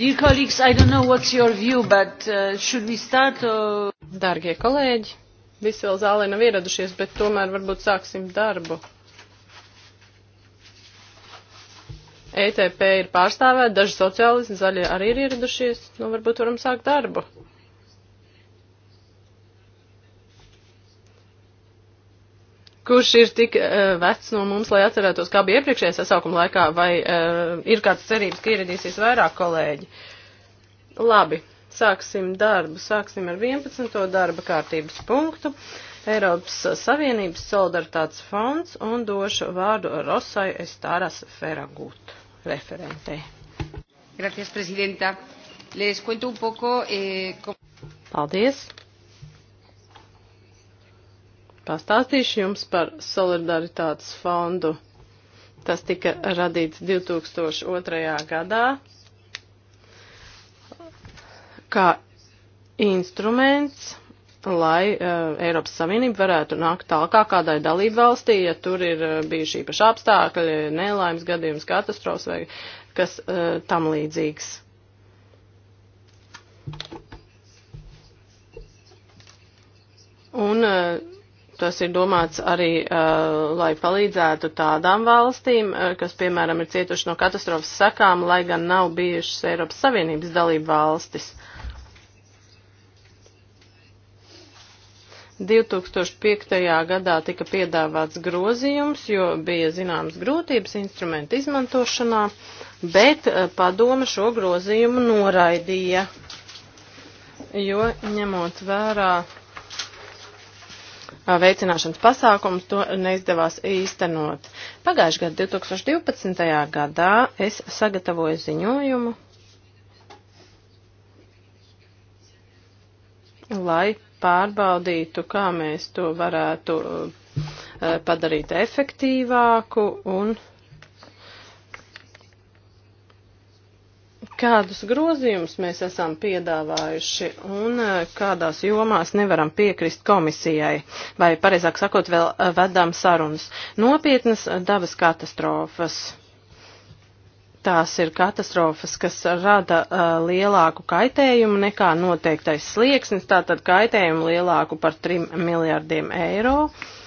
Dear colleagues, I don't know what's your view, but uh, should we start? Uh... Dārgie kolēģi, visi vēl zālē nav ieradušies, bet tomēr varbūt sāksim darbu. ETP ir pārstāvēta, daži sociālisti, zaļie arī ir ieradušies, nu varbūt varam sākt darbu. kurš ir tik uh, vecs no mums, lai atcerētos, kā bija iepriekšējā sasaukuma laikā, vai uh, ir kāds cerības, ka ieradīsies vairāk kolēģi. Labi, sāksim darbu, sāksim ar 11. darba kārtības punktu. Eiropas Savienības solidaritātes fonds un došu vārdu Rosai Estāras Feragut, referentei. Gracias, Presidenta. Les cuento un poco. Eh, Paldies. Pastāstīšu jums par solidaritātes fondu. Tas tika radīts 2002. gadā kā instruments, lai uh, Eiropas Savienība varētu nākt tālākā kādai dalību valstī, ja tur ir uh, bijuši īpaši apstākļi, nelaimes gadījums, katastrofas vai kas uh, tam līdzīgs. Un uh, Tas ir domāts arī, uh, lai palīdzētu tādām valstīm, uh, kas, piemēram, ir cietuši no katastrofas sakām, lai gan nav bijušas Eiropas Savienības dalība valstis. 2005. gadā tika piedāvāts grozījums, jo bija zināmas grūtības instrumentu izmantošanā, bet uh, padome šo grozījumu noraidīja, jo ņemot vērā veicināšanas pasākums, to neizdevās īstenot. Pagājušajā gadā, 2012. gadā, es sagatavoju ziņojumu, lai pārbaudītu, kā mēs to varētu padarīt efektīvāku un kādus grozījumus mēs esam piedāvājuši un e, kādās jomās nevaram piekrist komisijai, vai pareizāk sakot, vēl e, vedām sarunas. Nopietnas dabas katastrofas. Tās ir katastrofas, kas rada uh, lielāku kaitējumu nekā noteiktais slieksnis, tātad kaitējumu lielāku par 3 miljārdiem eiro. Uh,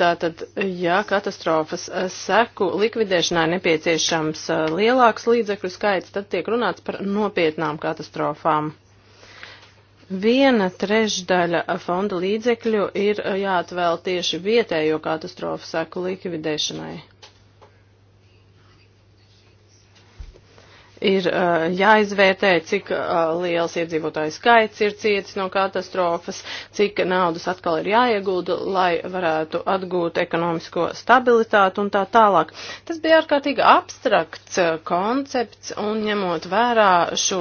Tātad, ja katastrofas seku likvidēšanai nepieciešams eh, lielāks līdzekļu skaits, tad tiek runāts par nopietnām katastrofām. Viena trešdaļa fonda līdzekļu ir eh, jāatvēl tieši vietējo katastrofu seku likvidēšanai. ir uh, jāizvērtē, cik uh, liels iedzīvotāju skaits ir cietis no katastrofas, cik naudas atkal ir jāiegulda, lai varētu atgūt ekonomisko stabilitāti un tā tālāk. Tas bija ārkārtīgi abstrakts uh, koncepts un ņemot vērā šo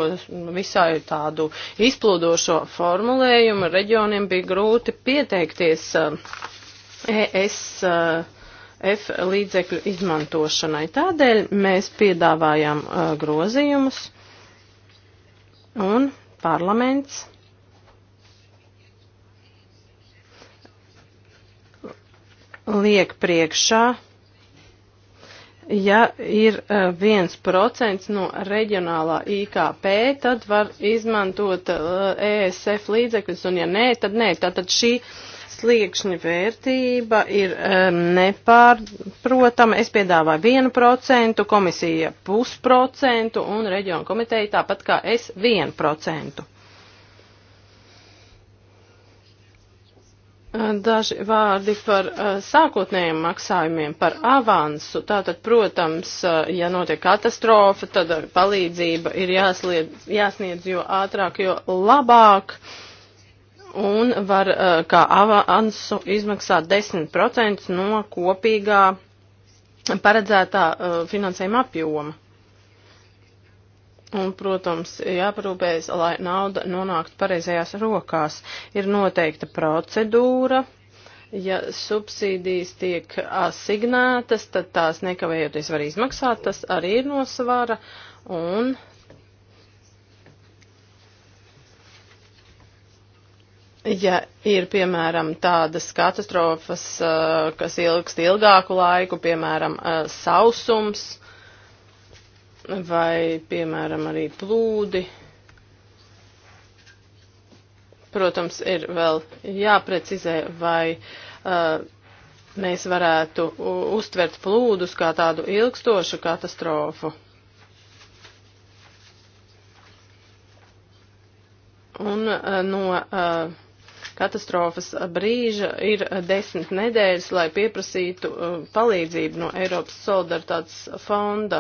visai tādu izplūdošo formulējumu, reģioniem bija grūti pieteikties uh, ES. Uh, ESF līdzekļu izmantošanai. Tādēļ mēs piedāvājām uh, grozījumus un parlaments liek priekšā ja ir uh, viens procents no reģionālā IKP, tad var izmantot uh, ESF līdzekļus, un ja nē, tad nē. Tātad šī uh, sliekšņa vērtība ir um, nepārprotama. Es piedāvāju 1%, komisija pusprocentu un reģionu komiteja tāpat kā es 1%. Daži vārdi par uh, sākotnējiem maksājumiem, par avansu. Tātad, protams, uh, ja notiek katastrofa, tad palīdzība ir jāsliedz, jāsniedz jo ātrāk, jo labāk. Uh, un var eh, kā avansu izmaksāt 10% no kopīgā paredzētā eh, finansējuma apjoma. Un, protams, jāparūpējas, lai nauda nonāktu pareizajās rokās. Ir noteikta procedūra. Ja subsīdijas tiek asignētas, tad tās nekavējoties var izmaksāt, tas arī ir no svara. Un Ja ir, piemēram, tādas katastrofas, kas ilgst ilgāku laiku, piemēram, sausums vai, piemēram, arī plūdi, protams, ir vēl jāprecizē, vai mēs varētu uztvert plūdus kā tādu ilgstošu katastrofu. Un no uh, katastrofas brīža ir desmit nedēļas, lai pieprasītu uh, palīdzību no Eiropas solidaritātes fonda.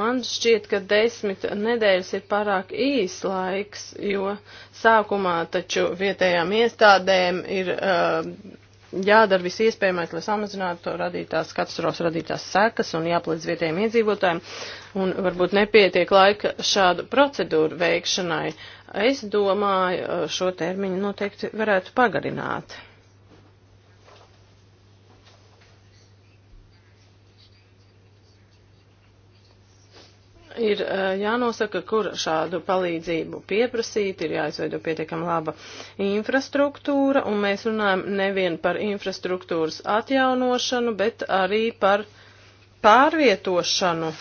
Man šķiet, ka desmit nedēļas ir pārāk īs laiks, jo sākumā taču vietējām iestādēm ir uh, jādara viss iespējamais, lai samazinātu radītās katastrofas radītās sekas un jāpalīdz vietējiem iedzīvotājiem. Un varbūt nepietiek laika šādu procedūru veikšanai. Es domāju, šo termiņu noteikti varētu pagarināt. ir jānosaka, kur šādu palīdzību pieprasīt, ir jāizveido pietiekam laba infrastruktūra, un mēs runājam nevien par infrastruktūras atjaunošanu, bet arī par pārvietošanu.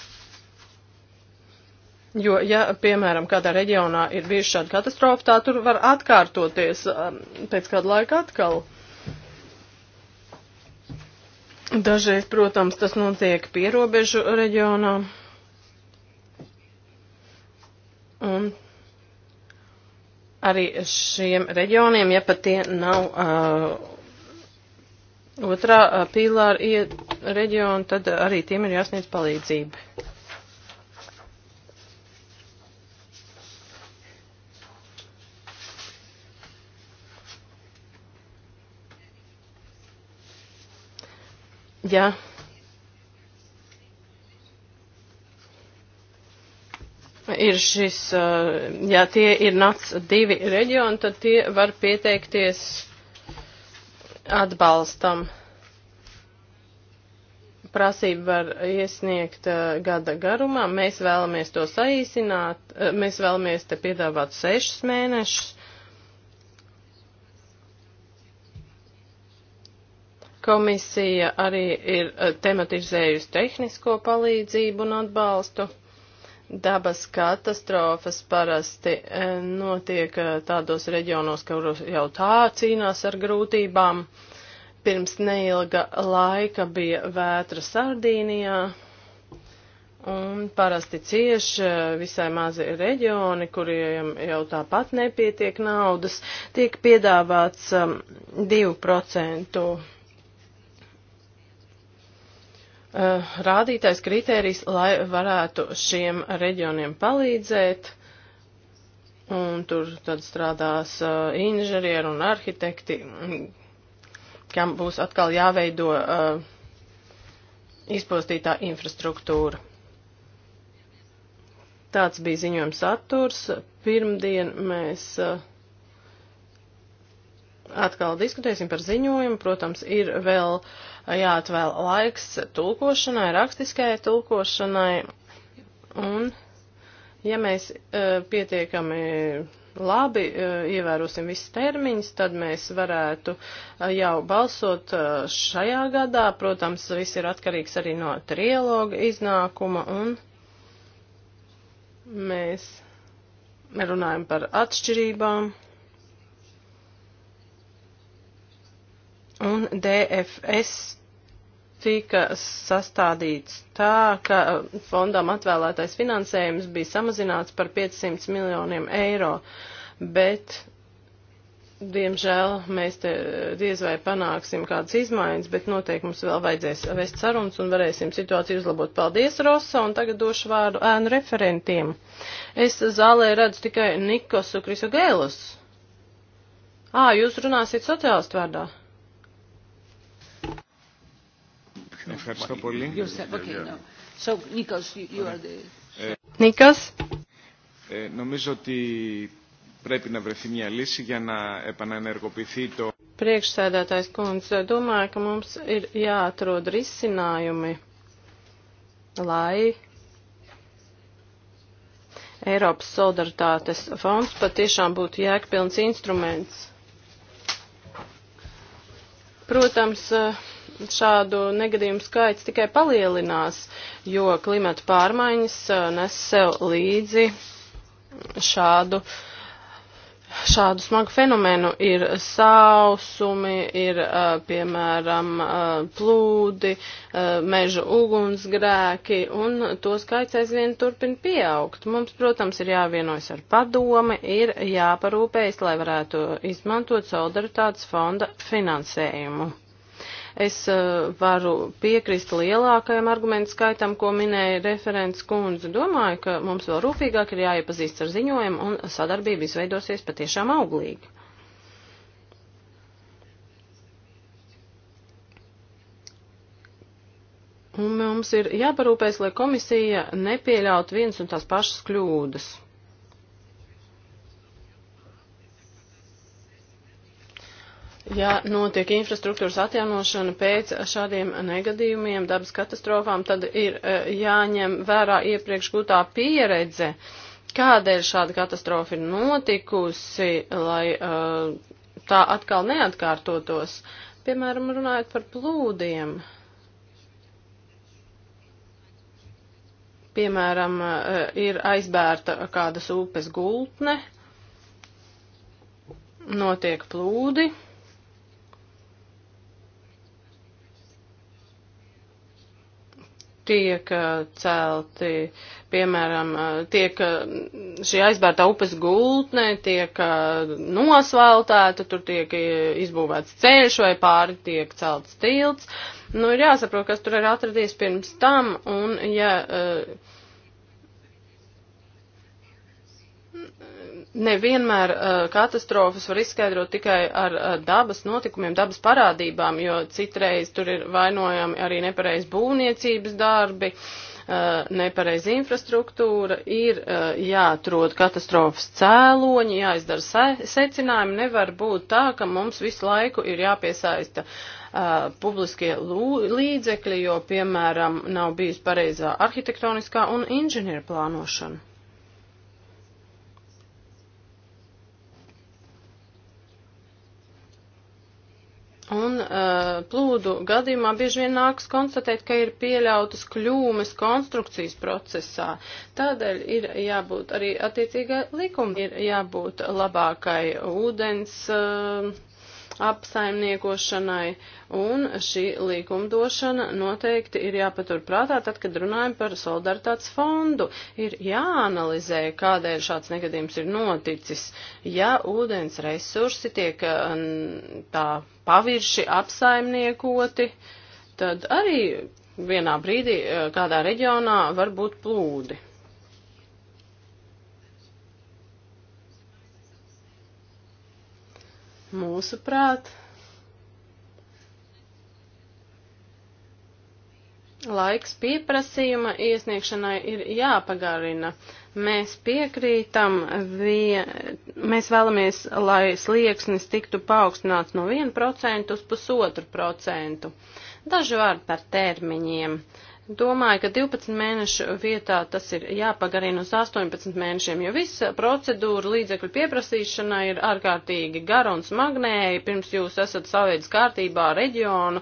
Jo, ja, piemēram, kādā reģionā ir bijusi šāda katastrofa, tā tur var atkārtoties pēc kāda laika atkal. Dažreiz, protams, tas notiek pierobežu reģionā. Un arī šiem reģioniem, ja pat tie nav uh, otrā uh, pīlāra reģiona, tad arī tiem ir jāsniedz palīdzība. Ja ir šis, ja tie ir NAC divi reģioni, tad tie var pieteikties atbalstam. Prasību var iesniegt gada garumā. Mēs vēlamies to saīsināt. Mēs vēlamies te piedāvāt sešus mēnešus. Komisija arī ir tematizējusi tehnisko palīdzību un atbalstu. Dabas katastrofas parasti e, notiek e, tādos reģionos, kuros jau tā cīnās ar grūtībām. Pirms neilga laika bija vētra Sardīnijā, un parasti cieši e, visai mazi reģioni, kuriem jau tāpat nepietiek naudas, tiek piedāvāts 2% Eh, rādītājs kritērijs, lai varētu šiem reģioniem palīdzēt. Un tur tad strādās uh, inženieri un arhitekti, kam būs atkal jāveido uh, izpostītā infrastruktūra. Tāds bija ziņojums saturs. Pirmdien mēs uh, atkal diskutēsim par ziņojumu. Protams, ir vēl uh, jāatvēl laiks tulkošanai, rakstiskajai tulkošanai, un ja mēs uh, pietiekami labi e, ievērosim visus termiņus, tad mēs varētu e, jau balsot šajā gadā. Protams, viss ir atkarīgs arī no trialoga iznākuma un mēs runājam par atšķirībām. Un DFS tika sastādīts tā, ka fondam atvēlētais finansējums bija samazināts par 500 miljoniem eiro, bet, diemžēl, mēs te diez vai panāksim kādas izmaiņas, bet noteikti mums vēl vajadzēs vest sarunas un varēsim situāciju uzlabot. Paldies, Rosa, un tagad došu vārdu ēnu referentiem. Es zālē redzu tikai Nikosu Krisu Gēlus. Ā, jūs runāsiet sociālistu vārdā. Ευχαριστώ πολύ. Νίκος. Νομίζω ότι πρέπει να βρεθεί μια λύση για να επαναενεργοποιηθεί το... Priekšsēdētājs kundze, domāju, ka mums ir jāatrod risinājumi, lai Eiropas solidaritātes fonds patiešām būtu jēgpilns instruments. Protams, uh, šādu negadījumu skaits tikai palielinās, jo klimata pārmaiņas nes sev līdzi šādu uh, šādu smagu fenomenu ir sausumi, ir, piemēram, plūdi, meža ugunsgrēki, un to skaits aizvien turpina pieaugt. Mums, protams, ir jāvienojas ar padomi, ir jāparūpējas, lai varētu izmantot solidaritātes fonda finansējumu. Es uh, varu piekrist lielākajam argumentu skaitam, ko minēja referents kundze. Domāju, ka mums vēl rūpīgāk ir jāiepazīst ar ziņojumu un sadarbība izveidosies patiešām auglīgi. Un mums ir jāparūpēs, lai komisija nepieļaut viens un tās pašas kļūdas. Ja notiek infrastruktūras atjaunošana pēc šādiem negadījumiem, dabas katastrofām, tad ir e, jāņem vērā iepriekš gūtā pieredze, kādēļ šāda katastrofa ir notikusi, lai e, tā atkal neatkārtotos. Piemēram, runājot par plūdiem. Piemēram, e, ir aizbērta kādas upes gultne, notiek plūdi tiek uh, celti, piemēram, uh, tiek uh, šī aizbērtā upes gultne, tiek nosvaltēta, tur tiek izbūvēts ceļš vai pāri tiek celts tilts. Nu, ir jāsaprot, kas tur ir atradies pirms tam, un ja. Uh, Nevienmēr uh, katastrofas var izskaidrot tikai ar uh, dabas notikumiem, dabas parādībām, jo citreiz tur ir vainojami arī nepareiz būvniecības darbi, uh, nepareiz infrastruktūra, ir uh, jāatrod katastrofas cēloņi, jāizdara se secinājumi. Nevar būt tā, ka mums visu laiku ir jāpiesaista uh, publiskie līdzekļi, jo, piemēram, nav bijis pareizā arhitektoniskā un inženieru plānošana. Un uh, plūdu gadījumā bieži vien nāks konstatēt, ka ir pieļautas kļūmes konstrukcijas procesā. Tādēļ ir jābūt arī attiecīgai likumi, ir jābūt labākai ūdens uh, apsaimniekošanai, un šī līkumdošana noteikti ir jāpatur prātā, tad, kad runājam par solidaritātes fondu, ir jāanalizē, kādēļ šāds negadījums ir noticis. Ja ūdens resursi tiek tā pavirši apsaimniekoti, tad arī vienā brīdī e, kādā reģionā var būt plūdi. Mūsuprāt, laiks pieprasījuma iesniegšanai ir jāpagarina. Mēs piekrītam, vie, mēs vēlamies, lai slieksnis tiktu paaugstināts no 1% uz 1,5%. Daži vārdi par termiņiem. Uh, Domāju, ka 12 mēnešu vietā tas ir jāpagarina uz 18 mēnešiem, jo visa procedūra līdzekļu pieprasīšanai ir ārkārtīgi gara un smagnēja, pirms jūs esat savveidus kārtībā reģionu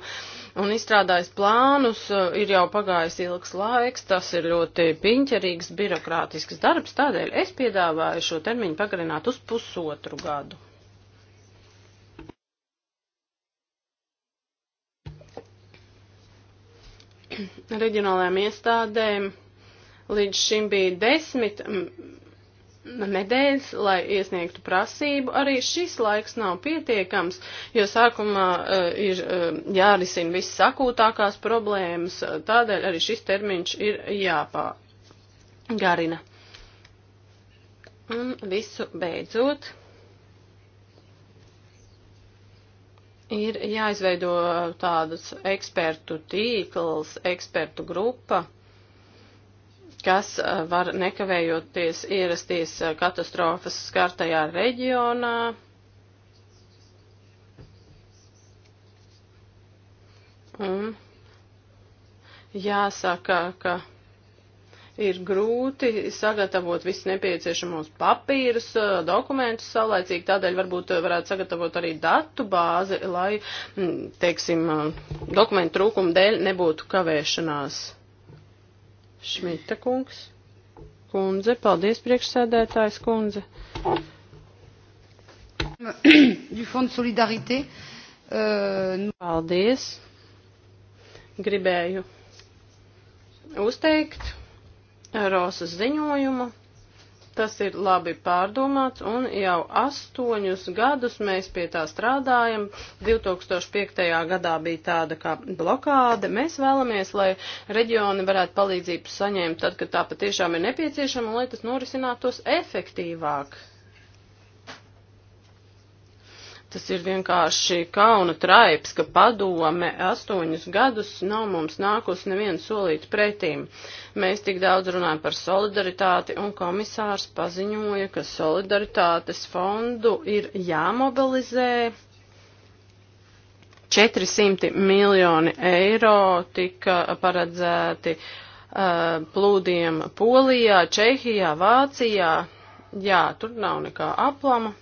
un izstrādājis plānus, ir jau pagājis ilgs laiks, tas ir ļoti piņķerīgs, birokrātisks darbs, tādēļ es piedāvāju šo termiņu pagarināt uz pusotru gadu. reģionālajām iestādēm līdz šim bija desmit nedēļas, lai iesniegtu prasību. Arī šis laiks nav pietiekams, jo sākumā uh, ir uh, jārisina viss sakūtākās problēmas, e, tādēļ arī šis termiņš ir jāpārgarina. Un visu beidzot. Ir jāizveido tādas ekspertu tīkls, ekspertu grupa, kas uh, var nekavējoties ierasties uh, katastrofas skartajā reģionā. Un jāsaka, ka ir grūti sagatavot visus nepieciešamos papīrus, eh, dokumentus saulēcīgi, tādēļ varbūt eh, varētu sagatavot arī datu bāzi, lai, mm, teiksim, eh, dokumentu trūkuma dēļ nebūtu kavēšanās. Šmita kungs, kundze, paldies priekšsēdētājs kundze. Du fonds solidarité. Uh, paldies. Gribēju uzteikt Rosas ziņojumu. Tas ir labi pārdomāts un jau astoņus gadus mēs pie tā strādājam. 2005. gadā bija tāda kā blokāde. Mēs vēlamies, lai reģioni varētu palīdzību saņemt tad, kad tā patiešām ir nepieciešama un lai tas norisinātos efektīvāk. Tas ir vienkārši kauna traips, ka padome astoņus gadus nav mums nākus nevienu solīt pretīm. Mēs tik daudz runājam par solidaritāti, un komisārs paziņoja, ka solidaritātes fondu ir jāmobilizē. 400 miljoni eiro tika paredzēti uh, plūdiem Polijā, Čehijā, Vācijā. Jā, tur nav nekā aplama.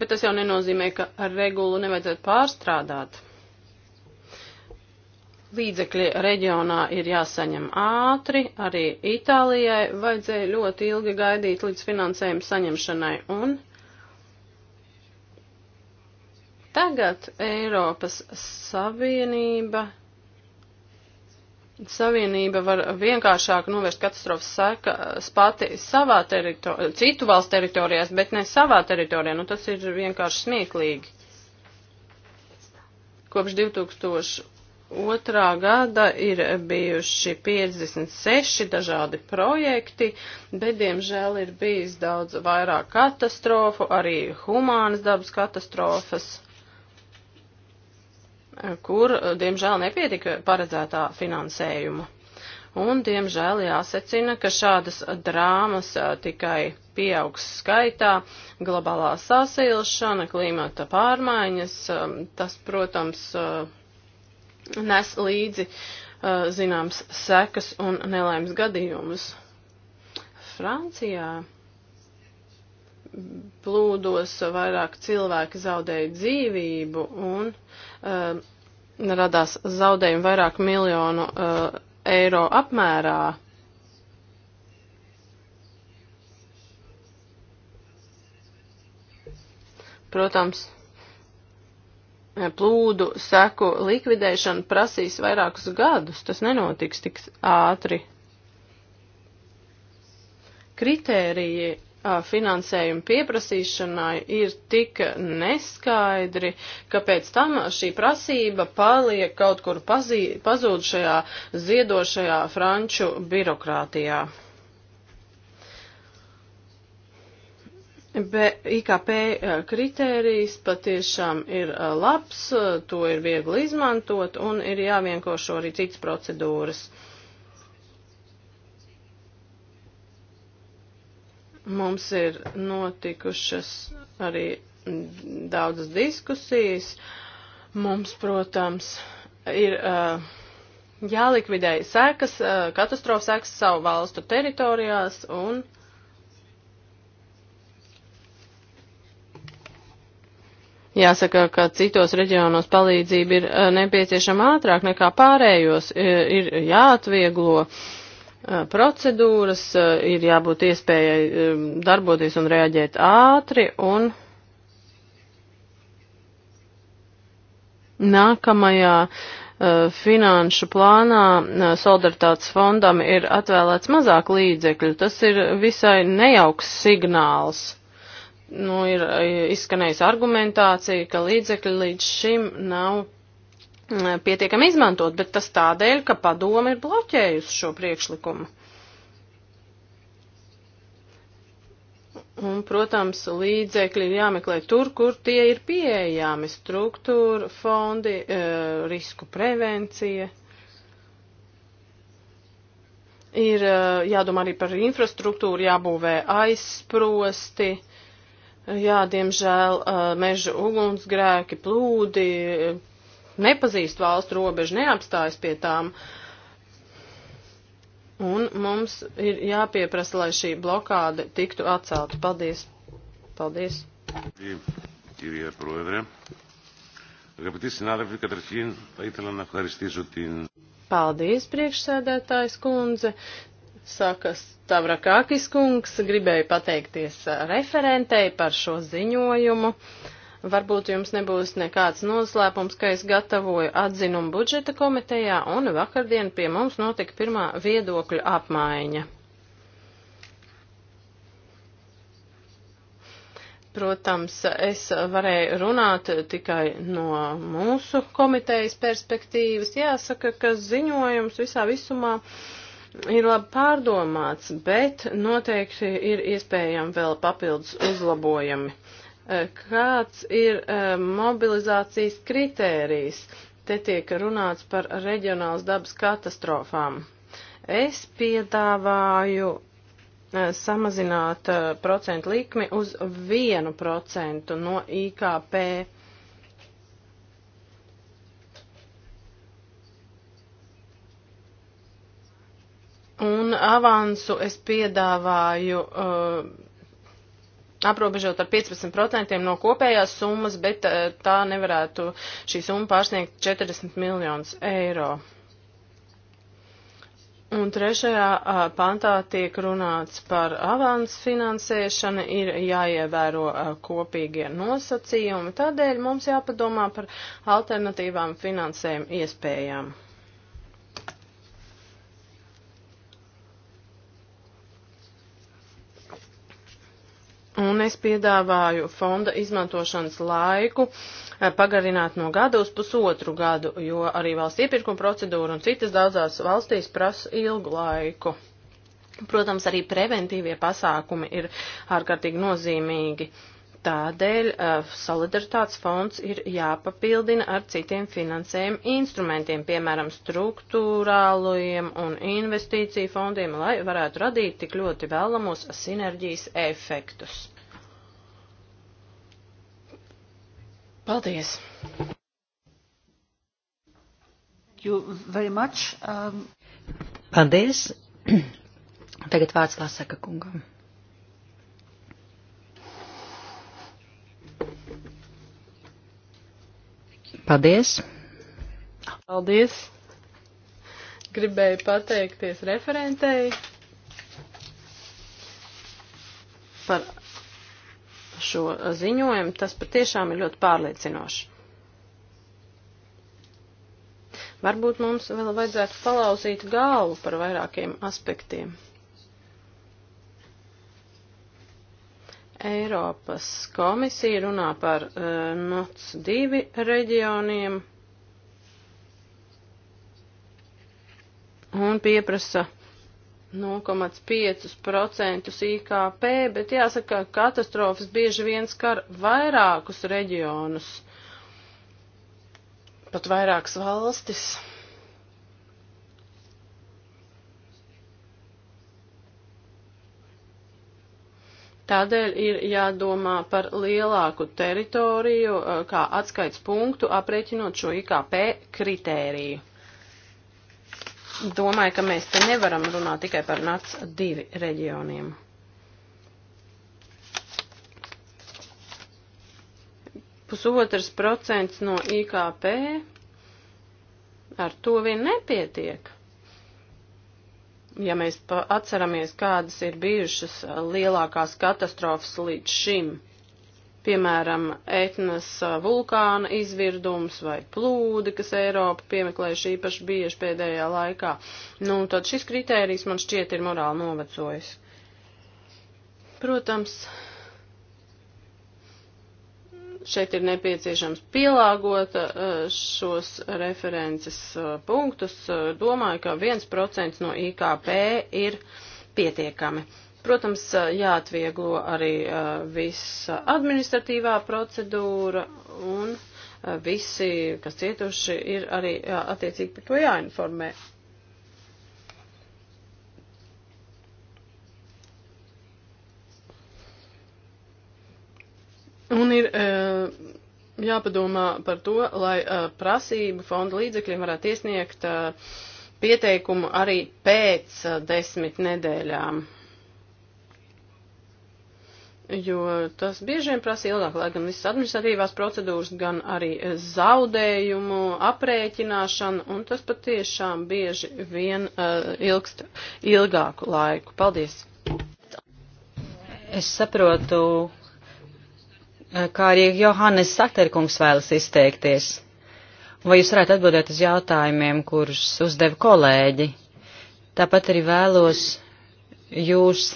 bet tas jau nenozīmē, ka ar regulu nevajadzētu pārstrādāt. Līdzekļi reģionā ir jāsaņem ātri, arī Itālijai vajadzēja ļoti ilgi gaidīt līdz finansējuma saņemšanai un tagad Eiropas Savienība Savienība var vienkāršāk novērst katastrofas sekas pati savā teritorijā, citu valstu teritorijās, bet ne savā teritorijā. Nu, tas ir vienkārši smieklīgi. Kopš 2002. gada ir bijuši 56 dažādi projekti, bet, diemžēl, ir bijis daudz vairāk katastrofu, arī humānas dabas katastrofas kur, diemžēl, nepietika paredzētā finansējuma. Un, diemžēl, jāsecina, ka šādas drāmas tikai pieaugs skaitā, globālā sasilšana, klimata pārmaiņas, tas, protams, nes līdzi zināms sekas un nelaimes gadījumus. Francijā plūdos vairāk cilvēki zaudēja dzīvību un uh, radās zaudējumi vairāk miljonu uh, eiro apmērā. Protams, plūdu seku likvidēšana prasīs vairākus gadus. Tas nenotiks tik ātri. Kritēriji finansējuma pieprasīšanai ir tik neskaidri, ka pēc tam šī prasība paliek kaut kur pazī, pazūd šajā ziedošajā franču birokrātijā. Be, IKP kritērijs patiešām ir labs, to ir viegli izmantot un ir jāvienkošo arī citas procedūras. Uh, Mums ir notikušas arī daudzas diskusijas. Mums, protams, ir uh, jālikvidē sekas, uh, katastrofa sekas savu valstu teritorijās un. Jāsaka, ka citos reģionos palīdzība ir nepieciešama ātrāk nekā pārējos, ir jāatvieglo uh, Eh, procedūras, eh, ir jābūt iespējai eh, darboties un reaģēt ātri un nākamajā finanšu plānā solidaritātes fondam ir atvēlēts mazāk līdzekļu. Tas ir visai nejauks signāls nu, ir izskanējusi argumentācija, ka līdzekļi līdz šim nav pietiekami izmantot, bet tas tādēļ, ka padome ir bloķējusi šo priekšlikumu. Un, protams, līdzekļi ir jāmeklē tur, kur tie ir pieejami - struktūra, fondi, e, risku prevencija. Ir e, jādomā arī par infrastruktūru, jābūvē aizsprosti, jā, diemžēl e, meža ugunsgrēki, plūdi, nepazīst valstu robežu, neapstājas pie tām. Un mums ir jāpieprasa, lai šī blokāde tiktu atcelta. Paldies! Paldies! Κύριε Πρόεδρε, αγαπητοί συνάδελφοι, καταρχήν θα ήθελα να ευχαριστήσω την... Paldies, priekšsēdētājs kundze. Saka Stavrakakis kungs, gribēju pateikties referentei par šo ziņojumu. Uh, Varbūt jums nebūs nekāds noslēpums, ka es gatavoju atzinumu budžeta komitejā un vakardien pie mums notika pirmā viedokļa apmaiņa. Protams, es varēju runāt tikai no mūsu komitejas perspektīvas. Jāsaka, ka ziņojums visā visumā ir labi pārdomāts, bet noteikti ir iespējami vēl papildus uzlabojumi. Eh, kāds ir eh, mobilizācijas kritērijs? Te tiek runāts par reģionāls dabas katastrofām. Es piedāvāju eh, samazināt procentu likmi uz 1% no IKP. Un avansu es piedāvāju uh, aprobežot ar 15% no kopējās summas, bet eh, tā nevarētu šī summa pārsniegt 40 miljonus eiro. Un trešajā pantā tiek runāts par avans finansēšanu, ir jāievēro kopīgie nosacījumi, tādēļ mums jāpadomā par alternatīvām finansējuma iespējām. Un es piedāvāju fonda izmantošanas laiku eh, pagarināt no gada uz pusotru gadu, jo arī valsts iepirkuma procedūra un citas daudzās valstīs prasa ilgu laiku. Protams, arī preventīvie pasākumi ir ārkārtīgi nozīmīgi. Tādēļ uh, solidaritātes fonds ir jāpapildina ar citiem finansējuma instrumentiem, piemēram, struktūrālajiem un investīciju fondiem, lai varētu radīt tik ļoti vēlamos sinerģijas efektus. Paldies! Um... Paldies! Tagad vārds Lasaka kungam. Paldies! Paldies! Gribēju pateikties referentei par šo ziņojumu. Tas patiešām ir ļoti pārliecinoši. Varbūt mums vēl vajadzētu palauzīt galvu par vairākiem aspektiem. Eiropas komisija runā par uh, NOC divi reģioniem un pieprasa uh, 0,5% IKP, bet jāsaka, katastrofas bieži vien skar vairākus reģionus, pat vairākas valstis. Tādēļ ir jādomā par lielāku teritoriju kā atskaits punktu, aprēķinot šo IKP kritēriju domāju, ka mēs te nevaram runāt tikai par NAC divi reģioniem. Pusotrs procents no IKP ar to vien nepietiek ja mēs atceramies, kādas ir bijušas lielākās katastrofas līdz šim piemēram, etnas vulkāna izvirdums vai plūdi, kas Eiropa piemeklējuši īpaši bieži pēdējā laikā. Nu, tad šis kritērijs man šķiet ir morāli novecojis. Protams, šeit ir nepieciešams pielāgot šos references punktus. Domāju, ka 1% no IKP ir pietiekami. Protams, jāatvieglo arī visa administratīvā procedūra un visi, kas cietuši, ir arī attiecīgi par to jāinformē. Un ir jāpadomā par to, lai prasību fonda līdzekļiem varētu iesniegt pieteikumu arī pēc desmit nedēļām jo tas biežiem prasa ilgāk, lai gan visas administratīvās procedūras, gan arī zaudējumu aprēķināšanu, un tas patiešām bieži vien uh, ilgst ilgāku laiku. Paldies! Es saprotu, eh, kā arī Johannes Sakterkungs vēlas izteikties. Vai jūs varētu atbildēt uz jautājumiem, kurus uzdeva kolēģi? Tāpat arī vēlos jūs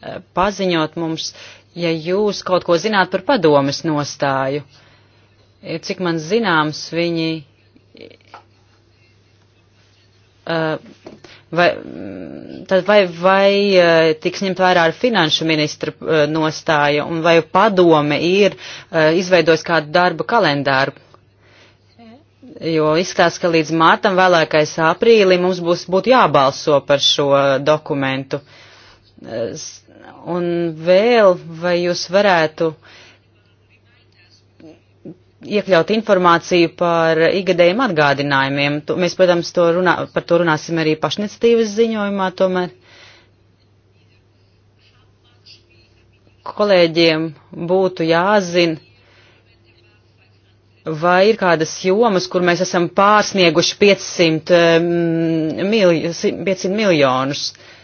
eh, paziņot mums, uh, ja jūs kaut ko zināt par padomes nostāju. Cik man zināms, viņi. Uh, vai, tad vai, vai uh, tiks ņemt vērā ar finanšu ministra uh, nostāju un vai padome ir uh, izveidojis kādu darba kalendāru? Jo izskatās, ka līdz mātam vēlākais aprīlī mums būs, būtu jābalso par šo dokumentu. Es Un vēl, vai jūs varētu iekļaut informāciju par igadējiem atgādinājumiem? Tu, mēs, protams, to runā, par to runāsim arī pašnicitības ziņojumā, tomēr kolēģiem būtu jāzina, vai ir kādas jomas, kur mēs esam pārsnieguši 500, mm, milj, 500 miljonus. Uh,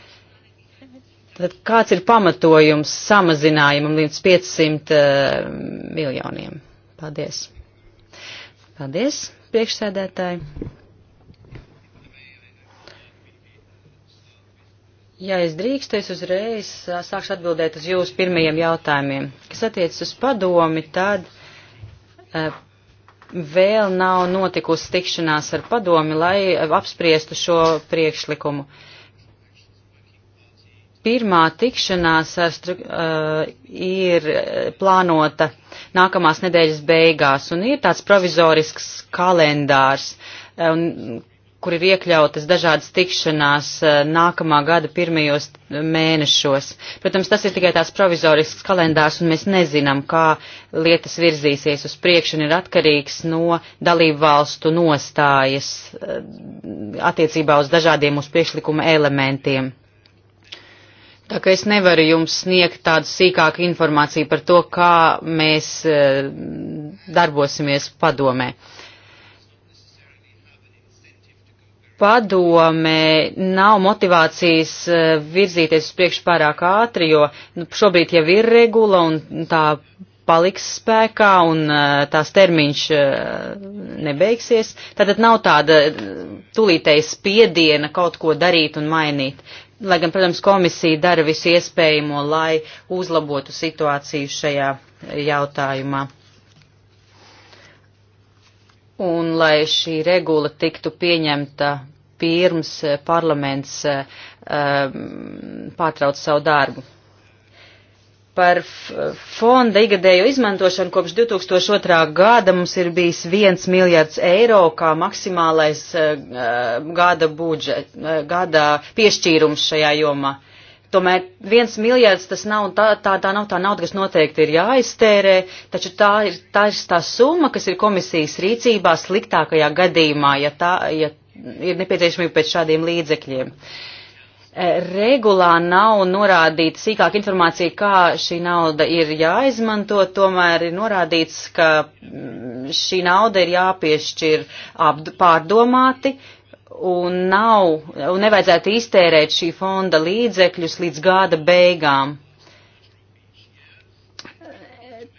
Tad kāds ir pamatojums samazinājumam līdz 500 uh, eh, miljoniem? Paldies. Paldies, priekšsēdētāji. Ja es drīkstu, es uzreiz eh, sākšu atbildēt uz jūsu pirmajiem jautājumiem. Kas attiecas uz padomi, tad e, vēl nav notikusi tikšanās ar padomi, lai apspriestu šo priekšlikumu. E, pirmā tikšanās stru, uh, ir uh, plānota nākamās nedēļas beigās, un ir tāds provizorisks kalendārs, um, kur ir iekļautas dažādas tikšanās uh, nākamā gada pirmajos mēnešos. Protams, tas ir tikai tās provizorisks kalendārs, un mēs nezinām, kā lietas virzīsies uz priekšu, un ir atkarīgs no dalību valstu nostājas uh, attiecībā uz dažādiem mūsu priekšlikuma elementiem. Tā kā es nevaru jums sniegt tādu sīkāku informāciju par to, kā mēs e, darbosimies padomē. Padome nav motivācijas e, virzīties uz priekšu pārāk ātri, jo nu, šobrīd jau ir regula un tā paliks spēkā un e, tās termiņš nebeigsies. Tātad nav tāda tūlītēja spiediena kaut ko darīt un mainīt lai gan, protams, komisija dara visu iespējamo, lai uzlabotu situāciju šajā jautājumā. Un lai šī regula tiktu pieņemta pirms parlaments um, pārtrauc savu darbu par fonda igadējo izmantošanu kopš 2002. gada mums ir bijis 1 miljards eiro kā maksimālais e, e, gada, budžet, e, gada piešķīrums šajā jomā. Tomēr viens miljards tas nav tā, tā, tā nav tā nauda, kas noteikti ir jāiztērē, taču tā ir, tā ir tā summa, kas ir komisijas rīcībā sliktākajā gadījumā, ja, tā, ja ir nepieciešamība pēc šādiem līdzekļiem. Uh, E, regulā nav norādīta sīkāk informācija, kā šī nauda ir jāizmanto, tomēr ir norādīts, ka mm, šī nauda ir jāpiešķir pārdomāti un nav, un nevajadzētu iztērēt šī fonda līdzekļus līdz gada beigām.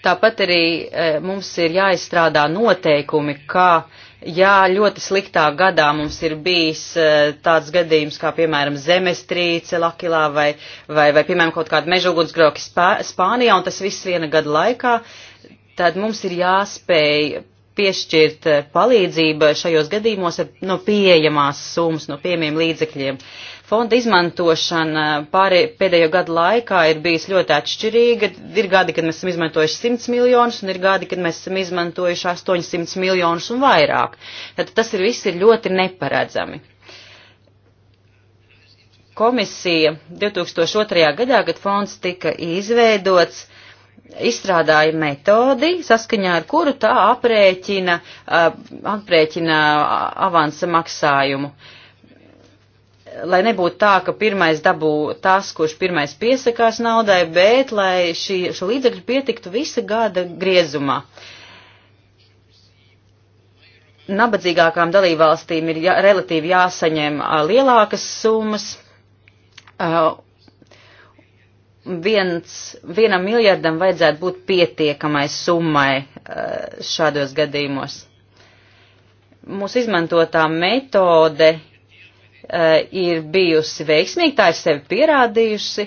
Tāpat arī e, mums ir jāizstrādā noteikumi, kā uh, Jā, ļoti sliktā gadā mums ir bijis eh, tāds gadījums, kā piemēram zemestrīce Lakilā vai, vai, vai piemēram kaut kāda mežugunsgrauki Spā Spānijā, un tas viss viena gada laikā, tad mums ir jāspēj piešķirt eh, palīdzību šajos gadījumos no pieejamās summas, no pieejamiem līdzekļiem. Uh, Fonda izmantošana pārē, pēdējo gadu laikā ir bijusi ļoti atšķirīga. Ir gadi, kad mēs esam izmantojuši 100 miljonus, un ir gadi, kad mēs esam izmantojuši 800 miljonus un vairāk. Tad tas ir viss ir ļoti neparedzami. Komisija 2002. gadā, kad fonds tika izveidots, izstrādāja metodi, saskaņā ar kuru tā aprēķina, aprēķina avansa maksājumu. Uh, lai nebūtu tā, ka pirmais dabū tas, kurš pirmais piesakās naudai, bet lai šī, šo līdzekļu pietiktu visa gada griezumā. Nabadzīgākām dalībvalstīm ir jā, relatīvi jāsaņem a, lielākas summas. A, viens, vienam miljardam vajadzētu būt pietiekamai summai a, šādos gadījumos. Mūsu izmantotā metode Eh, ir bijusi veiksmīga, tā ir sevi pierādījusi.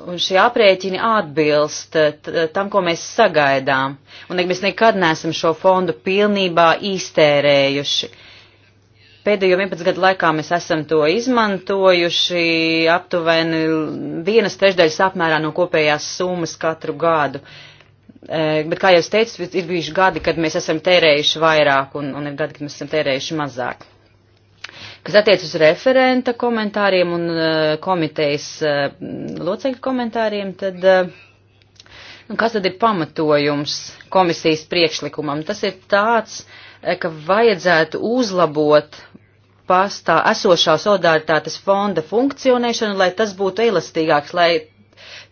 Un šie aprēķini atbilst eh, eh, tam, ko mēs sagaidām. Un mēs nekad neesam šo fondu pilnībā iztērējuši. Pēdējo 11 gadu laikā mēs esam to izmantojuši aptuveni vienas trešdaļas apmērā no kopējās summas katru gadu. Uh, Eh, bet, kā jau es teicu, ir bijuši gadi, kad mēs esam tērējuši vairāk un, un ir gadi, kad mēs esam tērējuši mazāk. Kas attiec uz referenta komentāriem un eh, komitejas eh, locekļu komentāriem, tad nu, kas tad ir pamatojums komisijas priekšlikumam? Tas ir tāds, ka vajadzētu uzlabot pastā esošā solidaritātes fonda funkcionēšanu, lai tas būtu elastīgāks, lai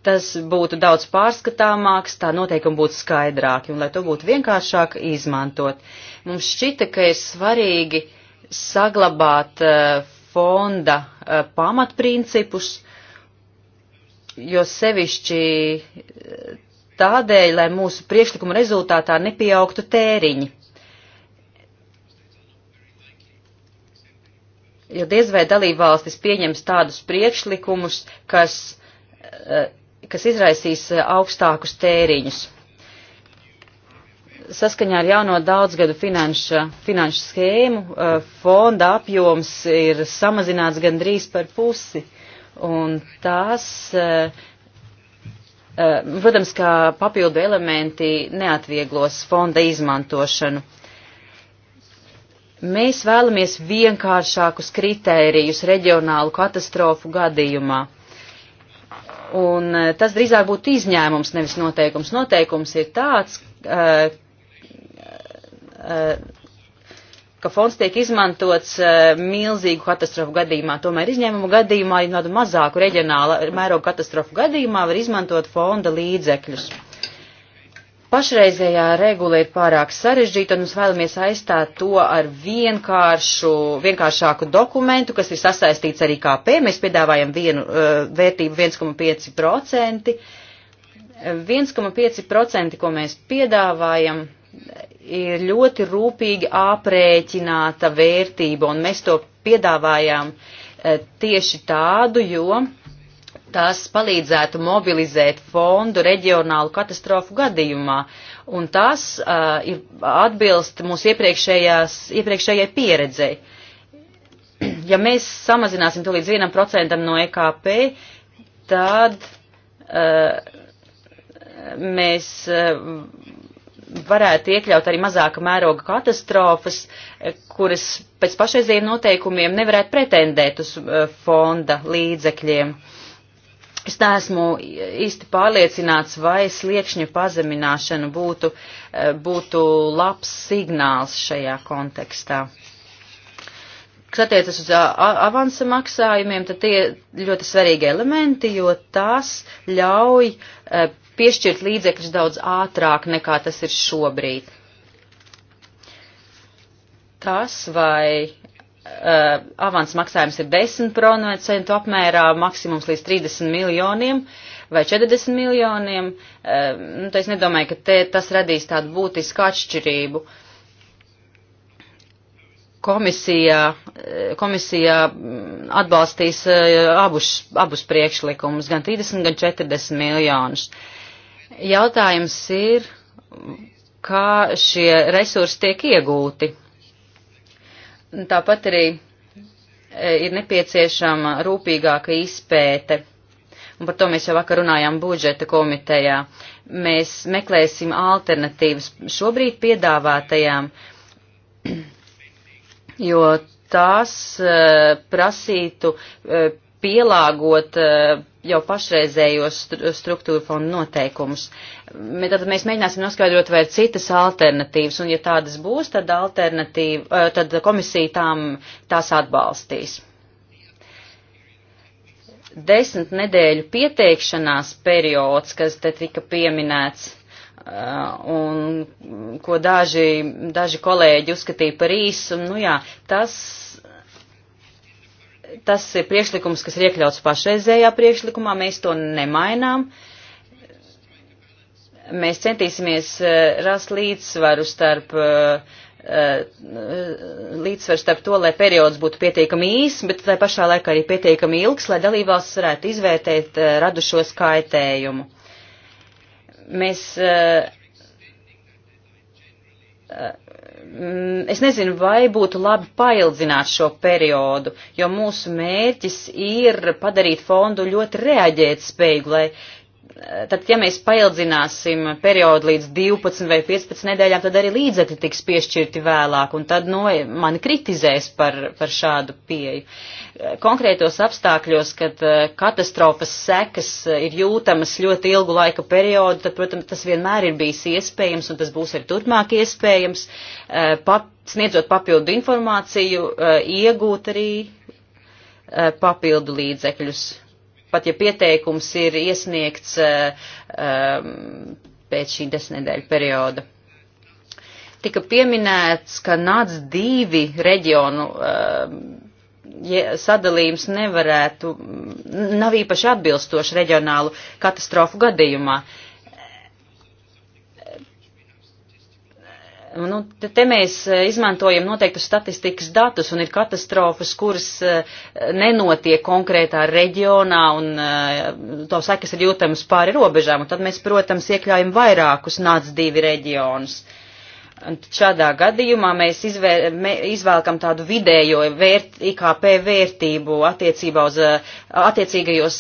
tas būtu daudz pārskatāmāks, tā noteikumi būtu skaidrāki un lai to būtu vienkāršāk izmantot. Mums šķita, ka ir svarīgi saglabāt uh, fonda uh, pamatprincipus, jo sevišķi eh, tādēļ, lai mūsu priekšlikuma rezultātā nepieaugtu tēriņi. Jo diez vai dalībvalstis pieņems tādus priekšlikumus, kas uh, kas izraisīs eh, augstākus tēriņus. Saskaņā ar jauno daudzgadu finanša, finanšu schēmu eh, fonda apjoms ir samazināts gandrīz par pusi, un tās, eh, protams, kā papildu elementi neatvieglos fonda izmantošanu. Mēs vēlamies vienkāršākus kritērijus reģionālu katastrofu gadījumā Un e, tas drīzāk būtu izņēmums, nevis noteikums. Noteikums ir tāds, e, e, ka fonds tiek izmantots milzīgu katastrofu gadījumā. Tomēr izņēmumu gadījumā, ja tādu mazāku reģionālu mērogu katastrofu gadījumā, var izmantot fonda līdzekļus. Pašreizējā regula ir pārāk sarežģīta, un mēs vēlamies aizstāt to ar vienkāršu, vienkāršāku dokumentu, kas ir sasaistīts ar IKP. Mēs piedāvājam vienu uh, vērtību 1,5%. 1,5%, ko mēs piedāvājam, ir ļoti rūpīgi aprēķināta vērtība, un mēs to piedāvājām uh, eh, tieši tādu, jo tās palīdzētu mobilizēt fondu reģionālu katastrofu gadījumā, un tas uh, ir atbilst mūsu iepriekšējai pieredzei. Ja mēs samazināsim to līdz 1% no EKP, tad uh, mēs uh, varētu iekļaut arī mazāka mēroga katastrofas, kuras pēc pašreizējiem noteikumiem nevarētu pretendēt uz uh, fonda līdzekļiem. Uh, Es neesmu īsti pārliecināts, vai sliekšņa pazemināšana būtu, e, būtu labs signāls šajā kontekstā. Kas attiecas uz avansa maksājumiem, tad tie ļoti svarīgi elementi, jo tas ļauj e, piešķirt līdzekļus daudz ātrāk nekā tas ir šobrīd. Tas, vai uh, avans maksājums ir 10% apmērā, maksimums līdz 30 miljoniem vai 40 miljoniem, uh, nu, es nedomāju, ka te, tas radīs tādu būtisku atšķirību. Komisija, eh, komisija atbalstīs abus, abus priekšlikumus, gan 30, gan 40 miljonus. Jautājums ir, kā šie resursi tiek iegūti Tāpat arī e, ir nepieciešama rūpīgāka izpēte. Un par to mēs jau vakar runājām budžeta komitejā. Mēs meklēsim alternatīvas šobrīd piedāvātajām, jo tās e, prasītu e, pielāgot jau pašreizējos struktūra fondu noteikumus. Tad mēs mēģināsim noskaidrot, vai ir citas alternatīvas, un ja tādas būs, tad, eh, tad komisija tām tās atbalstīs. Desmit nedēļu pieteikšanās periods, kas te tika pieminēts, eh, un ko daži, daži kolēģi uzskatīja par īsu, nu jā, tas tas ir priekšlikums, kas ir iekļauts pašreizējā priekšlikumā, mēs to nemainām. Mēs centīsimies eh, rast līdzsvaru starp, eh, līdzsvaru starp to, lai periods būtu pietiekami īs, bet tai pašā laikā arī pietiekami ilgs, lai dalībvalsts varētu izvērtēt eh, radušo skaitējumu. Mēs uh, uh, Mm, es nezinu, vai būtu labi paildzināt šo periodu, jo mūsu mērķis ir padarīt fondu ļoti reaģēt spēju, lai tad, ja mēs paildzināsim periodu līdz 12 vai 15 nedēļām, tad arī līdzekļi tiks piešķirti vēlāk, un tad no, nu, mani kritizēs par, par šādu pieeju. Konkrētos apstākļos, kad eh, katastrofas sekas eh, ir jūtamas ļoti ilgu laika periodu, tad, protams, tas vienmēr ir bijis iespējams, un tas būs arī turpmāk iespējams, eh, pap, sniedzot papildu informāciju, iegūt arī papildu līdzekļus pat ja pieteikums ir iesniegts eh, eh, pēc šī desmitnedēļa perioda. Tika pieminēts, ka nāc divi reģionu eh, sadalījums nevarētu, nav īpaši atbilstoši reģionālu katastrofu gadījumā. Uh, Nu, te, te mēs eh, izmantojam noteiktu statistikas datus un ir katastrofas, kuras eh, nenotiek konkrētā reģionā un eh, to sekas ir jūtamas pāri robežām. Un tad mēs, protams, iekļaujam vairākus nāc divi reģionus. Un šādā gadījumā mēs izvēr, mē, izvēlkam tādu vidējo vērt, IKP vērtību attiecībā uz attiecīgajos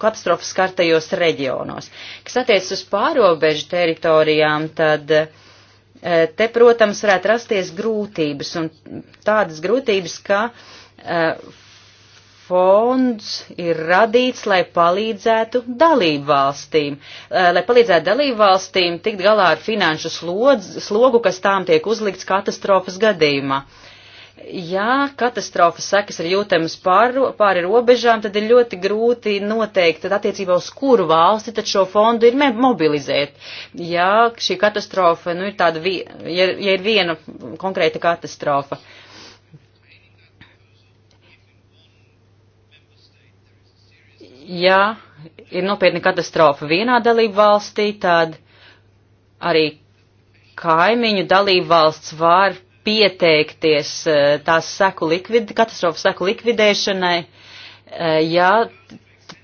katastrofas skartajos reģionos. Kas attiecas uz pārobežu teritorijām, tad uh, Eh, te, protams, varētu rasties grūtības un tādas grūtības, ka eh, fonds ir radīts, lai palīdzētu dalību valstīm, eh, lai palīdzētu dalību valstīm tikt galā ar finanšu slodz, slogu, kas tām tiek uzlikts katastrofas gadījumā. Uh, Ja katastrofas sekas ir jūtamas pāri, pāri robežām, tad ir ļoti grūti noteikt, tad attiecībā uz kuru valsti tad šo fondu ir mobilizēt. Ja šī katastrofa, nu, ir tāda, vi, ja, ja ir viena konkrēta katastrofa. Ja ir nopietna katastrofa vienā dalību valstī, tad arī kaimiņu dalību valsts var pieteikties eh, tās seku likvid, katastrofu seku likvidēšanai, eh, ja,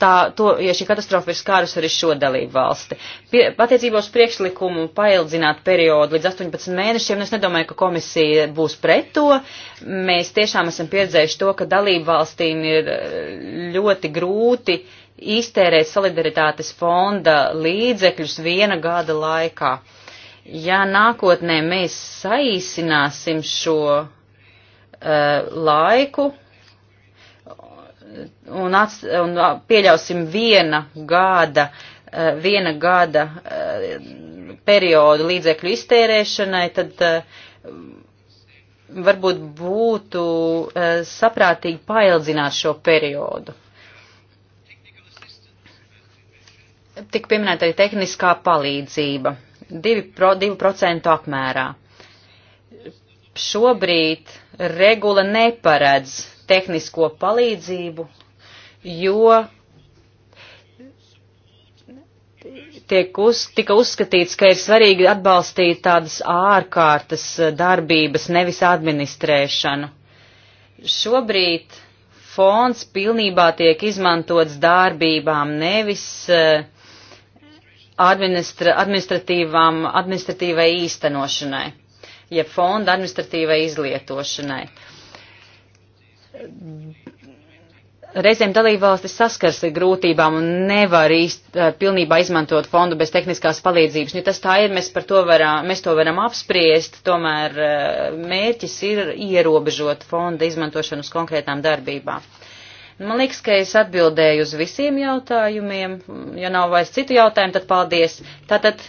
tā, to, ja šī katastrofa ir skārus arī šo dalību valsti. Pie, attiecībā uz priekšlikumu paildzināt periodu līdz 18 mēnešiem, es nedomāju, ka komisija būs pret to. Mēs tiešām esam pieredzējuši to, ka dalību valstīm ir eh, ļoti grūti iztērēt solidaritātes fonda līdzekļus viena gada laikā ja nākotnē mēs saīsināsim šo uh, laiku un, ats, un pieļausim viena gada, uh, viena gada uh, periodu līdzekļu iztērēšanai, tad uh, varbūt būtu uh, saprātīgi paildzināt šo periodu. Tik pieminēta arī tehniskā palīdzība 2% apmērā. Šobrīd regula neparedz tehnisko palīdzību, jo tiek uz, tika uzskatīts, ka ir svarīgi atbalstīt tādas ārkārtas darbības, nevis administrēšanu. Šobrīd fonds pilnībā tiek izmantots darbībām, nevis uh, administra, administratīvai īstenošanai, jeb fonda administratīvai izlietošanai. Reizēm dalībvalstis saskars ar grūtībām un nevar īst, pilnībā izmantot fondu bez tehniskās palīdzības. Ja nu, tas tā ir, mēs, to varam, mēs to varam apspriest, tomēr mērķis ir ierobežot fonda izmantošanu uz konkrētām darbībām. Man liekas, ka es atbildēju uz visiem jautājumiem. Ja nav vairs citu jautājumu, tad paldies. Tātad,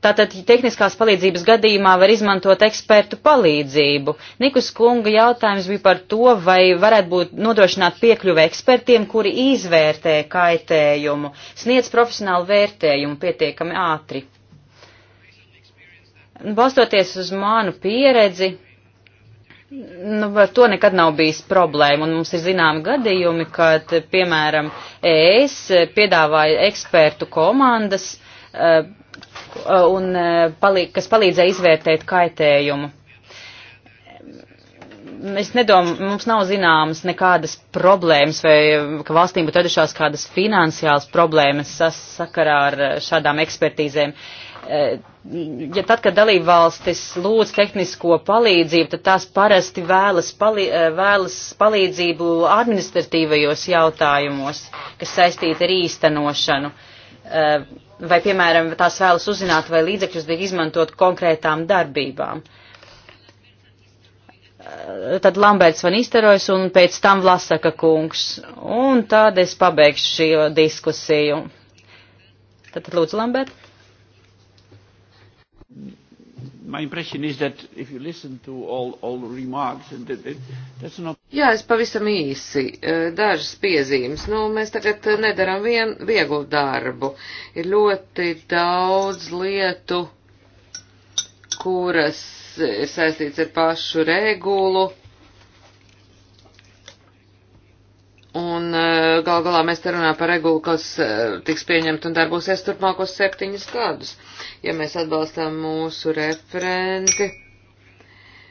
tātad tehniskās palīdzības gadījumā var izmantot ekspertu palīdzību. Nikus kunga jautājums bija par to, vai varētu būt nodrošināt piekļuvi ekspertiem, kuri izvērtē kaitējumu, sniedz profesionālu vērtējumu pietiekami ātri. Balstoties uz manu pieredzi, Nu, ar to nekad nav bijis problēma, un mums ir zināmi gadījumi, kad, piemēram, ES piedāvāja ekspertu komandas, eh, eh, un, eh, palīd, kas palīdzēja izvērtēt kaitējumu. Es nedomāju, mums nav zināmas nekādas problēmas, vai ka valstīm būtu radušās kādas finansiālas problēmas sakarā ar šādām ekspertīzēm. Uh, Eh, ja tad, kad dalībvalstis lūdz tehnisko palīdzību, tad tās parasti vēlas, pali, eh, vēlas palīdzību administratīvajos jautājumos, kas saistīti ar īstenošanu. Eh, vai, piemēram, tās vēlas uzzināt, vai līdzekļus bija izmantot konkrētām darbībām. Tad Lamberts van Isterojas un pēc tam Vlasaka kungs. Un tad es pabeigšu šo diskusiju. Tad, tad lūdzu, Lamberts my impression is that if you listen to all, all remarks, and that, that, that's not... Jā, es pavisam īsi. E, dažas piezīmes. Nu, mēs tagad e, nedaram vien, vieglu darbu. Ir ļoti daudz lietu, kuras ir e, saistīts ar pašu regulu Un eh, gal galā mēs te runājam par regulu, kas eh, tiks pieņemta un darbosies turpmākos septiņus gadus. Ja mēs atbalstām mūsu referenti,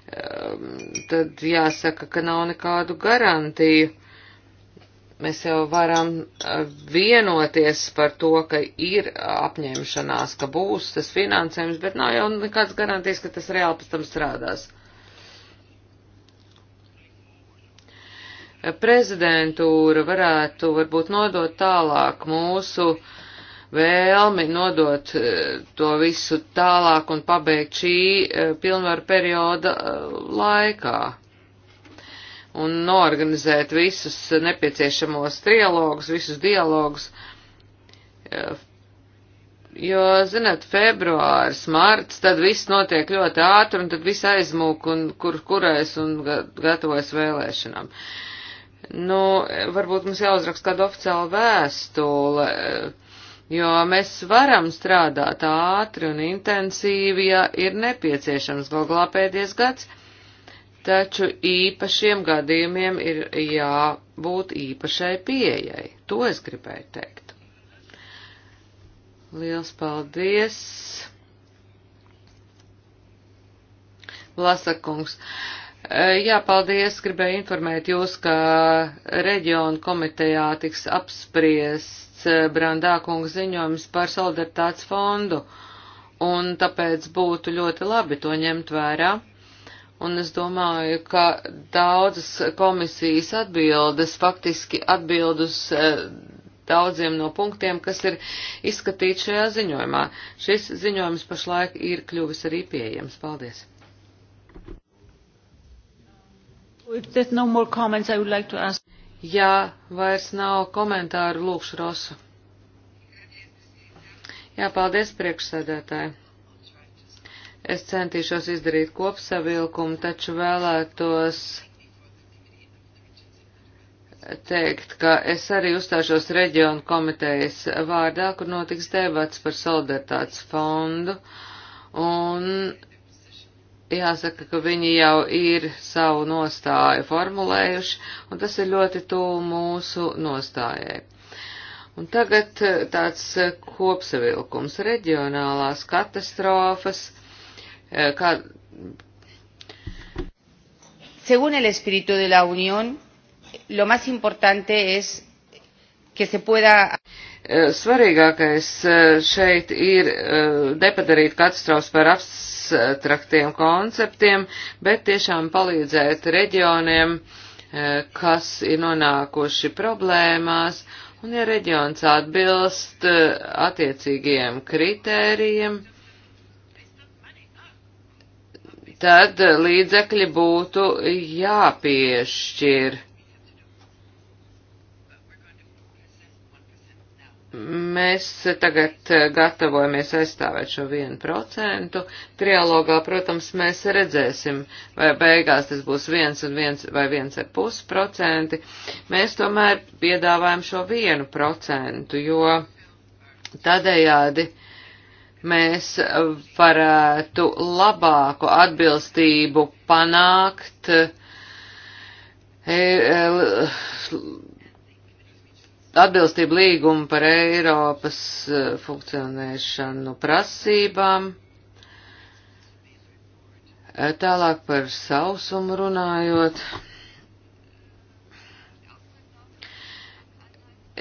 ehm, tad jāsaka, ka nav nekādu garantiju. Mēs jau varam eh, vienoties par to, ka ir apņemšanās, ka būs tas finansējums, bet nav jau nekāds garantijas, ka tas reāli pēc tam strādās. prezidentūra varētu varbūt nodot tālāk mūsu vēlmi nodot e, to visu tālāk un pabeigt šī e, pilnvaru perioda e, laikā un norganizēt visus nepieciešamos trialogus, visus dialogus. Jo, zināt, februāris, marts, tad viss notiek ļoti ātri, un tad viss aizmūk, un kur, kurais, un gatavojas vēlēšanām. Uh, Nu, varbūt mums jāuzraksta kāda oficiāla vēstule, jo mēs varam strādāt ātri un intensīvi, ja ir nepieciešams galvā pēdējais gads, taču īpašiem gadījumiem ir jābūt īpašai pieejai. To es gribēju teikt. Liels paldies! Vlasakungs. Uh, Eh, jā, paldies. Gribēju informēt jūs, ka reģionu komitejā tiks apspriests eh, Brandākunga ziņojums par solidaritātes fondu, un tāpēc būtu ļoti labi to ņemt vērā. Un es domāju, ka daudzas komisijas atbildes faktiski atbild uz eh, daudziem no punktiem, kas ir izskatīti šajā ziņojumā. Šis ziņojums pašlaik ir kļuvis arī pieejams. Paldies! No comments, like ask... Ja vairs nav komentāru, lūkšu Rosu. Jā, paldies priekšsēdētāji. Es centīšos izdarīt kopsavilkumu, taču vēlētos teikt, ka es arī uzstāšos reģionu komitejas vārdā, kur notiks debats par solidaritātes fondu. Un jāsaka, ka viņi jau ir savu nostāju formulējuši, un tas ir ļoti tuvu mūsu nostājai. Un tagad eh, tāds eh, kopsavilkums - reģionālās katastrofas, eh, kā. Según el espíritu de la Unión, lo más importante es que se pueda. Svarīgākais šeit ir nepadarīt katastrofas par apstākļiem abstraktiem eh, konceptiem, bet tiešām palīdzēt reģioniem, eh, kas ir nonākuši problēmās, un ja reģions atbilst eh, attiecīgiem kritērijiem, tad līdzekļi būtu jāpiešķir Mēs tagad eh, gatavojamies aizstāvēt šo vienu procentu. Trialogā, protams, mēs redzēsim, vai beigās tas būs viens un viens vai viens ar pus procenti. Mēs tomēr piedāvājam šo vienu procentu, jo tādējādi mēs varētu labāku atbilstību panākt. E, e, atbilstību līgumu par Eiropas eh, funkcionēšanu prasībām. Eh, tālāk par sausumu runājot.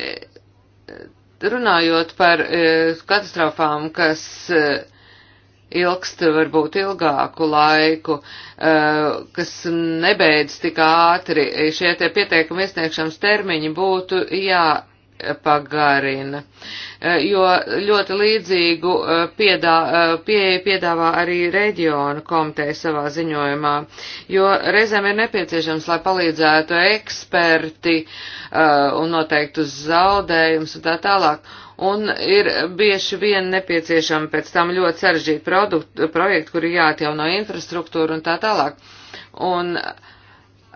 Eh, runājot par katastrofām, kas ilgst varbūt ilgāku laiku, eh, kas nebeidz tik ātri. Šie te pieteikumi iesniegšanas termiņi būtu jā pagarina, e, jo ļoti līdzīgu e, piedā, e, pieeju piedāvā arī reģionu komiteja savā ziņojumā, jo reizēm ir nepieciešams, lai palīdzētu eksperti uh, un noteiktus zaudējumus un tā tālāk. Un ir bieži vien nepieciešama pēc tam ļoti sarežģīta projekta, kur ir jāatjauno infrastruktūra un tā tālāk. Un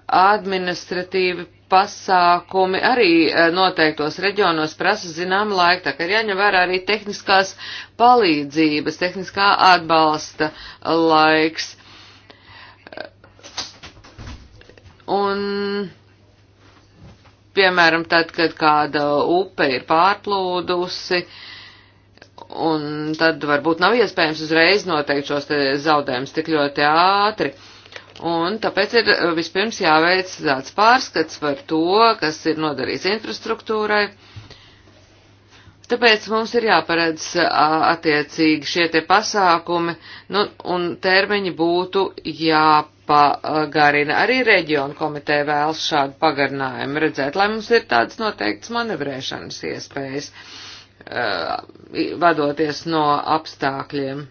administratīvi pasākumi arī eh, noteiktos reģionos prasa zinām laiku, tā ka ir jāņem vērā arī tehniskās palīdzības, tehniskā atbalsta laiks. Un, piemēram, tad, kad kāda upe ir pārplūdusi, un tad varbūt nav iespējams uzreiz noteikt šos zaudējumus tik ļoti ātri. Uh, Un tāpēc ir eh, vispirms jāveic tāds pārskats par to, kas ir nodarīts infrastruktūrai. Tāpēc mums ir jāparedz attiecīgi šie te pasākumi, nu, un termiņi būtu jāpagarina. Arī reģionu komiteja vēlas šādu pagarinājumu redzēt, lai mums ir tādas noteiktas manevrēšanas iespējas, vadoties no apstākļiem.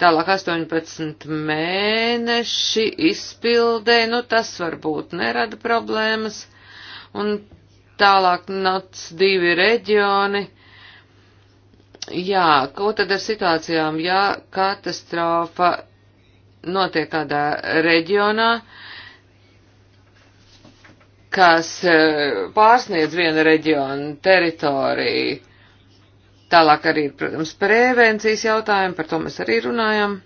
Tālāk 18 mēneši izpildē, nu tas varbūt nerada problēmas. Un tālāk nāc divi reģioni. Jā, ko tad ar situācijām, ja katastrofa notiek kādā reģionā, kas eh, pārsniedz viena reģiona teritoriju? Tālāk arī, protams, prevencijas jautājumi, par to mēs arī runājam.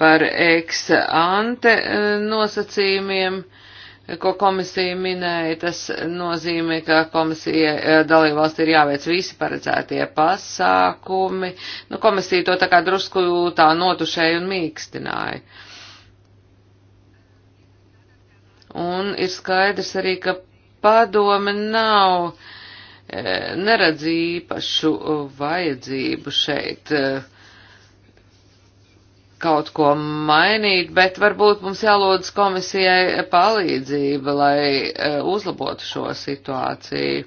Par ex ante eh, nosacījumiem, eh, ko komisija minēja, tas nozīmē, ka komisija eh, dalībvalsts ir jāveic visi paredzētie pasākumi. Nu, komisija to tā kā drusku tā notušēja un mīkstināja. Un ir skaidrs arī, ka padome nav uh, neredz īpašu uh, vajadzību šeit uh, kaut ko mainīt, bet varbūt mums jālūdz komisijai palīdzība, lai uh, uzlabotu šo situāciju.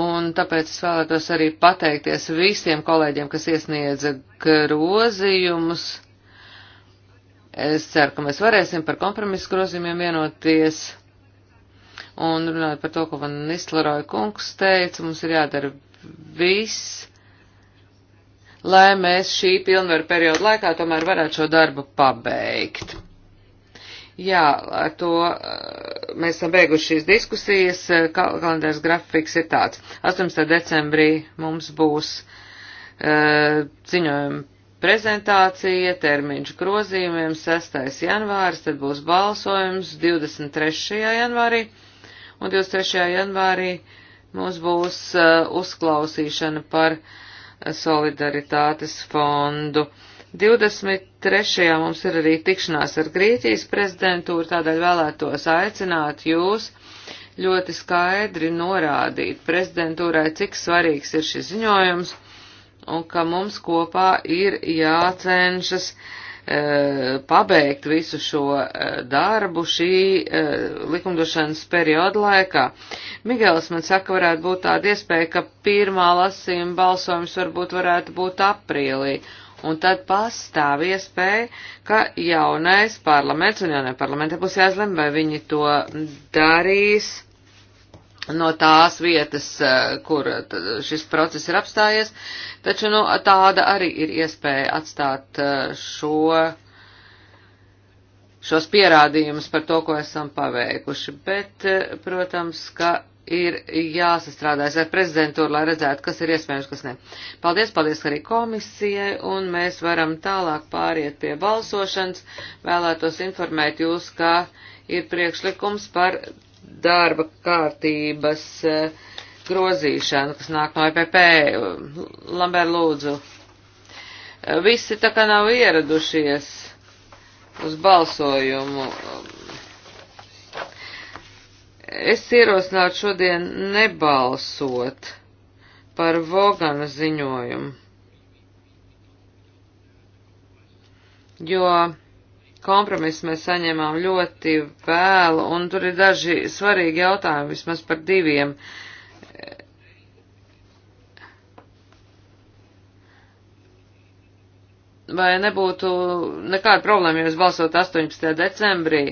Un tāpēc es vēlētos arī pateikties visiem kolēģiem, kas iesniedza grozījumus. Es ceru, ka mēs varēsim par kompromisu grozījumiem vienoties. Un runājot par to, ko man Nistleroja kungs teica, mums ir jādara viss, lai mēs šī pilnvaru periodu laikā tomēr varētu šo darbu pabeigt. Jā, ar to eh, mēs esam beiguši šīs diskusijas. Eh, Kal kalendārs grafiks ir tāds. 18. decembrī mums būs uh, ziņojuma prezentācija, termiņš grozījumiem 6. janvāris, tad būs balsojums 23. janvārī un 23. janvārī mums būs uh, uzklausīšana par uh, solidaritātes fondu. 23. mums ir arī tikšanās ar Grieķijas prezidentūru, tādēļ vēlētos aicināt jūs ļoti skaidri norādīt prezidentūrai, cik svarīgs ir šis ziņojums un ka mums kopā ir jācenšas uh, E, pabeigt visu šo e, darbu šī e, likumdošanas perioda laikā. Migels man saka, varētu būt tāda iespēja, ka pirmā lasījuma balsojums varbūt varētu būt aprīlī. Un tad pastāv iespēja, ka jaunais parlaments un jaunai parlamentai būs jāizlem, vai viņi to darīs no tās vietas, eh, kur šis process ir apstājies, taču nu, tāda arī ir iespēja atstāt eh, šo, šos pierādījumus par to, ko esam paveikuši. Bet, eh, protams, ka ir jāsastrādājas ar prezidentūru, lai redzētu, kas ir iespējams, kas ne. Paldies, paldies arī komisijai, un mēs varam tālāk pāriet pie balsošanas. Vēlētos informēt jūs, ka ir priekšlikums par darba kārtības eh, grozīšanu, kas nāk no EPP. Lambēr, lūdzu. Eh, visi tā kā nav ieradušies uz balsojumu. Es ierosinātu šodien nebalsot par Vogana ziņojumu, jo kompromisu mēs saņēmām ļoti vēlu, un tur ir daži svarīgi jautājumi, vismaz par diviem. Vai nebūtu nekāda problēma, ja jūs balsot 18. decembrī?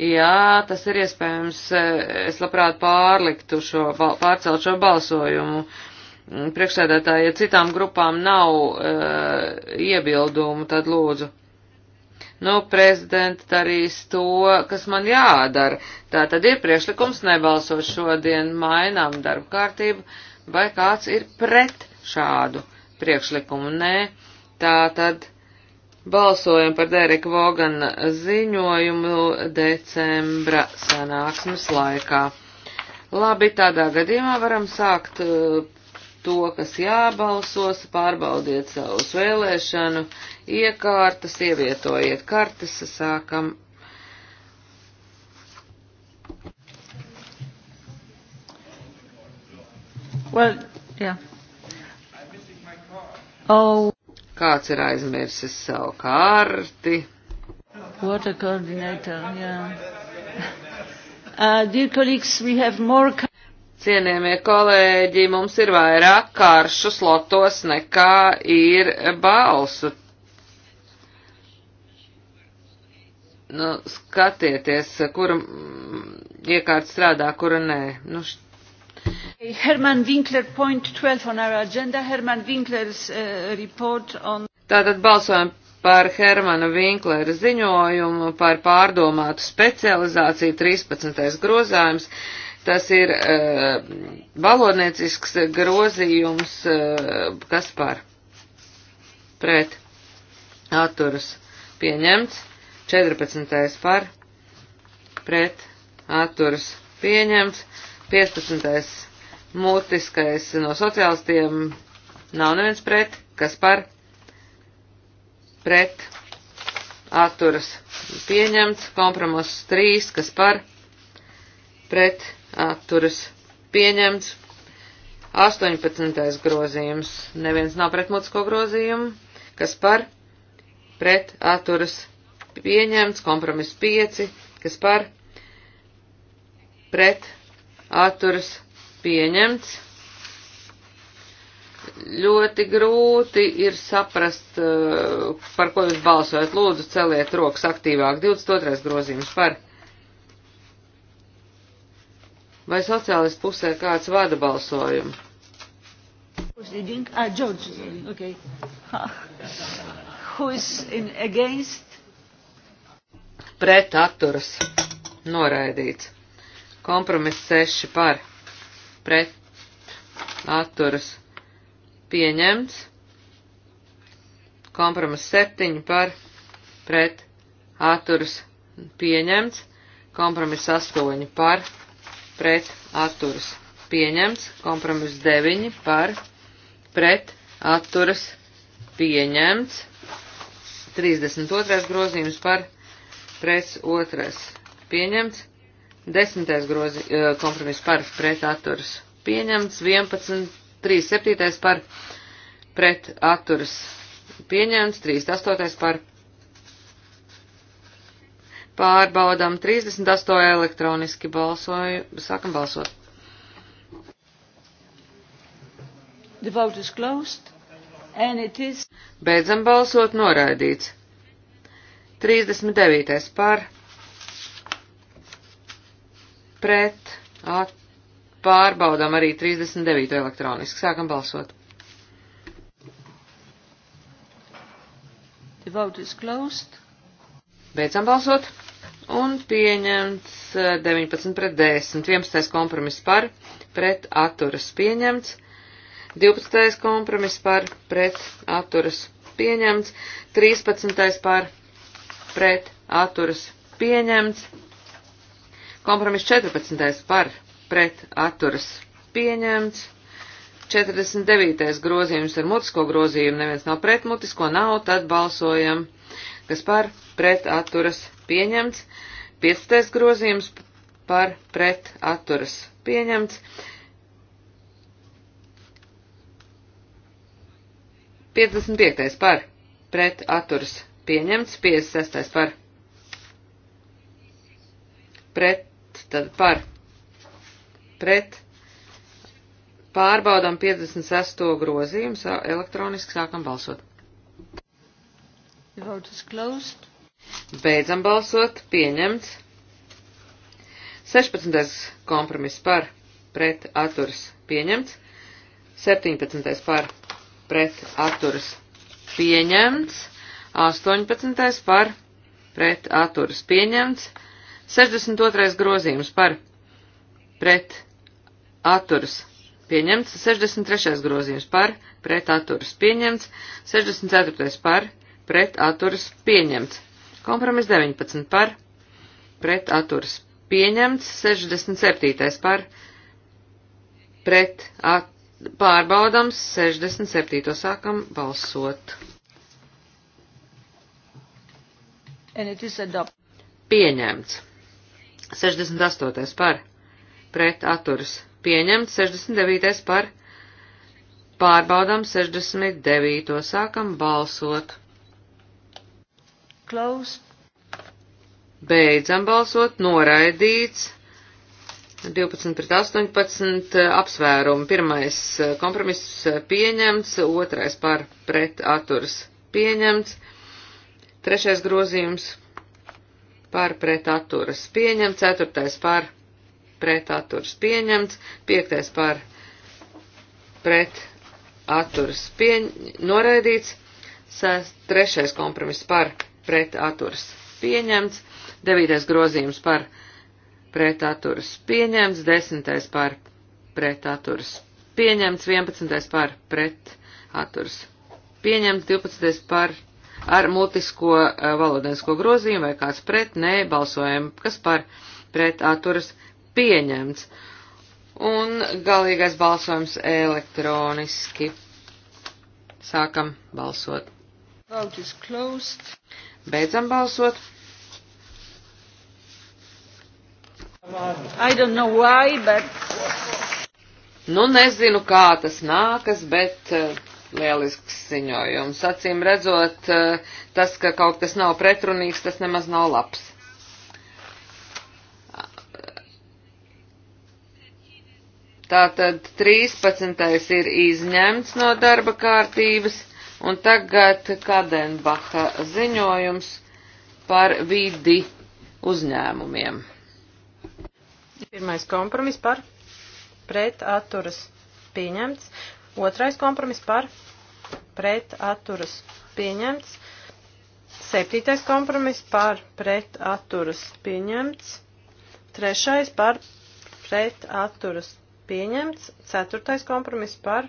Jā, tas ir iespējams. Es labprāt pārliktu šo, pārcelt šo balsojumu priekšsēdētāji, ja citām grupām nav e, iebildumu, tad lūdzu nu, prezidents darīs to, kas man jādara. Tā tad ir priešlikums nebalsot šodien, mainām darba kārtību, vai kāds ir pret šādu priekšlikumu. Nē, tā tad balsojam par Dereka Vogana ziņojumu decembra sanāksmes laikā. Labi, tādā gadījumā varam sākt uh, to, kas jābalsos, pārbaudiet savus vēlēšanu iekārtas, ievietojiet kartes, sākam. Well, yeah. oh. Kāds ir aizmirsis savu karti? Water coordinator, yeah. Uh, dear colleagues, we have more. Cienījamie kolēģi, mums ir vairāk karšu slotos nekā ir balsu, Nu, skatieties, kura iekārta strādā, kura nē. Nu, št... Herman Winkler, point 12 on our agenda, Herman Winkler's uh, report on. Tātad balsojam par Hermana Vinklera ziņojumu par pārdomātu specializāciju 13. grozājums. Tas ir uh, valodniecisks grozījums, uh, kas par pret atturas pieņemts. 14. par, pret, atturas pieņemts, 15. mutiskais no sociālistiem nav neviens pret, kas par, pret, atturas pieņemts, kompromiss 3, kas par, pret, atturas pieņemts, 18. grozījums, neviens nav pret mutisko grozījumu, kas par, pret, atturas pieņemts pieņemts, kompromiss 5, kas par pret atturas pieņemts. Ļoti grūti ir saprast, uh, par ko jūs balsojat. Lūdzu, celiet rokas aktīvāk. 22. grozījums par. Vai sociālistu pusē kāds vada balsojumu? Ah, George. Okay. Who is in against? pret atturas noraidīts. Kompromiss 6 par pret atturas pieņemts. Kompromiss 7 par pret atturas pieņemts. Kompromiss 8 par pret atturas pieņemts. Kompromiss 9 par pret atturas pieņemts. 32. grozījums par pret pret otrais pieņemts, desmitais grozi, eh, kompromiss par pret atturas pieņemts, 11, 3, 7 par pret atturas pieņemts, 3, 8 par pārbaudām 38 elektroniski balsoju, sākam balsot. The vote is closed and it is. Beidzam balsot noraidīts. 39. par pret at, pārbaudām arī 39. elektroniski. Sākam balsot. The vote is closed. Beidzam balsot. Un pieņemts 19 eh, pret 10. 11. kompromiss par pret atturas pieņemts. 12. kompromiss par pret atturas pieņemts. 13. par pret pret atturas pieņemts. Kompromiss 14. par pret atturas pieņemts. 49. grozījums ar mutisko grozījumu neviens nav pret mutisko, nav, tad balsojam, kas par pret atturas pieņemts. 15. grozījums par pret atturas pieņemts. 55. par pret atturas pieņemts pieņemts, 56. par pret, tad par pret. Pārbaudām 56. grozījumu, sā, elektroniski sākam balsot. The vote is closed. Beidzam balsot, pieņemts. 16. kompromiss par, pret, atturas, pieņemts. 17. par, pret, atturas, pieņemts. 18. par pret atturas pieņemts, 62. grozījums par pret atturas pieņemts, 63. grozījums par pret atturas pieņemts, 64. par pret atturas pieņemts, kompromis 19 par pret atturas pieņemts, 67. par pret at, pārbaudams, 67. sākam balsot. Pieņemts. 68. par pret atturas. Pieņemts. 69. par pārbaudām 69. sākam balsot. Close. Beidzam balsot, noraidīts. 12 pret 18 apsvērumu. Pirmais eh, kompromiss eh, pieņemts, otrais par pret atturas pieņemts. Trešais grozījums par pretaturas pieņemts, ceturtais par pretaturas pieņemts, piektais par pretaturas pieņ... noraidīts, sēs, trešais kompromiss par pretaturas pieņemts, devītais grozījums par pretaturas pieņemts, desmitais par pretaturas pieņemts, vienpadsmitais par pretaturas pieņemts, divpadsmitais par pretaturas ar multisko eh, valodēnsko grozījumu vai kāds pret, nē, balsojam, kas par pret atturas pieņemts. Un galīgais balsojums elektroniski. Sākam balsot. Beidzam balsot. I don't know why, but. Nu, nezinu, kā tas nākas, bet. Uh, Lielisks ziņojums. Acīm redzot, eh, tas, ka kaut kas nav pretrunīgs, tas nemaz nav labs. Tātad 13. ir izņemts no darba kārtības, un tagad Kadenbaha ziņojums par vidi uzņēmumiem. Pirmais kompromis par pret atturas pieņemts, Otrais kompromiss par pret atturas pieņemts. Septītais kompromiss par pret atturas pieņemts. Trešais par pret atturas pieņemts. Ceturtais kompromiss par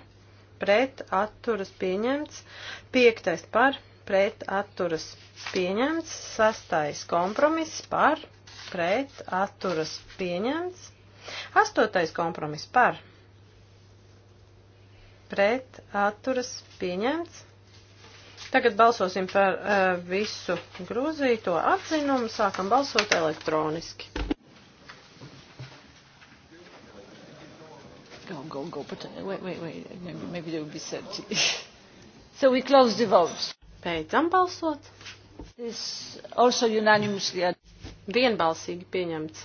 pret atturas pieņemts. Piektais par pret atturas pieņemts. Sastais kompromiss par pret atturas pieņemts. Astotais kompromiss par pret atturas pieņemts. Tagad balsosim par uh, visu grozīto atzinumu. Sākam balsot elektroniski. Go, go, go, but uh, wait, wait, wait. Maybe, maybe there will be 30. so we close the votes. Beidzam balsot. This also unanimously. Vienbalsīgi pieņemts.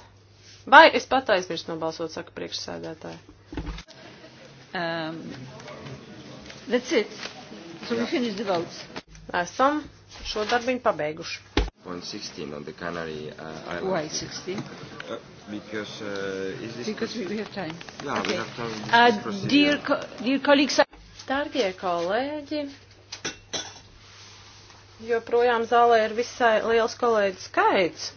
Vai es pat aizmirstu nobalsot, saka priekšsēdētāji. Um, That's it. So yeah. we finish the votes. Esam šo darbiņu pabeiguši. On 16 on the Canary uh, Islands. Why 16? Uh, because uh, is this because we, we have time. Yeah, okay. we have time. Uh, dear, co dear colleagues, dārgie kolēģi, joprojām zālē ir visai liels kolēģu skaits.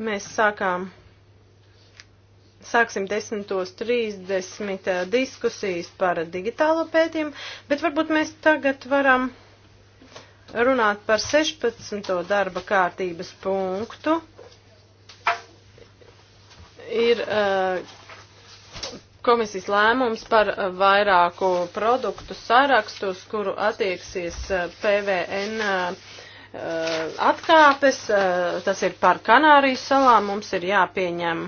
Mēs sākām sāksim 10.30 eh, diskusijas par digitālo pētījumu, bet varbūt mēs tagad varam runāt par 16. darba kārtības punktu. Ir uh, komisijas lēmums par vairāku produktu sarakstu, uz kuru attieksies eh, PVN atkāpes. Tas ir par Kanārijas salām. Mums ir jāpieņem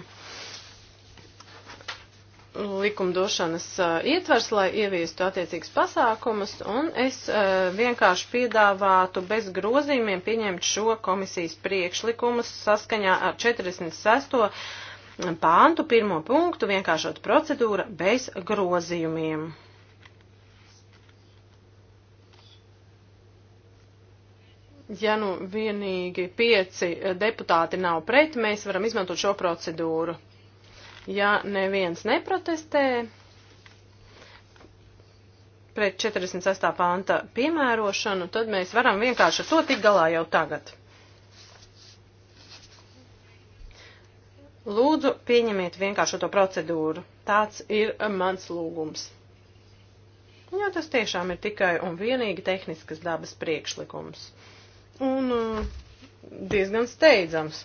likumdošanas eh, ietvers, lai ieviestu attiecīgas pasākumus, un es eh, vienkārši piedāvātu bez grozījumiem pieņemt šo komisijas priekšlikumus saskaņā ar 46. pāntu pirmo punktu vienkāršot procedūra bez grozījumiem. ja nu vienīgi pieci eh, deputāti nav pret, mēs varam izmantot šo procedūru. Ja neviens neprotestē pret 46. panta piemērošanu, tad mēs varam vienkārši ar to tikt galā jau tagad. Lūdzu, pieņemiet vienkāršo to procedūru. Tāds ir mans lūgums. Jo tas tiešām ir tikai un vienīgi tehniskas dabas priekšlikums. Un uh, diezgan steidzams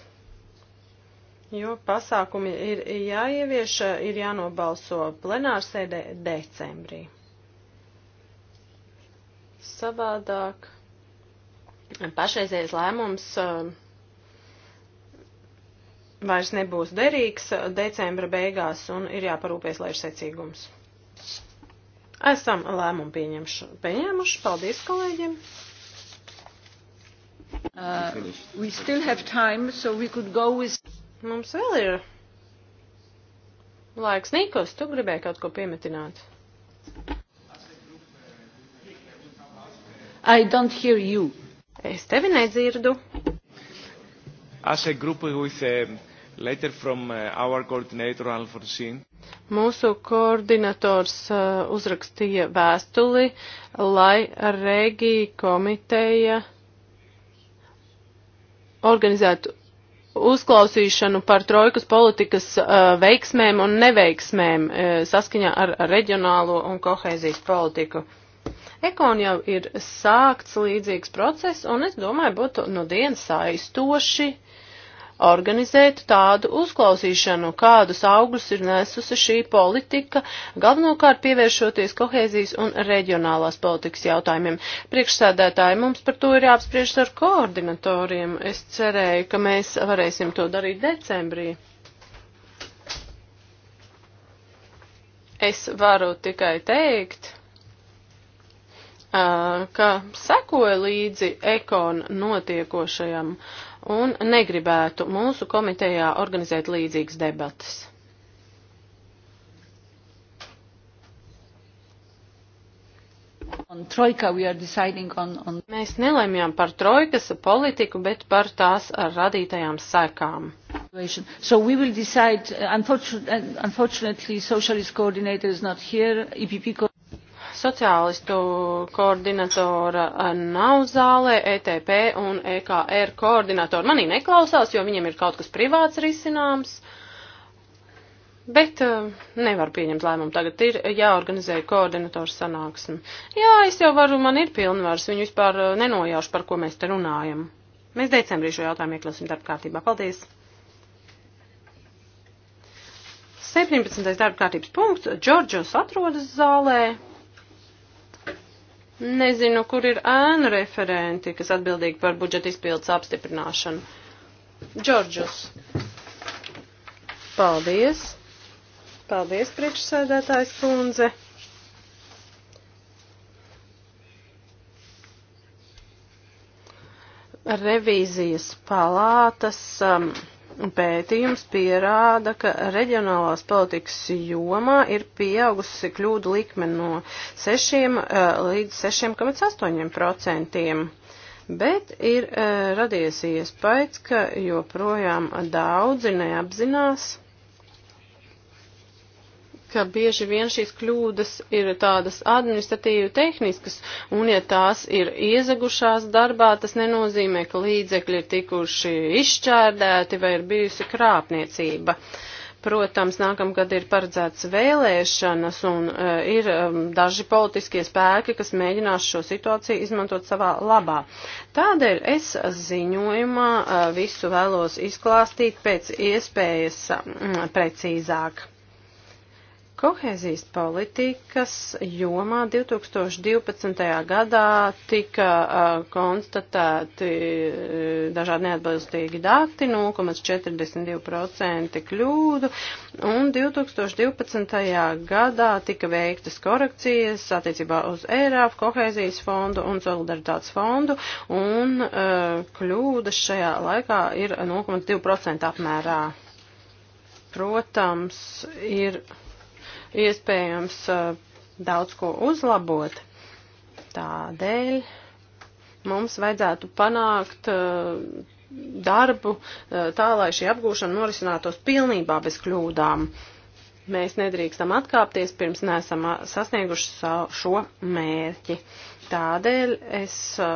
jo pasākumi ir jāievieš, ir jānobalso plenārsēdē decembrī. Savādāk pašreizējais lēmums eh, vairs nebūs derīgs decembra beigās un ir jāparūpēs, lai ir secīgums. Esam lēmumu pieņēmuši. Paldies kolēģiem! Uh, we still have time, so we could go with Mums vēl ir laiks. Nikos, tu gribēji kaut ko piemetināt? I don't hear you. Es tevi nedzirdu. As a group with a letter from uh, our coordinator Alfonsin. Mūsu koordinators uh, uzrakstīja vēstuli, lai Regi komiteja organizētu uzklausīšanu par trojkas politikas uh, veiksmēm un neveiksmēm uh, saskaņā ar reģionālo un kohēzijas politiku. Ekon jau ir sākts līdzīgs process, un es domāju, būtu nu no dienas saistoši uh, organizēt tādu uzklausīšanu, kādus augļus ir nesusi šī politika, galvenokārt pievēršoties kohēzijas un reģionālās politikas jautājumiem. Priekšsēdētāji mums par to ir jāapspriež ar koordinatoriem. Es cerēju, ka mēs varēsim to darīt decembrī. Es varu tikai teikt, ka sekoja līdzi ekon notiekošajam uh, un negribētu mūsu komitejā organizēt līdzīgas debatas. On trojka, on, on... Mēs nelēmjām par trojkas politiku, bet par tās radītajām sekām. So we will decide, unfortunately, unfortunately socialist coordinator is not here, EPP coordinator Sociālistu koordinatora eh, nav zālē, ETP un EKR koordinatori manī neklausās, jo viņiem ir kaut kas privāts risināms. Bet uh, nevar pieņemt lēmumu. Tagad ir jāorganizē koordinatoru sanāksme. Jā, es jau varu, man ir pilnvars, viņu vispār eh, nenojaušu, par ko mēs te runājam. Mēs decembrī šo jautājumu iekļausim darba kārtībā. Paldies! 17. darba kārtības punkts. Džordžos atrodas zālē. Nezinu, kur ir ēnu referenti, kas atbildīgi par budžeta izpildes apstiprināšanu. Džordžus. Paldies. Paldies, priekšsēdētājs kundze. Revīzijas palātas. Um, pētījums pierāda, ka reģionālās politikas jomā ir pieaugusi kļūdu likme no 6 eh, līdz 6,8%, bet ir eh, radies iespējas, ka joprojām daudzi neapzinās, ka bieži vien šīs kļūdas ir tādas administratīvi tehniskas, un ja tās ir iezagušās darbā, tas nenozīmē, ka līdzekļi ir tikuši izšķērdēti vai ir bijusi krāpniecība. Protams, nākamgad ir paredzēts vēlēšanas un uh, ir um, daži politiskie spēki, kas mēģinās šo situāciju izmantot savā labā. Tādēļ es ziņojumā uh, visu vēlos izklāstīt pēc iespējas um, precīzāk. Kohēzijas politikas jomā 2012. gadā tika uh, konstatēti dažādi neatbilstīgi dati, 0,42% kļūdu, un 2012. gadā tika veiktas korekcijas attiecībā uz ERAF, Kohēzijas fondu un Solidaritātes fondu, un uh, kļūdas šajā laikā ir 0,2% apmērā. Protams, ir iespējams daudz ko uzlabot. Tādēļ mums vajadzētu panākt darbu tā, lai šī apgūšana norisinātos pilnībā bez kļūdām. Mēs nedrīkstam atkāpties, pirms neesam sasnieguši šo mērķi. Tādēļ es uh,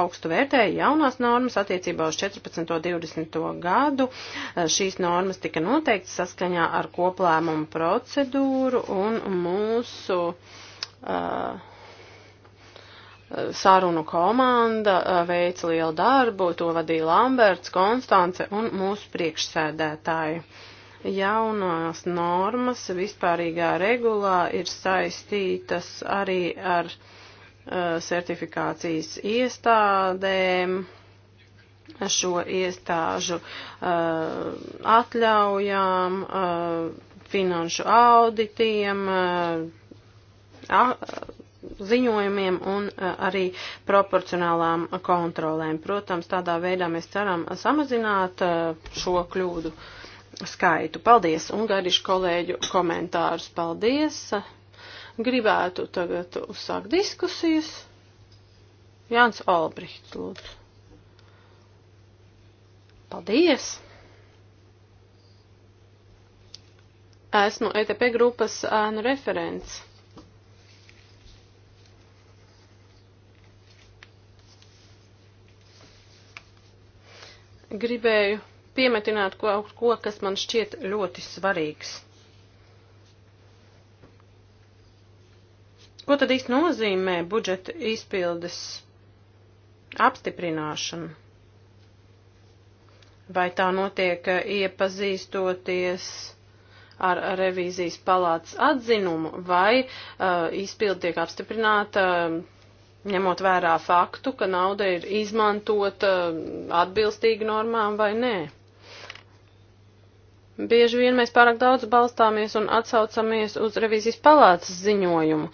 augstu vērtēju jaunās normas attiecībā uz 14. un 20. gadu. Uh, šīs normas tika noteikts saskaņā ar koplēmumu procedūru un mūsu uh, sarunu komanda uh, veica lielu darbu, to vadīja Lamberts, Konstance un mūsu priekšsēdētāji jaunās normas vispārīgā regulā ir saistītas arī ar uh, sertifikācijas uh, iestādēm, šo iestāžu uh, atļaujām, uh, finanšu auditiem, uh, ziņojumiem un uh, arī proporcionālām kontrolēm. Protams, tādā veidā mēs ceram samazināt uh, šo kļūdu skaitu. Paldies un gadišu kolēģu komentārus. Paldies! gribētu tagad uzsākt diskusijas. Jānis Albrihts, lūdzu. Paldies! Esmu ETP grupas ēnu referents. Gribēju piemetināt kaut ko, ko, kas man šķiet ļoti svarīgs. Ko tad īsti nozīmē budžeta izpildes apstiprināšana? Vai tā notiek eh, iepazīstoties ar revīzijas palātas atzinumu, vai uh, izpildi tiek apstiprināta uh, ņemot vērā faktu, ka nauda ir izmantota uh, atbilstīgi normām vai nē? Bieži vien mēs pārāk daudz balstāmies un atsaucamies uz revīzijas palātas ziņojumu,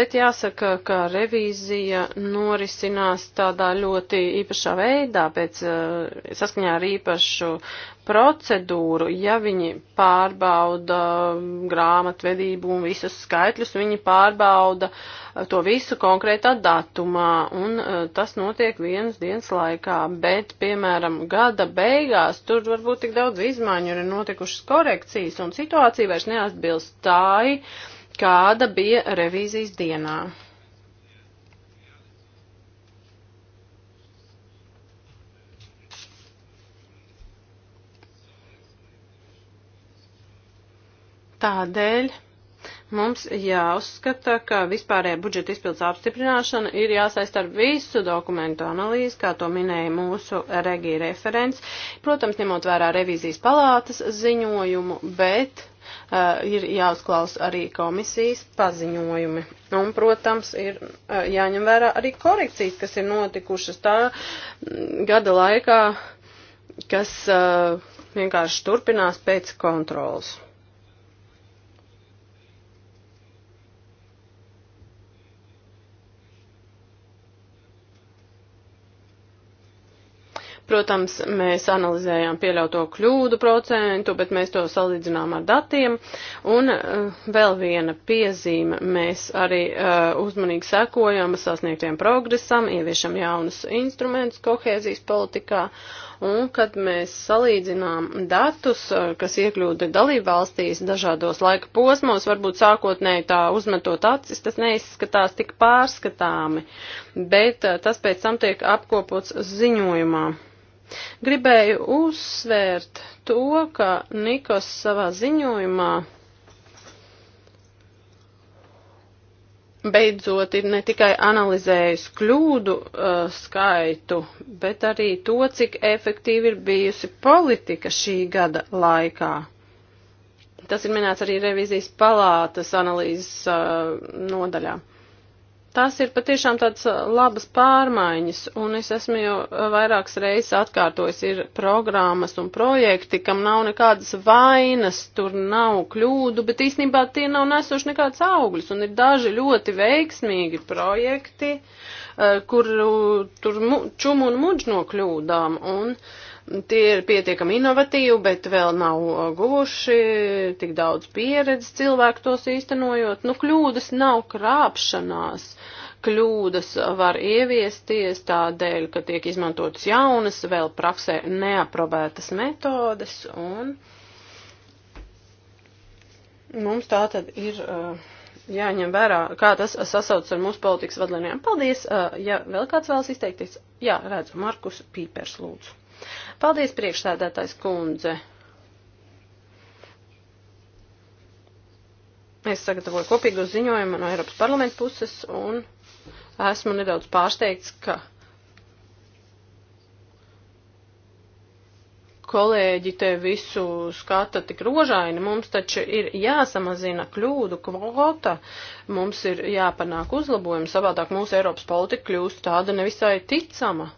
bet jāsaka, ka revīzija norisinās tādā ļoti īpašā veidā, pēc, eh, saskaņā ar īpašu procedūru, ja viņi pārbauda um, grāmatvedību un visas skaitļus, viņi pārbauda uh, to visu konkrētā datumā, un uh, tas notiek vienas dienas laikā, bet, piemēram, gada beigās tur varbūt tik daudz izmaiņu ir notikušas korekcijas, un situācija vairs neatbilst tāi, kāda bija revīzijas dienā. Tādēļ mums jāuzskata, ka vispārējā budžeta izpildes apstiprināšana ir jāsaist ar visu dokumentu analīzi, kā to minēja mūsu regija referents, protams, ņemot vērā revīzijas palātas ziņojumu, bet uh, ir jāuzklaus arī komisijas paziņojumi. Un, protams, ir uh, jāņem vērā arī korekcijas, kas ir notikušas tā mm, gada laikā, kas uh, vienkārši turpinās pēc kontrolas. Protams, mēs analizējām pieļauto kļūdu procentu, bet mēs to salīdzinām ar datiem. Un uh, vēl viena piezīme, mēs arī uh, uzmanīgi sekojam sasniegtiem progresam, ieviešam jaunus instrumentus kohēzijas politikā. Un, kad mēs salīdzinām datus, eh, kas iekļūda dalību valstīs dažādos laika posmos, varbūt sākotnēji tā uzmetot acis, tas neizskatās tik pārskatāmi, bet tas pēc tam tiek apkopots ziņojumā. Gribēju uzsvērt to, ka Nikos savā ziņojumā beidzot ir ne tikai analizējis kļūdu uh, skaitu, bet arī to, cik efektīvi ir bijusi politika šī gada laikā. Tas ir minēts arī revizijas palātas analīzes uh, nodaļā. Tās ir patiešām tādas uh, labas pārmaiņas, un es esmu jau uh, vairākas reizes atkārtojis, ir programmas un projekti, kam nav nekādas vainas, tur nav kļūdu, bet īstenībā tie nav nesuši nekādas augļus, un ir daži ļoti veiksmīgi projekti, uh, kur tur čum un muģ no kļūdām, un uh, Tie ir pietiekami inovatīvi, bet vēl nav uh, guvuši tik daudz pieredzes cilvēku tos īstenojot. Nu, kļūdas nav krāpšanās. Kļūdas var ieviesties tādēļ, ka tiek izmantotas jaunas, vēl praksē neaprobētas metodes un mums tā tad ir uh, jāņem vērā, kā tas sasauc ar mūsu politikas vadlinijām. Paldies, uh, ja vēl kāds vēlas izteikties, jā, redzu, Markus Pīpers lūdzu. Paldies, priekšsēdētājs kundze. Es sagatavoju kopīgu ziņojumu no Eiropas parlamenta puses un esmu nedaudz pārsteigts, ka kolēģi te visu skata tik rožaini, mums taču ir jāsamazina kļūdu kvota, mums ir jāpanāk uzlabojumi, savādāk mūsu Eiropas politika kļūst tāda nevisai ticama.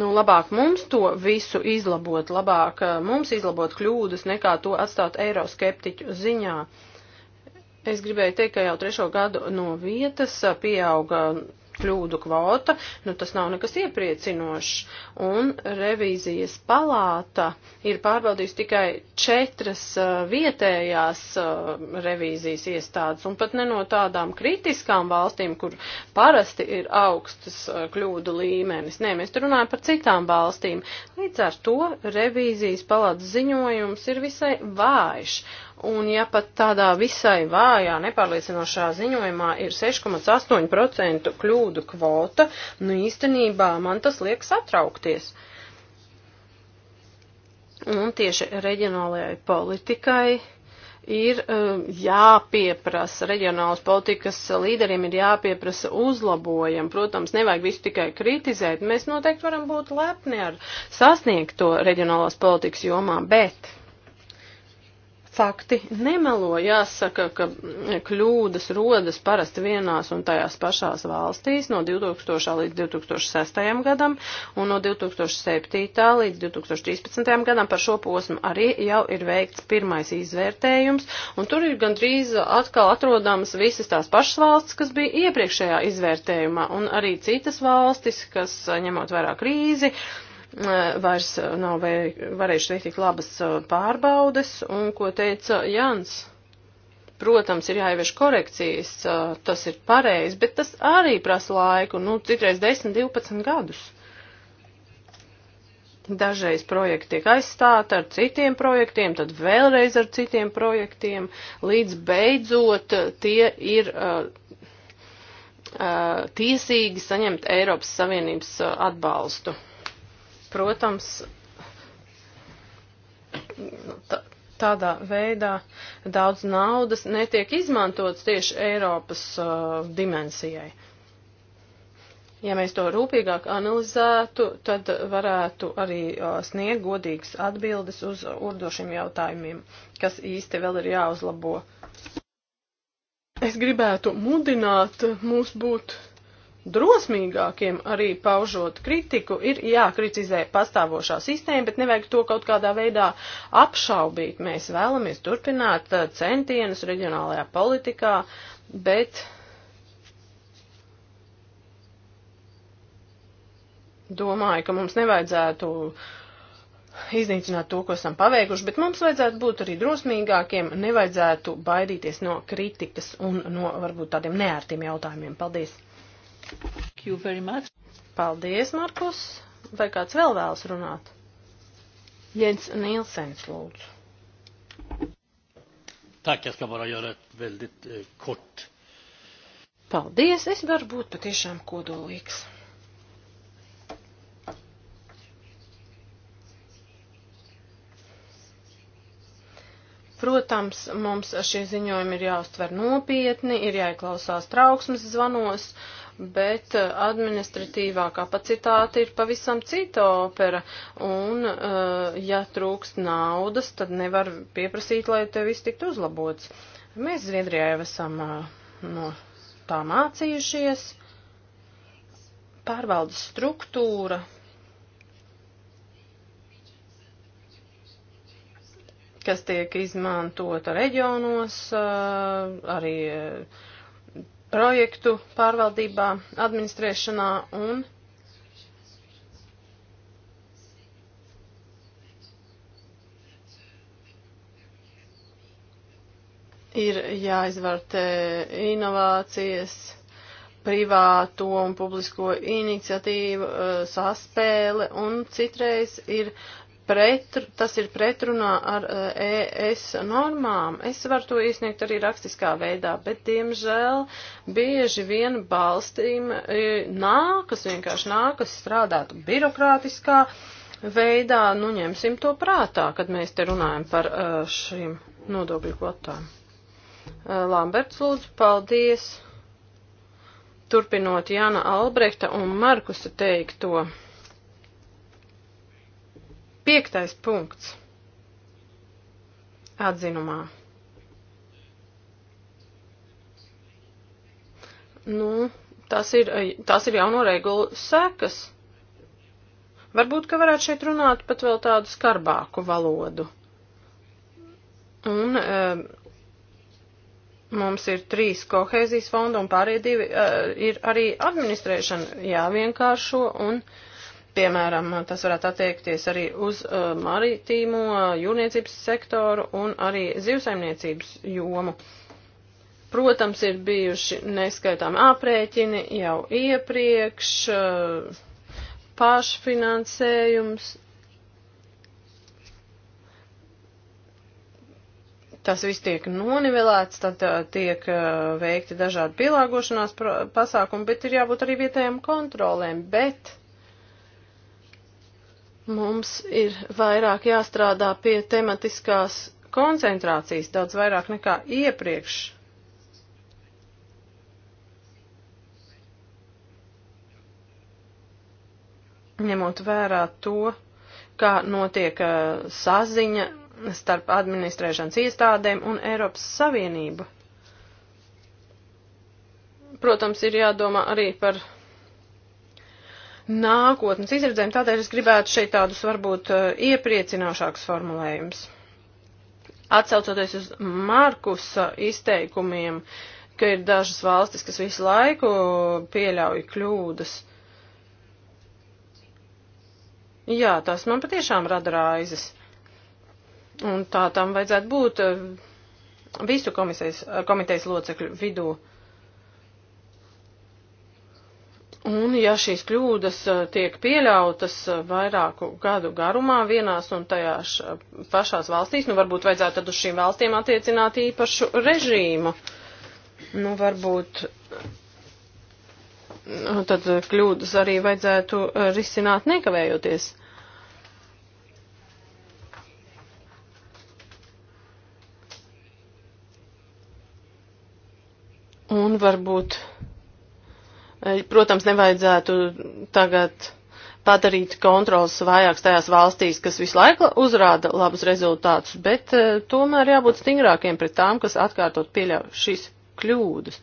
Nu, labāk mums to visu izlabot, labāk eh, mums izlabot kļūdas, nekā to atstāt eiroskeptiķu ziņā. Es gribēju teikt, ka jau trešo gadu no vietas eh, pieauga kļūdu kvota, nu tas nav nekas iepriecinošs. Un revīzijas palāta ir pārbaudījusi tikai četras uh, vietējās uh, revīzijas iestādes, un pat ne no tādām kritiskām valstīm, kur parasti ir augstas uh, kļūdu līmenis. Nē, mēs runājam par citām valstīm. Līdz ar to revīzijas palātas ziņojums ir visai vājš. Uh, Un ja pat tādā visai vājā, nepārliecinošā ziņojumā ir 6,8% kļūdu kvota, nu īstenībā man tas liek satraukties. Un tieši reģionālajai politikai ir um, jāpieprasa, reģionālas politikas līderiem ir jāpieprasa uzlabojumi. Protams, nevajag visu tikai kritizēt. Mēs noteikti varam būt lepni ar sasniegto reģionālās politikas jomā, bet fakti nemelo. Jāsaka, ka kļūdas rodas parasti vienās un tajās pašās valstīs no 2000 līdz 2006 gadam un no 2007 līdz 2013 gadam par šo posmu arī jau ir veikts pirmais izvērtējums un tur ir gandrīz atkal atrodamas visas tās pašas valsts, kas bija iepriekšējā izvērtējumā un arī citas valstis, kas ņemot vairāk krīzi, vairs nav varējuši veikt tik labas pārbaudes, un ko teica Jans. Protams, ir jāievieš korekcijas, tas ir pareizi, bet tas arī prasa laiku, nu, citreiz 10, 12 gadus. Dažreiz projekti tiek aizstāti ar citiem projektiem, tad vēlreiz ar citiem projektiem, līdz beidzot tie ir uh, uh, tiesīgi saņemt Eiropas Savienības uh, atbalstu protams, nu, tādā veidā daudz naudas netiek izmantots tieši Eiropas uh, dimensijai. Ja mēs to rūpīgāk analizētu, tad varētu arī uh, sniegt godīgas atbildes uz urdošiem jautājumiem, kas īsti vēl ir jāuzlabo. Es gribētu mudināt mūs būt drosmīgākiem arī paužot kritiku, ir jākritizē pastāvošā sistēma, bet nevajag to kaut kādā veidā apšaubīt. Mēs vēlamies turpināt uh, centienus reģionālajā politikā, bet domāju, ka mums nevajadzētu iznīcināt to, ko esam paveikuši, bet mums vajadzētu būt arī drosmīgākiem, nevajadzētu baidīties no kritikas un no varbūt tādiem neērtiem jautājumiem. Paldies! Paldies, Markus. Vai kāds vēl vēlas runāt? Jens Nilsens, lūdzu. Tak, es bara göra ett väldigt eh, kort. Paldies, es varu būt patiešām kodolīgs. Protams, mums šie ziņojumi ir jāuztver nopietni, ir jāieklausās trauksmes zvanos. Uh, bet eh, administratīvā kapacitāte ir pavisam cita opera, un eh, ja trūkst naudas, tad nevar pieprasīt, lai te viss tiktu uzlabots. Mēs Zviedrijā jau esam eh, no tā mācījušies, pārvaldes struktūra, kas tiek izmantota reģionos, arī projektu pārvaldībā, administrēšanā un ir jāizvērtē inovācijas, privāto un publisko iniciatīvu eh, saspēle un citreiz ir pret, tas ir pretrunā ar e, ES normām. Es varu to iesniegt arī rakstiskā veidā, bet, diemžēl, bieži vien balstīm e, nākas vienkārši nākas strādāt birokrātiskā veidā, nu ņemsim to prātā, kad mēs te runājam par e, šīm nodokļu kvotām. Lamberts lūdzu, paldies. Turpinot Jāna Albrehta un Markusa teikto. Piektais punkts. Atzinumā. Nu, tas ir, tas ir jauno regulu sekas. Varbūt, ka varētu šeit runāt pat vēl tādu skarbāku valodu. Un e, mums ir trīs kohēzijas fonda un pārējie divi e, ir arī administrēšana jāvienkāršo un. E, Piemēram, tas varētu attiekties arī uz uh, maritīmo uh, jūrniecības sektoru un arī zivsaimniecības jomu. Protams, ir bijuši neskaitāmi aprēķini jau iepriekš, uh, pašfinansējums. Tas viss tiek nonivelēts, tad uh, tiek uh, veikti dažādi pielāgošanās pasākumi, bet ir jābūt arī vietējām kontrolēm. Bet Mums ir vairāk jāstrādā pie tematiskās koncentrācijas, daudz vairāk nekā iepriekš. Ņemot vērā to, kā notiek uh, saziņa starp administrēšanas iestādēm un Eiropas Savienību. Protams, ir jādomā arī par nākotnes izredzēm, tādēļ es gribētu šeit tādus varbūt eh, iepriecinošākus formulējumus. Atcaucoties uz Markusa izteikumiem, ka ir dažas valstis, kas visu laiku pieļauj kļūdas. Jā, tas man patiešām rada rāizes. Un tā tam vajadzētu būt eh, visu komisijas, komitejas locekļu vidū. Uh, Un ja šīs kļūdas eh, tiek pieļautas eh, vairāku gadu garumā vienās un tajās eh, pašās valstīs, nu varbūt vajadzētu tad uz šīm valstīm attiecināt īpašu režīmu. Nu varbūt nu, tad kļūdas arī vajadzētu risināt nekavējoties. Un varbūt Eh, protams, nevajadzētu tagad padarīt kontrols vājāks tajās valstīs, kas visu laiku uzrāda labus rezultātus, bet eh, tomēr jābūt stingrākiem pret tām, kas atkārtot pieļauj šīs kļūdas.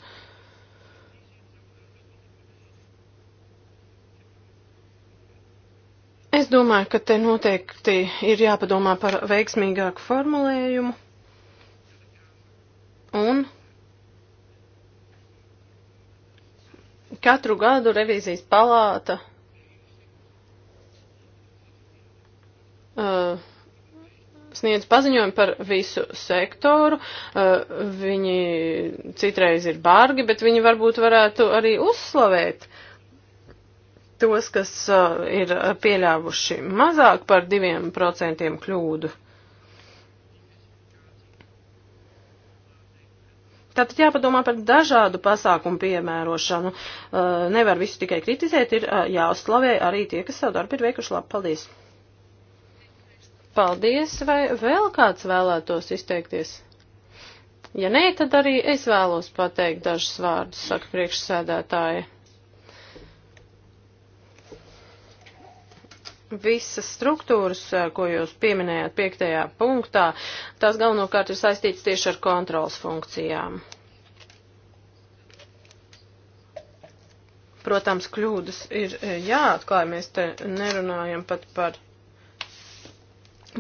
Es domāju, ka te noteikti ir jāpadomā par veiksmīgāku formulējumu. Un Katru gadu revīzijas palāta uh, sniedz paziņojumu par visu sektoru. Uh, viņi citreiz ir bargi, bet viņi varbūt varētu arī uzslavēt tos, kas uh, ir pieļāvuši mazāk par diviem procentiem kļūdu. Tātad jāpadomā par dažādu pasākumu piemērošanu. Uh, nevar visu tikai kritizēt, ir uh, jāuzslavē arī tie, kas savu darbu ir veikuši labi. Paldies! Paldies! Vai vēl kāds vēlētos izteikties? Ja nē, tad arī es vēlos pateikt dažus vārdus, saka priekšsēdētāji. visas struktūras, eh, ko jūs pieminējāt piektajā punktā, tās galvenokārt ir saistītas tieši ar kontrols funkcijām. Protams, kļūdas ir eh, jāatklāj, mēs te nerunājam pat par.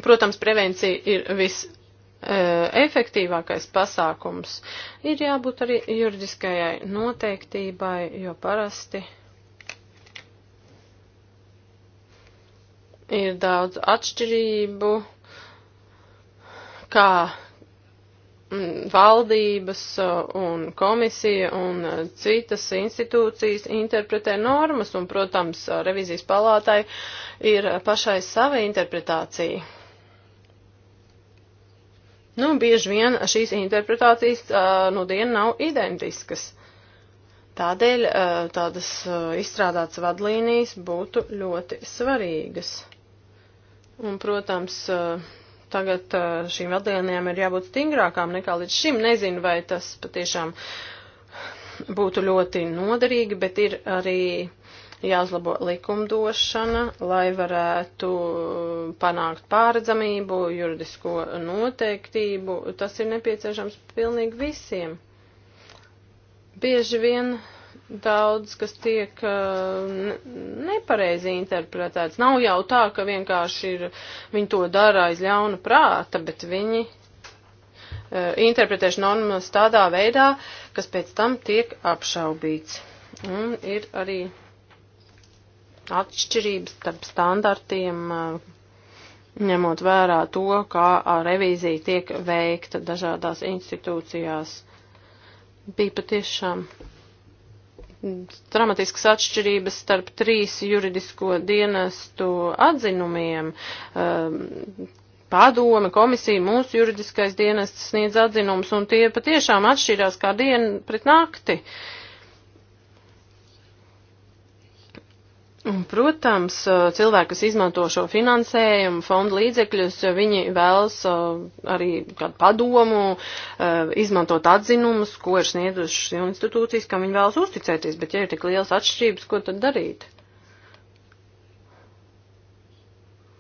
Protams, prevencija ir viss eh, efektīvākais pasākums ir jābūt arī juridiskajai noteiktībai, jo parasti ir daudz atšķirību, kā mm, valdības un komisija un e, citas institūcijas interpretē normas, un, protams, revizijas palātai ir pašai sava interpretācija. Nu, bieži vien šīs interpretācijas nu dienu nav identiskas. Tādēļ tādas izstrādātas vadlīnijas būtu ļoti svarīgas. Un, protams, eh, tagad eh, šīm vadlīnijām ir jābūt stingrākām nekā līdz šim. Nezinu, vai tas patiešām būtu ļoti noderīgi, bet ir arī jāuzlabo likumdošana, lai varētu eh, panākt pāredzamību, juridisko noteiktību. Tas ir nepieciešams pilnīgi visiem. Bieži vien daudz, kas tiek nepareizi interpretēts. Nav jau tā, ka vienkārši ir, viņi to dara aiz ļauna prāta, bet viņi uh, eh, interpretēšu normas tādā veidā, kas pēc tam tiek apšaubīts. Un ir arī atšķirības starp standartiem, uh, ņemot vērā to, kā uh, revīzija tiek veikta dažādās institūcijās. Bija patiešām dramatiskas atšķirības starp trīs juridisko dienestu atzinumiem. Ehm, padome, komisija, mūsu juridiskais dienests sniedz atzinumus, un tie patiešām atšķirās kā diena pret nakti. Uh, Un, protams, cilvēki, kas izmanto šo finansējumu, fondu līdzekļus, viņi vēlas arī kādu padomu, izmantot atzinumus, ko ir sniedušas institūcijas, kam viņi vēlas uzticēties, bet ja ir tik liels atšķirības, ko tad darīt?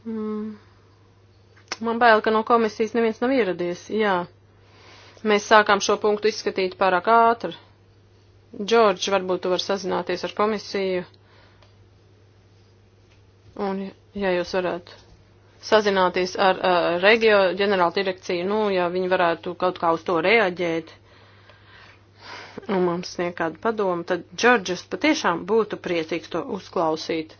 Mm. Man bail, ka no komisijas neviens nav ieradies, jā. Mēs sākām šo punktu izskatīt pārāk ātri. Džordž, varbūt tu var sazināties ar komisiju. Un, ja jūs varētu sazināties ar uh, reģio ģenerāla direkciju, nu, ja viņi varētu kaut kā uz to reaģēt un nu, mums sniegt kādu padomu, tad Džordžas patiešām būtu priecīgs to uzklausīt.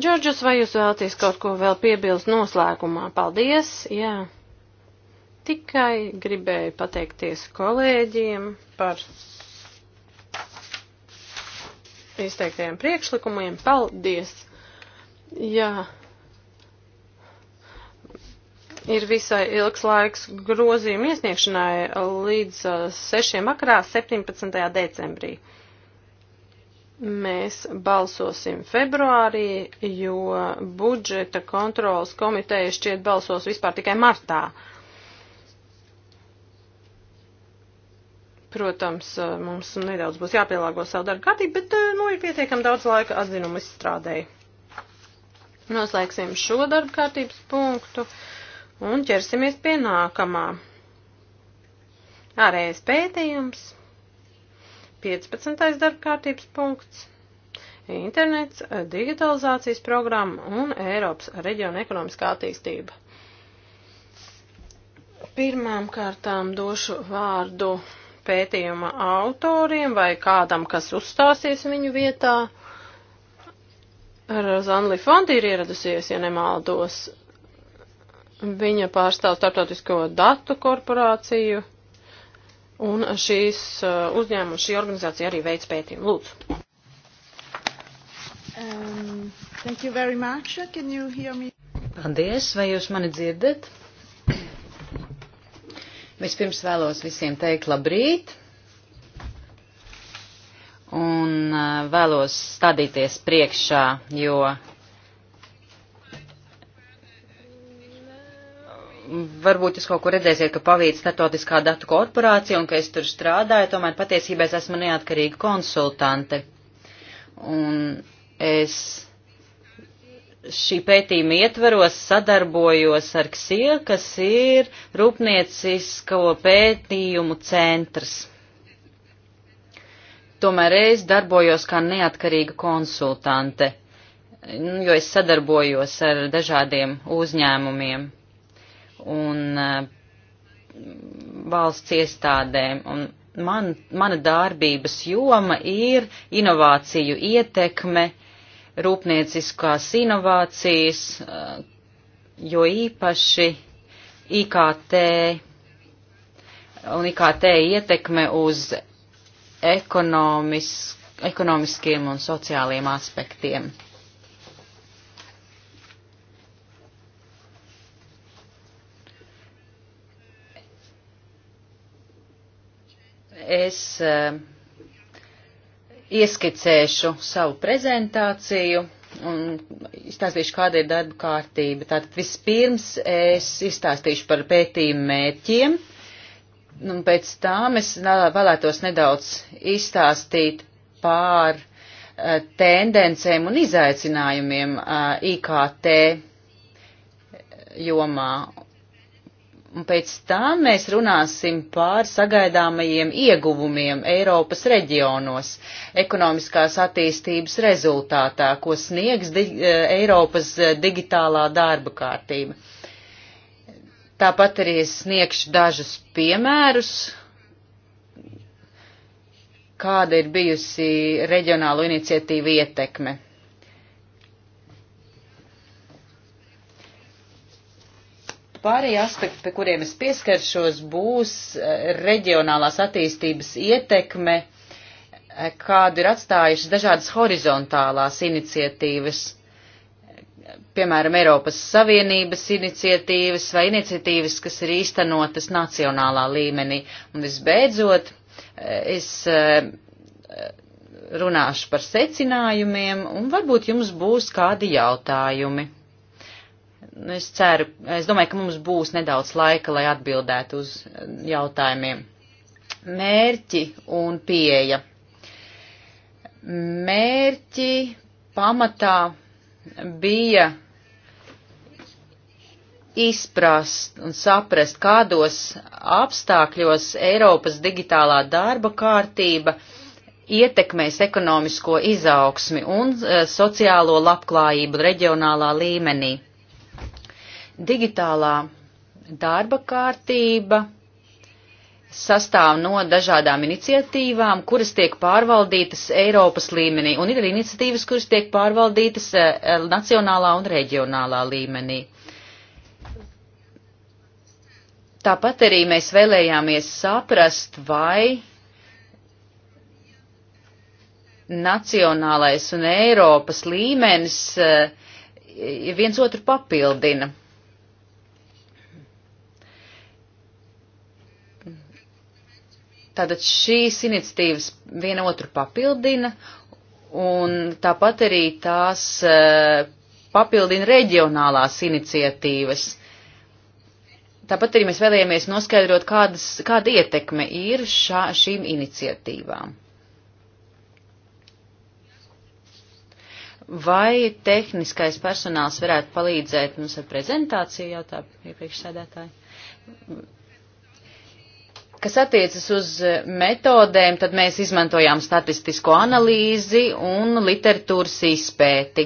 Džordžas, vai jūs vēlaties kaut ko vēl piebilst noslēgumā? Paldies, jā. Tikai gribēju pateikties kolēģiem par izteiktajiem priekšlikumiem. Paldies! Jā. Ir visai ilgs laiks grozījuma iesniegšanai līdz 6. makarā 17. decembrī. Mēs balsosim februārī, jo budžeta kontrolas komiteja šķiet balsos vispār tikai martā. Protams, mums nedaudz būs jāpielāgo savu darbu kārtību, bet nu ir pietiekam daudz laika atzinumu izstrādēji. Noslēgsim šo darba kārtības punktu un ķersimies pie nākamā. Ārējais pētījums, 15. darba kārtības punkts, internets, eh, digitalizācijas programma un Eiropas reģiona ekonomiskā attīstība. Pirmām kārtām došu vārdu pētījuma autoriem vai kādam, kas uzstāsies viņu vietā. Rozanli Fonti ir ieradusies, ja nemaldos. Viņa pārstāv starptautisko datu korporāciju, un šīs uh, uzņēmums, šī organizācija arī veids pētījumu. Lūdzu. Um, thank you very much. Can you hear me? Paldies, vai jūs mani dzirdat? Vispirms vēlos visiem teikt labrīt un vēlos stādīties priekšā, jo varbūt jūs kaut kur redzēsiet, ka pavīd statotiskā datu korporācija un ka es tur strādāju, tomēr patiesībā es esmu neatkarīga konsultante. Un es šī pētījuma ietveros sadarbojos ar KSIE, kas ir Rūpniecisko pētījumu centrs tomēr reiz darbojos kā neatkarīga konsultante, jo es sadarbojos ar dažādiem uzņēmumiem un eh, valsts iestādēm. Un man, mana darbības joma ir inovāciju ietekme, rūpnieciskās inovācijas, eh, jo īpaši IKT un IKT ietekme uz ekonomis, ekonomiskiem un sociāliem aspektiem. Es uh, ieskicēšu savu prezentāciju un izstāstīšu, kāda ir darba kārtība. Tātad vispirms es izstāstīšu par pētījumu mērķiem Un nu, pēc tām es vēlētos nedaudz izstāstīt pār uh, tendencēm un izaicinājumiem uh, eh, IKT eh, jomā. Un pēc tam mēs runāsim pār sagaidāmajiem ieguvumiem Eiropas reģionos, ekonomiskās attīstības rezultātā, ko sniegs di Eiropas digitālā darba kārtība. Tāpat arī es sniegšu dažus piemērus, kāda ir bijusi reģionālo iniciatīvu ietekme. Pārējie aspekti, pie kuriem es pieskaršos, būs eh, reģionālās attīstības ietekme, eh, kādu ir atstājušas dažādas horizontālās iniciatīvas piemēram, Eiropas Savienības iniciatīvas vai iniciatīvas, kas ir īstenotas nacionālā līmenī. Un visbeidzot, es e, e, runāšu par secinājumiem un varbūt jums būs kādi jautājumi. Es ceru, es domāju, ka mums būs nedaudz laika, lai atbildētu uz jautājumiem. Mērķi un pieeja. Mērķi pamatā bija izprast un saprast, kādos apstākļos Eiropas digitālā darba kārtība ietekmēs ekonomisko izaugsmi un e, sociālo labklājību reģionālā līmenī. Digitālā darba kārtība sastāv no dažādām iniciatīvām, kuras tiek pārvaldītas Eiropas līmenī, un ir arī iniciatīvas, kuras tiek pārvaldītas eh, eh, nacionālā un reģionālā līmenī. Tāpat arī mēs vēlējāmies saprast, vai nacionālais un Eiropas līmenis eh, viens otru papildina. Tātad šīs iniciatīvas viena otru papildina, un tāpat arī tās eh, papildina reģionālās iniciatīvas. Tāpat arī mēs vēlējāmies noskaidrot, kādas, kāda ietekme ir šā, šīm iniciatīvām. Vai tehniskais personāls varētu palīdzēt mums ar prezentāciju jautājumu iepriekšsēdētāji? Kas attiecas uz eh, metodēm, tad mēs izmantojām statistisko analīzi un literatūras izpēti.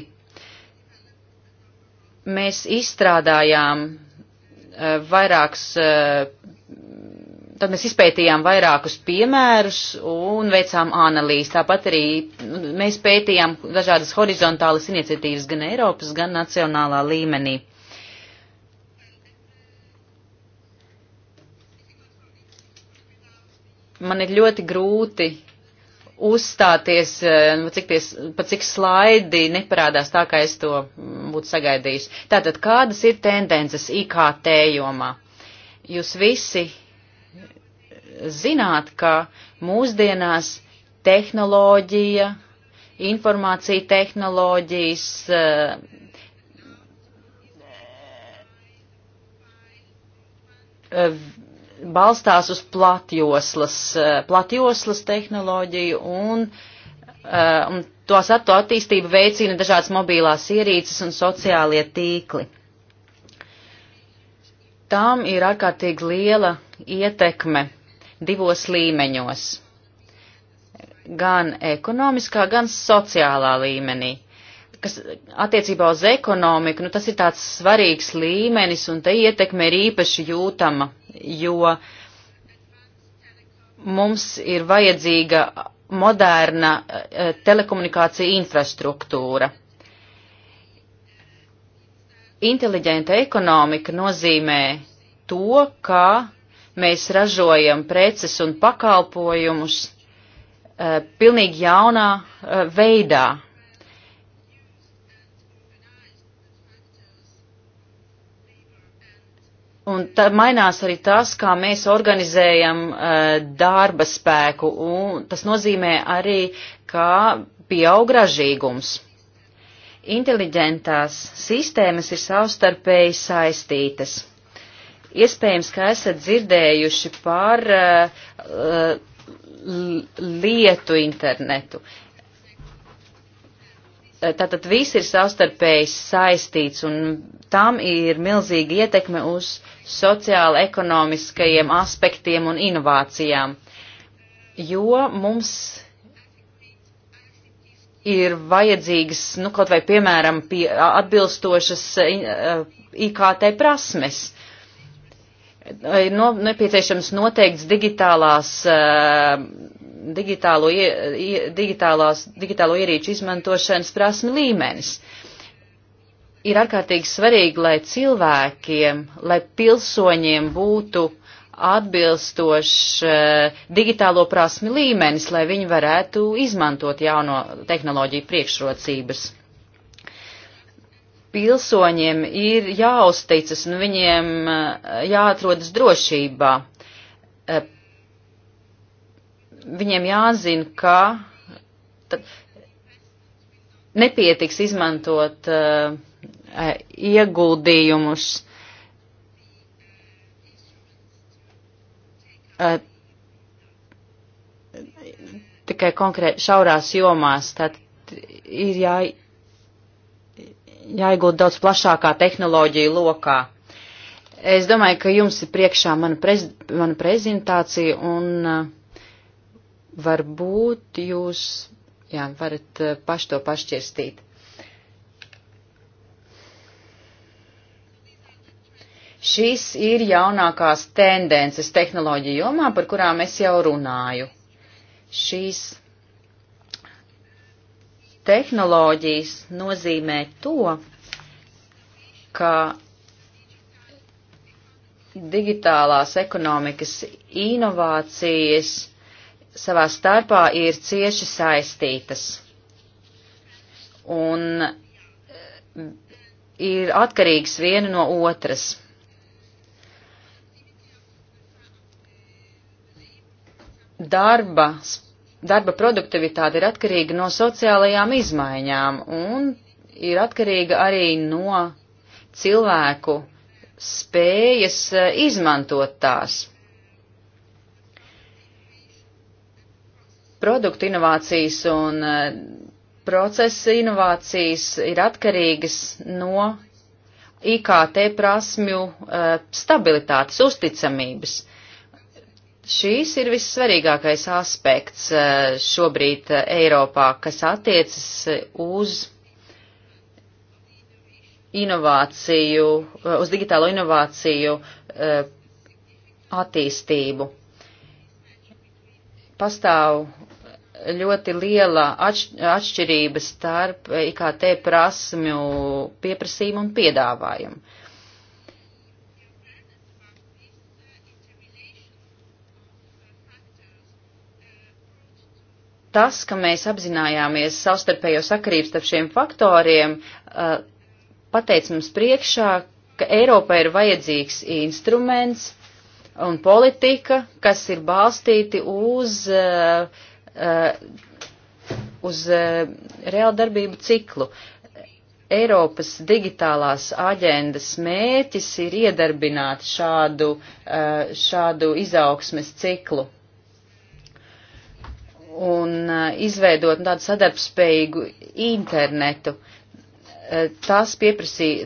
Mēs izstrādājām eh, vairākus, eh, tad mēs izpētījām vairākus piemērus un veicām analīzi. Tāpat arī mm, mēs pētījām dažādas horizontālas iniciatīvas gan Eiropas, gan nacionālā līmenī. man ir ļoti grūti uzstāties, eh, nu, cik, ties, pa cik slaidi neparādās tā, kā es to būtu sagaidījis. Tātad, kādas ir tendences IKT jomā? Jūs visi zināt, ka mūsdienās tehnoloģija, informācija tehnoloģijas, uh, uh, balstās uz platjoslas, eh, platjoslas tehnoloģiju un, eh, un tos to attīstību veicina dažādas mobilās ierīces un sociālie tīkli. Tām ir ārkārtīgi liela ietekme divos līmeņos - gan ekonomiskā, gan sociālā līmenī kas attiecībā uz ekonomiku, nu tas ir tāds svarīgs līmenis un te ietekme ir īpaši jūtama, jo mums ir vajadzīga moderna eh, telekomunikācija infrastruktūra. Inteliģenta ekonomika nozīmē to, ka mēs ražojam preces un pakalpojumus eh, pilnīgi jaunā eh, veidā, Un tā mainās arī tas, kā mēs organizējam uh, darba spēku, un tas nozīmē arī, kā pieaug ražīgums. Inteliģentās sistēmas ir savstarpēji saistītas. Iespējams, ka esat dzirdējuši par uh, lietu internetu. Uh, Tātad viss ir savstarpēji saistīts un tam ir milzīga ietekme uz sociāla-ekonomiskajiem aspektiem un inovācijām, jo mums ir vajadzīgas, nu, kaut vai, piemēram, pie, atbilstošas IKT prasmes. Ir no, nepieciešams noteikts digitālās uh, digitālo, digitālās, digitālo ierīču izmantošanas prasmi līmenis. Ir ārkārtīgi svarīgi, lai cilvēkiem, lai pilsoņiem būtu atbilstošs uh, digitālo prasmi līmenis, lai viņi varētu izmantot jauno tehnoloģiju priekšrocības. Pilsoņiem ir jāuzticas un nu viņiem uh, jāatrodas drošībā. Uh, viņiem jāzina, ka nepietiks izmantot uh, ieguldījumus. Uh, tikai konkrēti šaurās jomās, tad ir jā, jāiegūt daudz plašākā tehnoloģija lokā. Es domāju, ka jums ir priekšā mana, prez, mana prezentācija un uh, varbūt jūs jā, varat eh, paši to pašķirstīt. Šīs ir jaunākās tendences tehnoloģija jomā, par kurām es jau runāju. Šīs tehnoloģijas nozīmē to, ka digitālās ekonomikas inovācijas savā starpā ir cieši saistītas un eh, ir atkarīgs viena no otras. Darba, darba produktivitāte ir atkarīga no sociālajām izmaiņām un ir atkarīga arī no cilvēku spējas eh, izmantot tās. Produktu inovācijas un eh, procesa inovācijas ir atkarīgas no IKT prasmju eh, stabilitātes, uzticamības. Šīs ir vissvarīgākais aspekts eh, šobrīd Eiropā, kas attiecas uz inovāciju, uz digitālo inovāciju attīstību. Pastāv ļoti liela atšķirība starp IKT prasmju pieprasījumu un piedāvājumu. Tas, ka mēs apzinājāmies savstarpējo sakarību starp šiem faktoriem, eh, pateic mums priekšā, ka Eiropai ir vajadzīgs instruments un politika, kas ir balstīti uz uh, Uh, uz uh, reāla darbību ciklu. Eiropas digitālās aģendas mērķis ir iedarbināt šādu, uh, šādu izaugsmes ciklu un izveidot tādu sadarbspējīgu internetu. Uh, Eh, tas,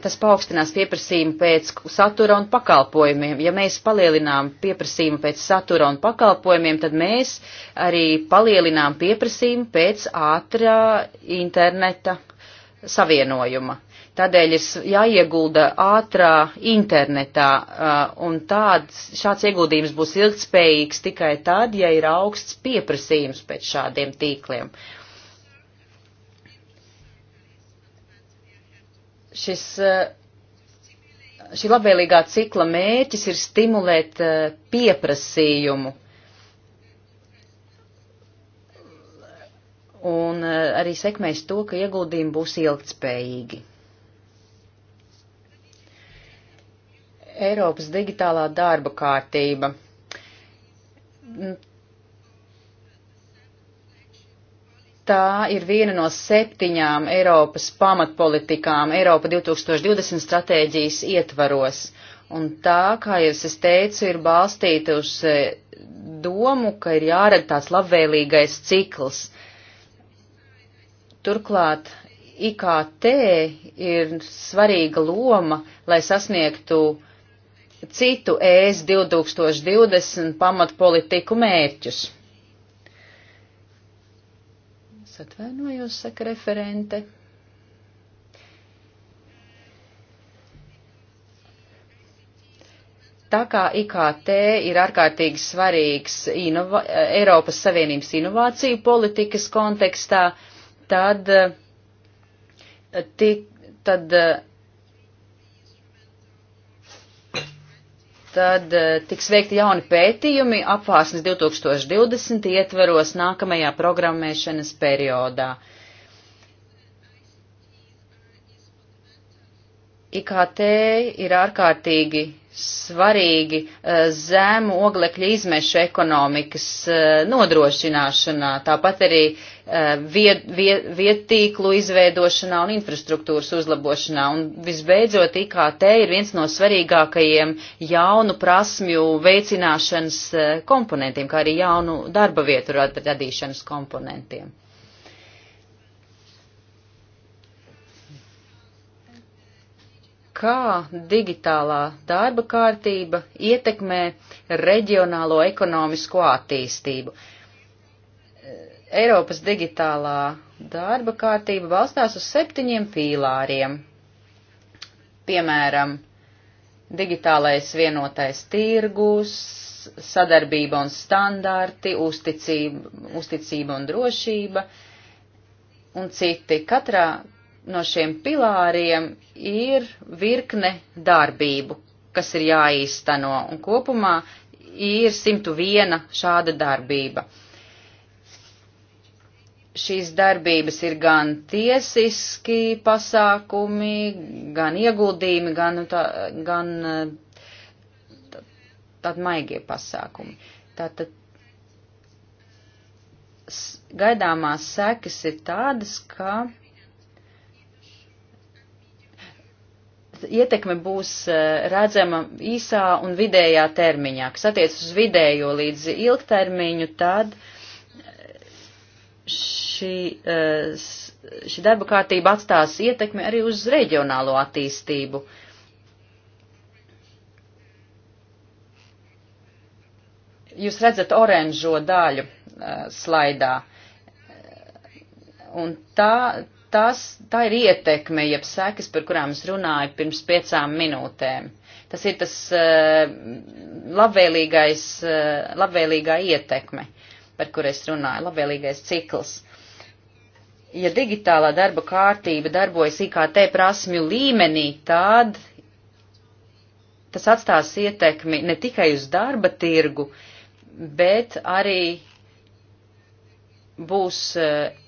tas paaugstinās pieprasījumu pēc satura un pakalpojumiem. Ja mēs palielinām pieprasījumu pēc satura un pakalpojumiem, tad mēs arī palielinām pieprasījumu pēc ātrā interneta savienojuma. Tādēļ ir jāiegulda ātrā internetā, eh, un tāds, šāds ieguldījums būs ilgtspējīgs tikai tad, ja ir augsts pieprasījums pēc šādiem tīkliem. Uh, šis, eh, šī labvēlīgā cikla mērķis ir stimulēt eh, pieprasījumu. Un eh, arī sekmēs to, ka ieguldījumi būs ilgtspējīgi. Eiropas digitālā darba kārtība. Tā ir viena no septiņām Eiropas pamatpolitikām Eiropa 2020 stratēģijas ietvaros. Un tā, kā jau es teicu, ir balstīta uz e, domu, ka ir jārada tāds labvēlīgais cikls. Turklāt IKT ir svarīga loma, lai sasniegtu citu e ES 2020 pamatpolitiku mērķus. Es atvainojos, saka referente. Tā kā IKT ir ārkārtīgi svarīgs inova, Eiropas Savienības inovāciju politikas kontekstā, tad, eh, tik, tad eh, tad eh, tiks veikti jauni pētījumi apvārsnes 2020 ietveros nākamajā programmēšanas periodā. IKT ir ārkārtīgi svarīgi eh, zēmu oglekļa izmešu ekonomikas eh, nodrošināšanā, tāpat arī eh, viet, viet, viettīklu izveidošanā un infrastruktūras uzlabošanā. Un visbeidzot, IKT ir viens no svarīgākajiem jaunu prasmju veicināšanas komponentiem, kā arī jaunu darba vietu radīšanas komponentiem. kā digitālā darba kārtība ietekmē reģionālo ekonomisko attīstību. Eiropas digitālā darba kārtība balstās uz septiņiem pīlāriem. Piemēram, digitālais vienotais tirgus, sadarbība un standarti, uzticība, uzticība un drošība un citi. Katrā no šiem pilāriem ir virkne darbību, kas ir jāīsteno, un kopumā ir 101 šāda darbība. Šīs darbības ir gan tiesiski pasākumi, gan ieguldījumi, gan, nu, tā, gan tā, tādi maigie pasākumi. Tātad gaidāmās sekas ir tādas, ka ietekme būs eh, redzama īsā un vidējā termiņā. Kas attiec uz vidējo līdz ilgtermiņu, tad eh, šī, eh, šī darba kārtība atstās ietekmi arī uz reģionālo attīstību. Jūs redzat oranžo daļu slaidā. Un tā, tas, tā ir ietekme, jeb sekas, par kurām es runāju pirms piecām minūtēm. Tas ir tas uh, labvēlīgais, uh, labvēlīgā ietekme, par kur es runāju, labvēlīgais cikls. Ja digitālā darba kārtība darbojas IKT prasmju līmenī, tad tas atstās ietekmi ne tikai uz darba tirgu, bet arī būs uh,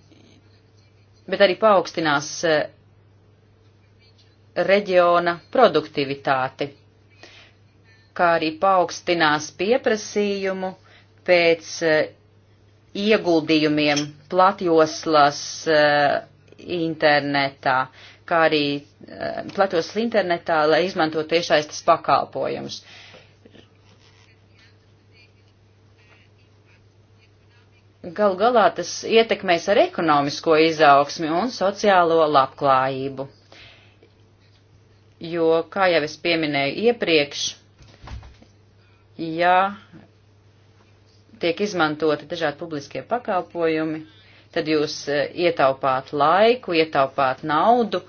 bet arī paaugstinās eh, reģiona produktivitāti, kā arī paaugstinās pieprasījumu pēc eh, ieguldījumiem platjoslas eh, internetā, kā arī platjoslas internetā, lai izmantotu tiešais tas pakalpojumus. Uh, gal galā tas ietekmēs ar ekonomisko izaugsmi un sociālo labklājību. Jo, kā jau es pieminēju iepriekš, ja tiek izmantoti dažādi publiskie pakalpojumi, tad jūs e, ietaupāt laiku, ietaupāt naudu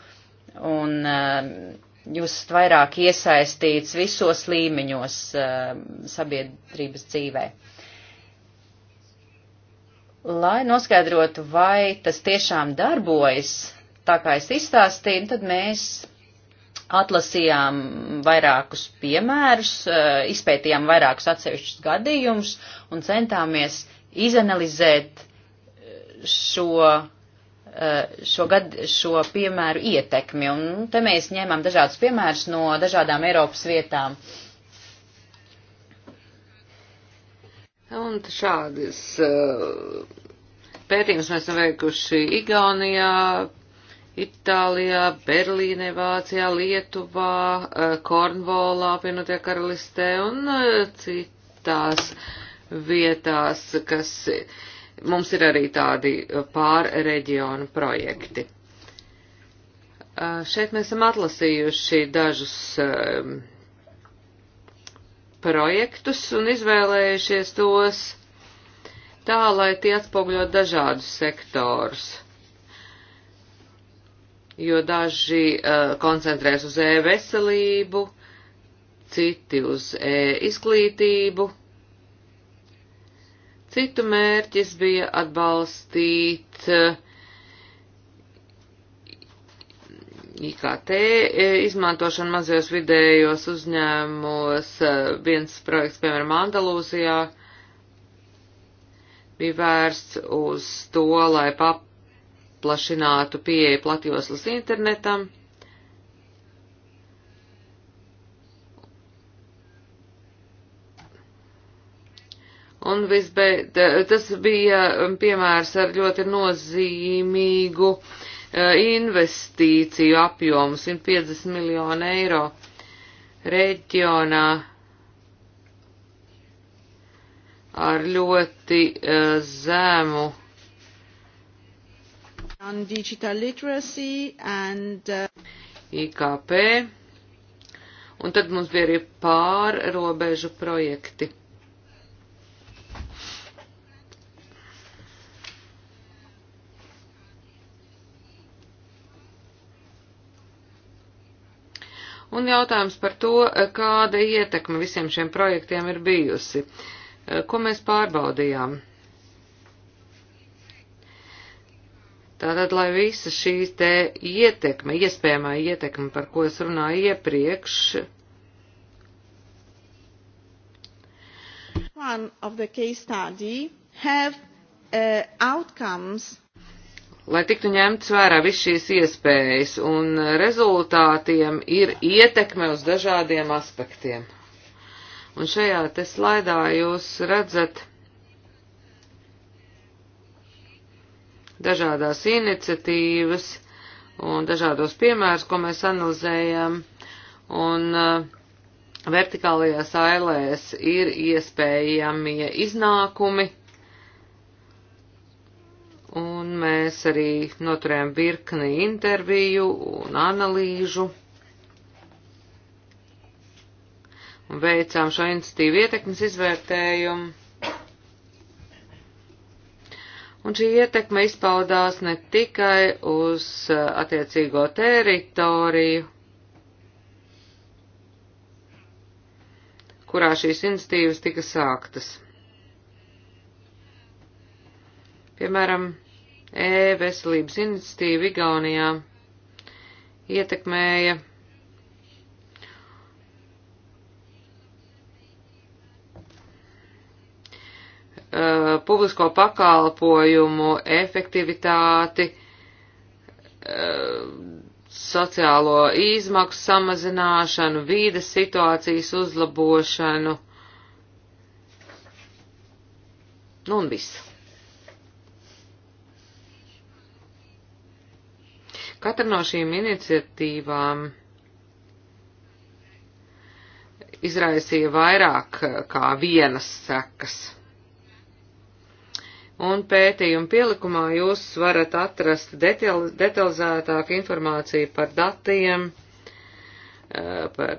un e, jūs vairāk iesaistīts visos līmeņos e, sabiedrības dzīvē. Lai noskaidrotu, vai tas tiešām darbojas, tā kā es izstāstīju, tad mēs atlasījām vairākus piemērus, eh, izpētījām vairākus atsevišķus gadījumus un centāmies izanalizēt eh, šo, eh, šo, gad, šo piemēru ietekmi. Un te mēs ņēmām dažādus piemērus no dažādām Eiropas vietām. Uh, Un šādas uh, pētījumus mēs esam veikuši Igaunijā, Itālijā, Berlīnē, Vācijā, Lietuvā, Kornvolā, uh, apvienotie karalistē un uh, citās vietās, kas mums ir arī tādi pārreģionu projekti. Šeit mēs esam atlasījuši dažus um, projektus un izvēlējušies tos tā, lai tie atspoguļo dažādus sektorus, jo daži uh, koncentrēs uz e-veselību, citi uz e-izglītību. Citu mērķis bija atbalstīt uh, IKT e, izmantošana mazajos vidējos uzņēmumos, e, viens projekts, piemēram, Andalūzijā, bija vērsts uz to, lai paplašinātu pieeju platjoslas internetam. Un visbeid, tas bija piemērs ar ļoti nozīmīgu uh, Eh, investīciju apjomu 150 miljonu eiro reģionā ar ļoti eh, zēmu. On digital literacy and uh... Eh, IKP. Un tad mums bija arī pārrobežu projekti. Un jautājums par to, eh, kāda ietekme visiem šiem projektiem ir bijusi. Eh, ko mēs pārbaudījām? Tātad, lai visa šī te ietekme, iespējamā ietekme, par ko es runāju iepriekš, one of the case study have uh, outcomes lai tiktu ņemts vērā viss šīs iespējas, un rezultātiem ir ietekme uz dažādiem aspektiem. Un šajā te slaidā jūs redzat dažādās iniciatīvas un dažādos piemērus, ko mēs analizējam, un uh, vertikālajās ailēs ir iespējamie iznākumi un mēs arī noturējām virkni interviju un analīžu. Un veicām šo institīvu ietekmes izvērtējumu. Un šī ietekme izpaudās ne tikai uz attiecīgo teritoriju, kurā šīs institīvas tika sāktas. Piemēram, e-veselības iniciatīva Igaunijā ietekmēja uh, publisko pakalpojumu efektivitāti, uh, sociālo izmaksu samazināšanu, vīdes situācijas uzlabošanu, nu un viss. Katra no šīm iniciatīvām izraisīja vairāk kā vienas sekas. Un pētījuma pielikumā jūs varat atrast detalizētāku informāciju par datiem, eh, par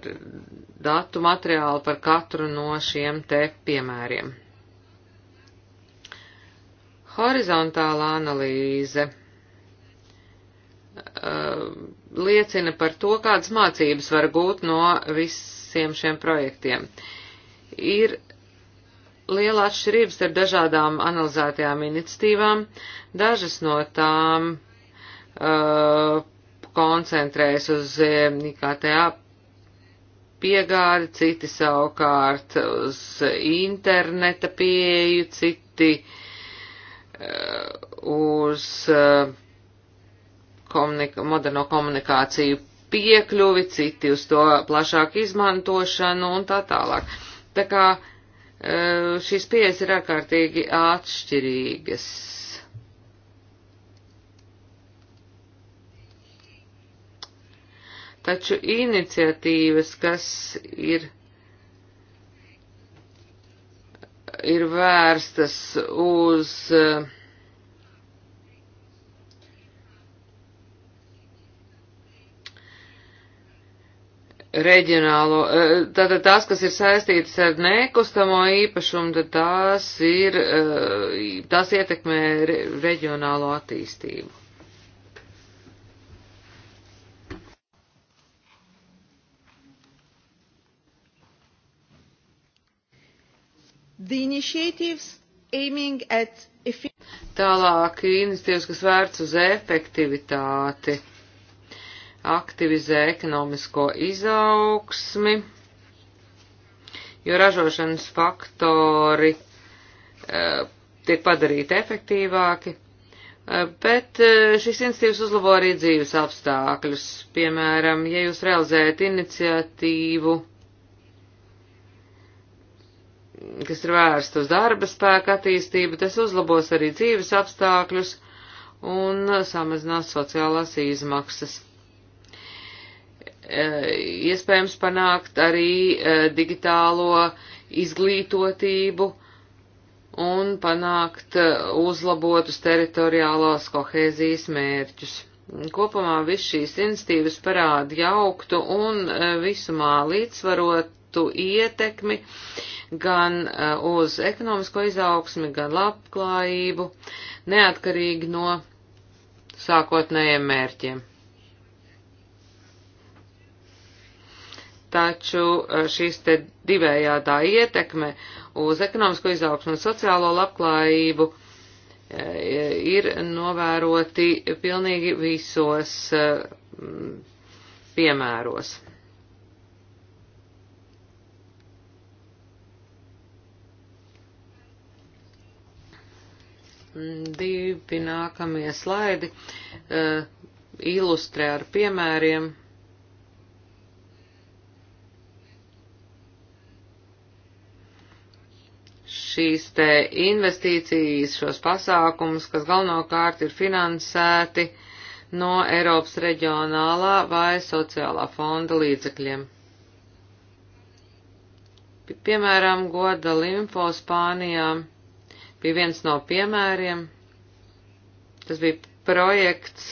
datu materiālu, par katru no šiem te piemēriem. Horizontāla analīze Uh, liecina par to, kādas mācības var gūt no visiem šiem projektiem. Ir liela atšķirības ar dažādām analizētajām iniciatīvām. Dažas no tām uh, koncentrējas uz eh, IKTA piegādi, citi savukārt uz interneta pieeju, citi uh, uz uh, komunika moderno komunikāciju piekļuvi, citi uz to plašāku izmantošanu un tā tālāk. Tā kā e, šīs pieejas ir ārkārtīgi atšķirīgas. Taču iniciatīvas, kas ir, ir vērstas uz uh, reģionālo, eh, tātad tās, kas ir saistītas ar nekustamo īpašumu, tad tās ir, eh, tās ietekmē reģionālo attīstību. The initiatives aiming at Tālāk iniciatīvas, kas vērts uz efektivitāti aktivizē ekonomisko izaugsmi, jo ražošanas faktori uh, tiek padarīti efektīvāki, uh, bet uh, šis institīvs uzlabo arī dzīves apstākļus. Piemēram, ja jūs realizējat iniciatīvu, kas ir vērsta uz darba spēka attīstību, tas uzlabos arī dzīves apstākļus un samazinās sociālās izmaksas. Eh, iespējams panākt arī eh, digitālo izglītotību un panākt eh, uzlabotus teritoriālās kohēzijas mērķus. Kopumā viss šīs institīvas parāda jauktu un visumā līdzsvarotu ietekmi gan uz ekonomisko izaugsmi, gan labklājību, neatkarīgi no sākotnējiem mērķiem. taču e, šīs te divējādā ietekme uz ekonomisko izaugsmu un sociālo labklājību e, ir novēroti pilnīgi visos e, piemēros. Divi nākamie slaidi uh, ilustrē ar piemēriem šīs te investīcijas, šos pasākumus, kas galvenokārt ir finansēti no Eiropas reģionālā vai sociālā fonda līdzekļiem. Piemēram, goda limfo Spānijā bija viens no piemēriem. Tas bija projekts,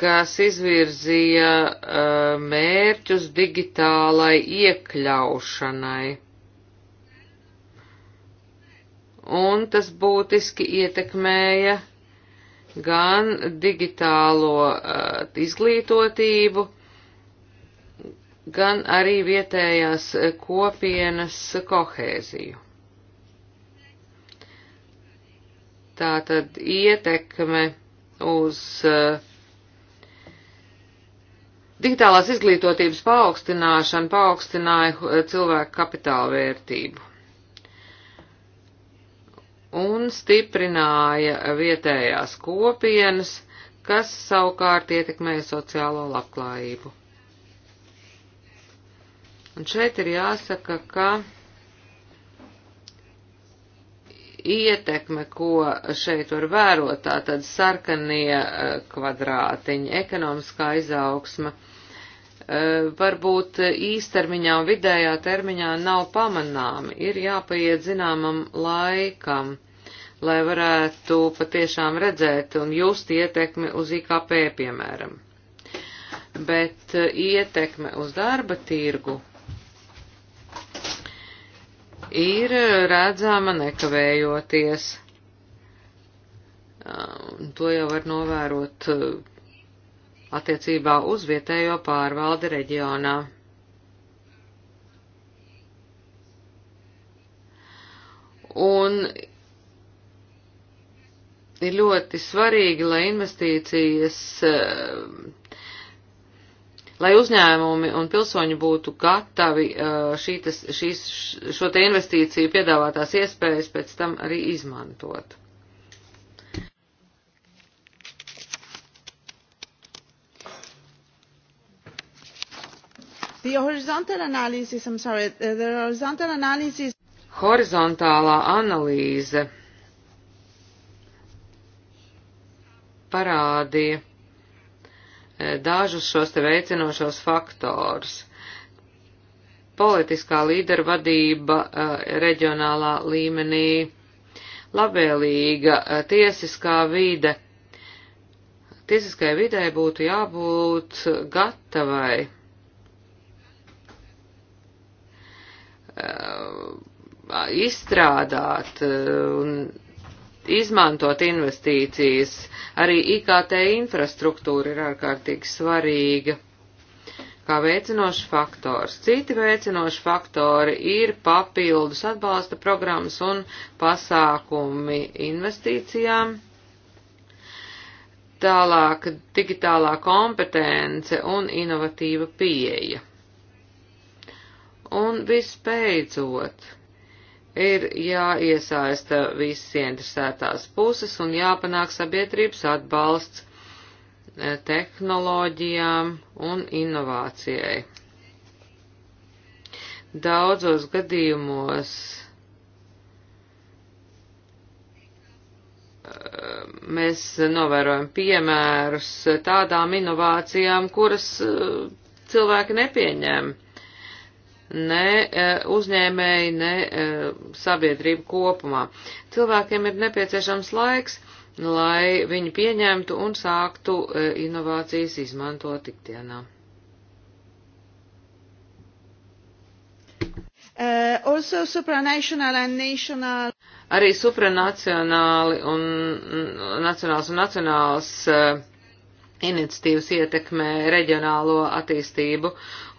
kas izvirzīja uh, mērķus digitālai iekļaušanai un tas būtiski ietekmēja gan digitālo uh, izglītotību, gan arī vietējās kopienas kohēziju. Tātad ietekme uz uh, digitālās izglītotības paaugstināšanu paaugstināja uh, cilvēku kapitāla vērtību un stiprināja vietējās kopienas, kas savukārt ietekmēja sociālo labklājību. Un šeit ir jāsaka, ka ietekme, ko šeit var vērot, tātad sarkanie eh, kvadrātiņi, ekonomiskā izaugsma, eh, varbūt īstermiņā un vidējā termiņā nav pamanāmi, ir jāpaiet zināmam laikam lai varētu patiešām redzēt un just ietekmi uz IKP, piemēram. Bet eh, ietekme uz darba tirgu ir eh, redzama nekavējoties. Eh, to jau var novērot attiecībā uz vietējo pārvaldi reģionā. Un ir ļoti svarīgi, lai investīcijas, eh, lai uzņēmumi un pilsoņi būtu gatavi eh, šītas, šīs, šo te investīciju piedāvātās iespējas pēc tam arī izmantot. The horizontal analysis, I'm sorry, the horizontal analysis. Horizontālā analīze parādīja e, dažus šos te veicinošos faktorus. Politiskā līdera vadība e, reģionālā līmenī, labvēlīga e, tiesiskā vide. Tiesiskai videi būtu jābūt gatavai izstrādāt un izmantot investīcijas. Arī IKT infrastruktūra ir ārkārtīgi svarīga kā veicinošs faktors. Citi veicinoši faktori ir papildus atbalsta programmas un pasākumi investīcijām. Tālāk digitālā kompetence un inovatīva pieeja. Un vispēcot, ir jāiesaista visas interesētās puses un jāpanāk sabiedrības atbalsts e, tehnoloģijām un inovācijai. Daudzos gadījumos e, mēs novērojam piemērus tādām inovācijām, kuras e, cilvēki nepieņēma ne e, uzņēmēji, ne e, sabiedrība kopumā. Cilvēkiem ir nepieciešams laiks, lai viņi pieņemtu un sāktu e, inovācijas izmantot ikdienā. Uh, also supranational and national. Arī supranacionāli un nacionāls un nacionāls uh, iniciatīvas ietekmē reģionālo attīstību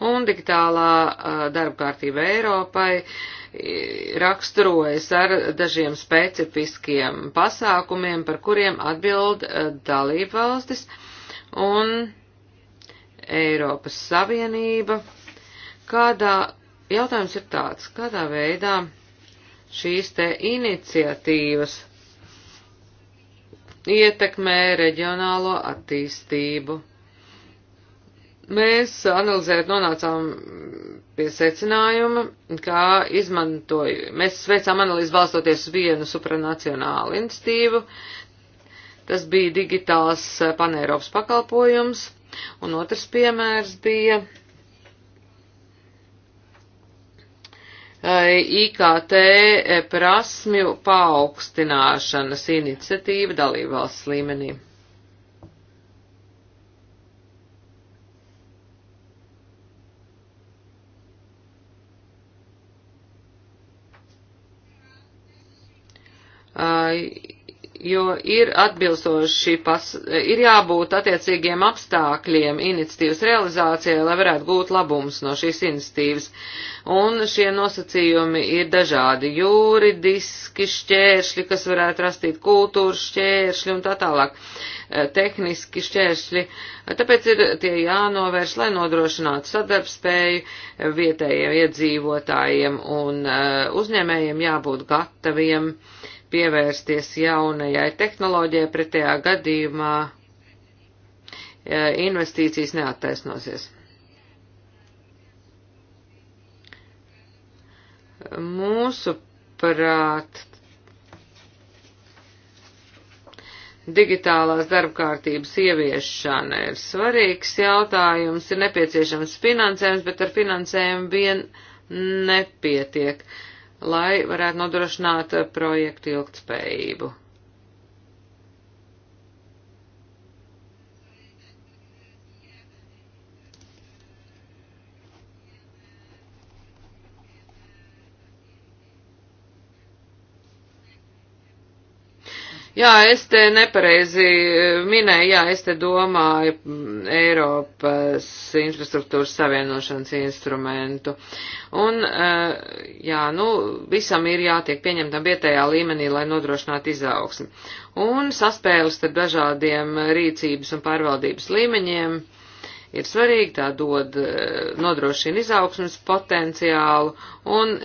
un digitālā uh, darba kārtība Eiropai raksturojas ar dažiem specifiskiem pasākumiem, par kuriem atbild uh, dalību valstis un Eiropas Savienība. Kādā, jautājums ir tāds, kādā veidā šīs te iniciatīvas ietekmē reģionālo attīstību. Mēs analizējot nonācām pie secinājuma, kā izmantoju, mēs veicām analīzi balstoties uz vienu supranacionālu institīvu, tas bija digitāls eh, paneiropas pakalpojums, un otrs piemērs bija IKT e, prasmju paaugstināšanas iniciatīva dalībvalsts līmenī jo ir atbilstoši, pas, ir jābūt attiecīgiem apstākļiem iniciatīvas realizācijai, lai varētu gūt labumus no šīs iniciatīvas. Un šie nosacījumi ir dažādi - juridiski šķēršļi, kas varētu rastīt kultūras šķēršļi un tā tālāk, eh, tehniski šķēršļi. Eh, tāpēc ir tie jānovērš, lai nodrošinātu sadarbspēju vietējiem iedzīvotājiem un eh, uzņēmējiem jābūt gataviem uh, pievērsties jaunajai tehnoloģijai, pretējā gadījumā e, investīcijas neattaisnosies. Mūsu prāt digitālās darbkārtības ieviešana ir svarīgs jautājums, ir nepieciešams finansējums, bet ar finansējumu vien nepietiek. Uh, lai varētu nodrošināt eh, projektu ilgtspējību. Jā, es te nepareizi e, minēju, jā, es te domāju mm, Eiropas infrastruktūras savienošanas instrumentu. Un, e, jā, nu, visam ir jātiek pieņemtam vietējā līmenī, lai nodrošinātu izaugsmi. Un saspēles starp dažādiem rīcības un pārvaldības līmeņiem ir svarīgi, tā dod, e, nodrošina izaugsmas potenciālu un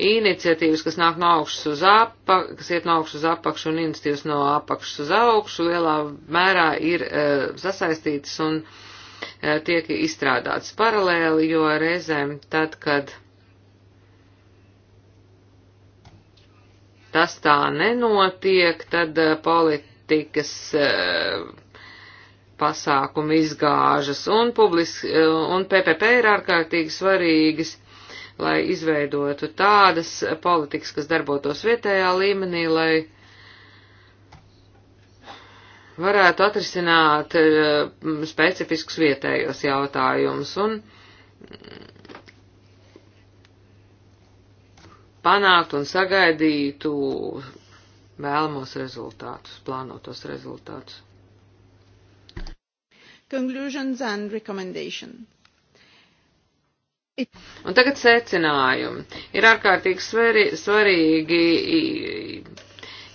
iniciatīvas, kas nāk no augšas uz apakšu, kas iet no augšas uz apakšu un iniciatīvas no apakšas uz augšu, lielā mērā ir e, sasaistītas un e, tiek izstrādātas paralēli, jo reizēm tad, kad tas tā nenotiek, tad e, politikas e, pasākumi izgāžas un, publis, e, un PPP ir ārkārtīgi svarīgas lai izveidotu tādas politikas, kas darbotos vietējā līmenī, lai varētu atrisināt eh, specifiskus vietējos jautājumus un panākt un sagaidītu vēlamos rezultātus, plānotos rezultātus. Conclusions and recommendations. Un tagad secinājumi. Ir ārkārtīgi svari, svarīgi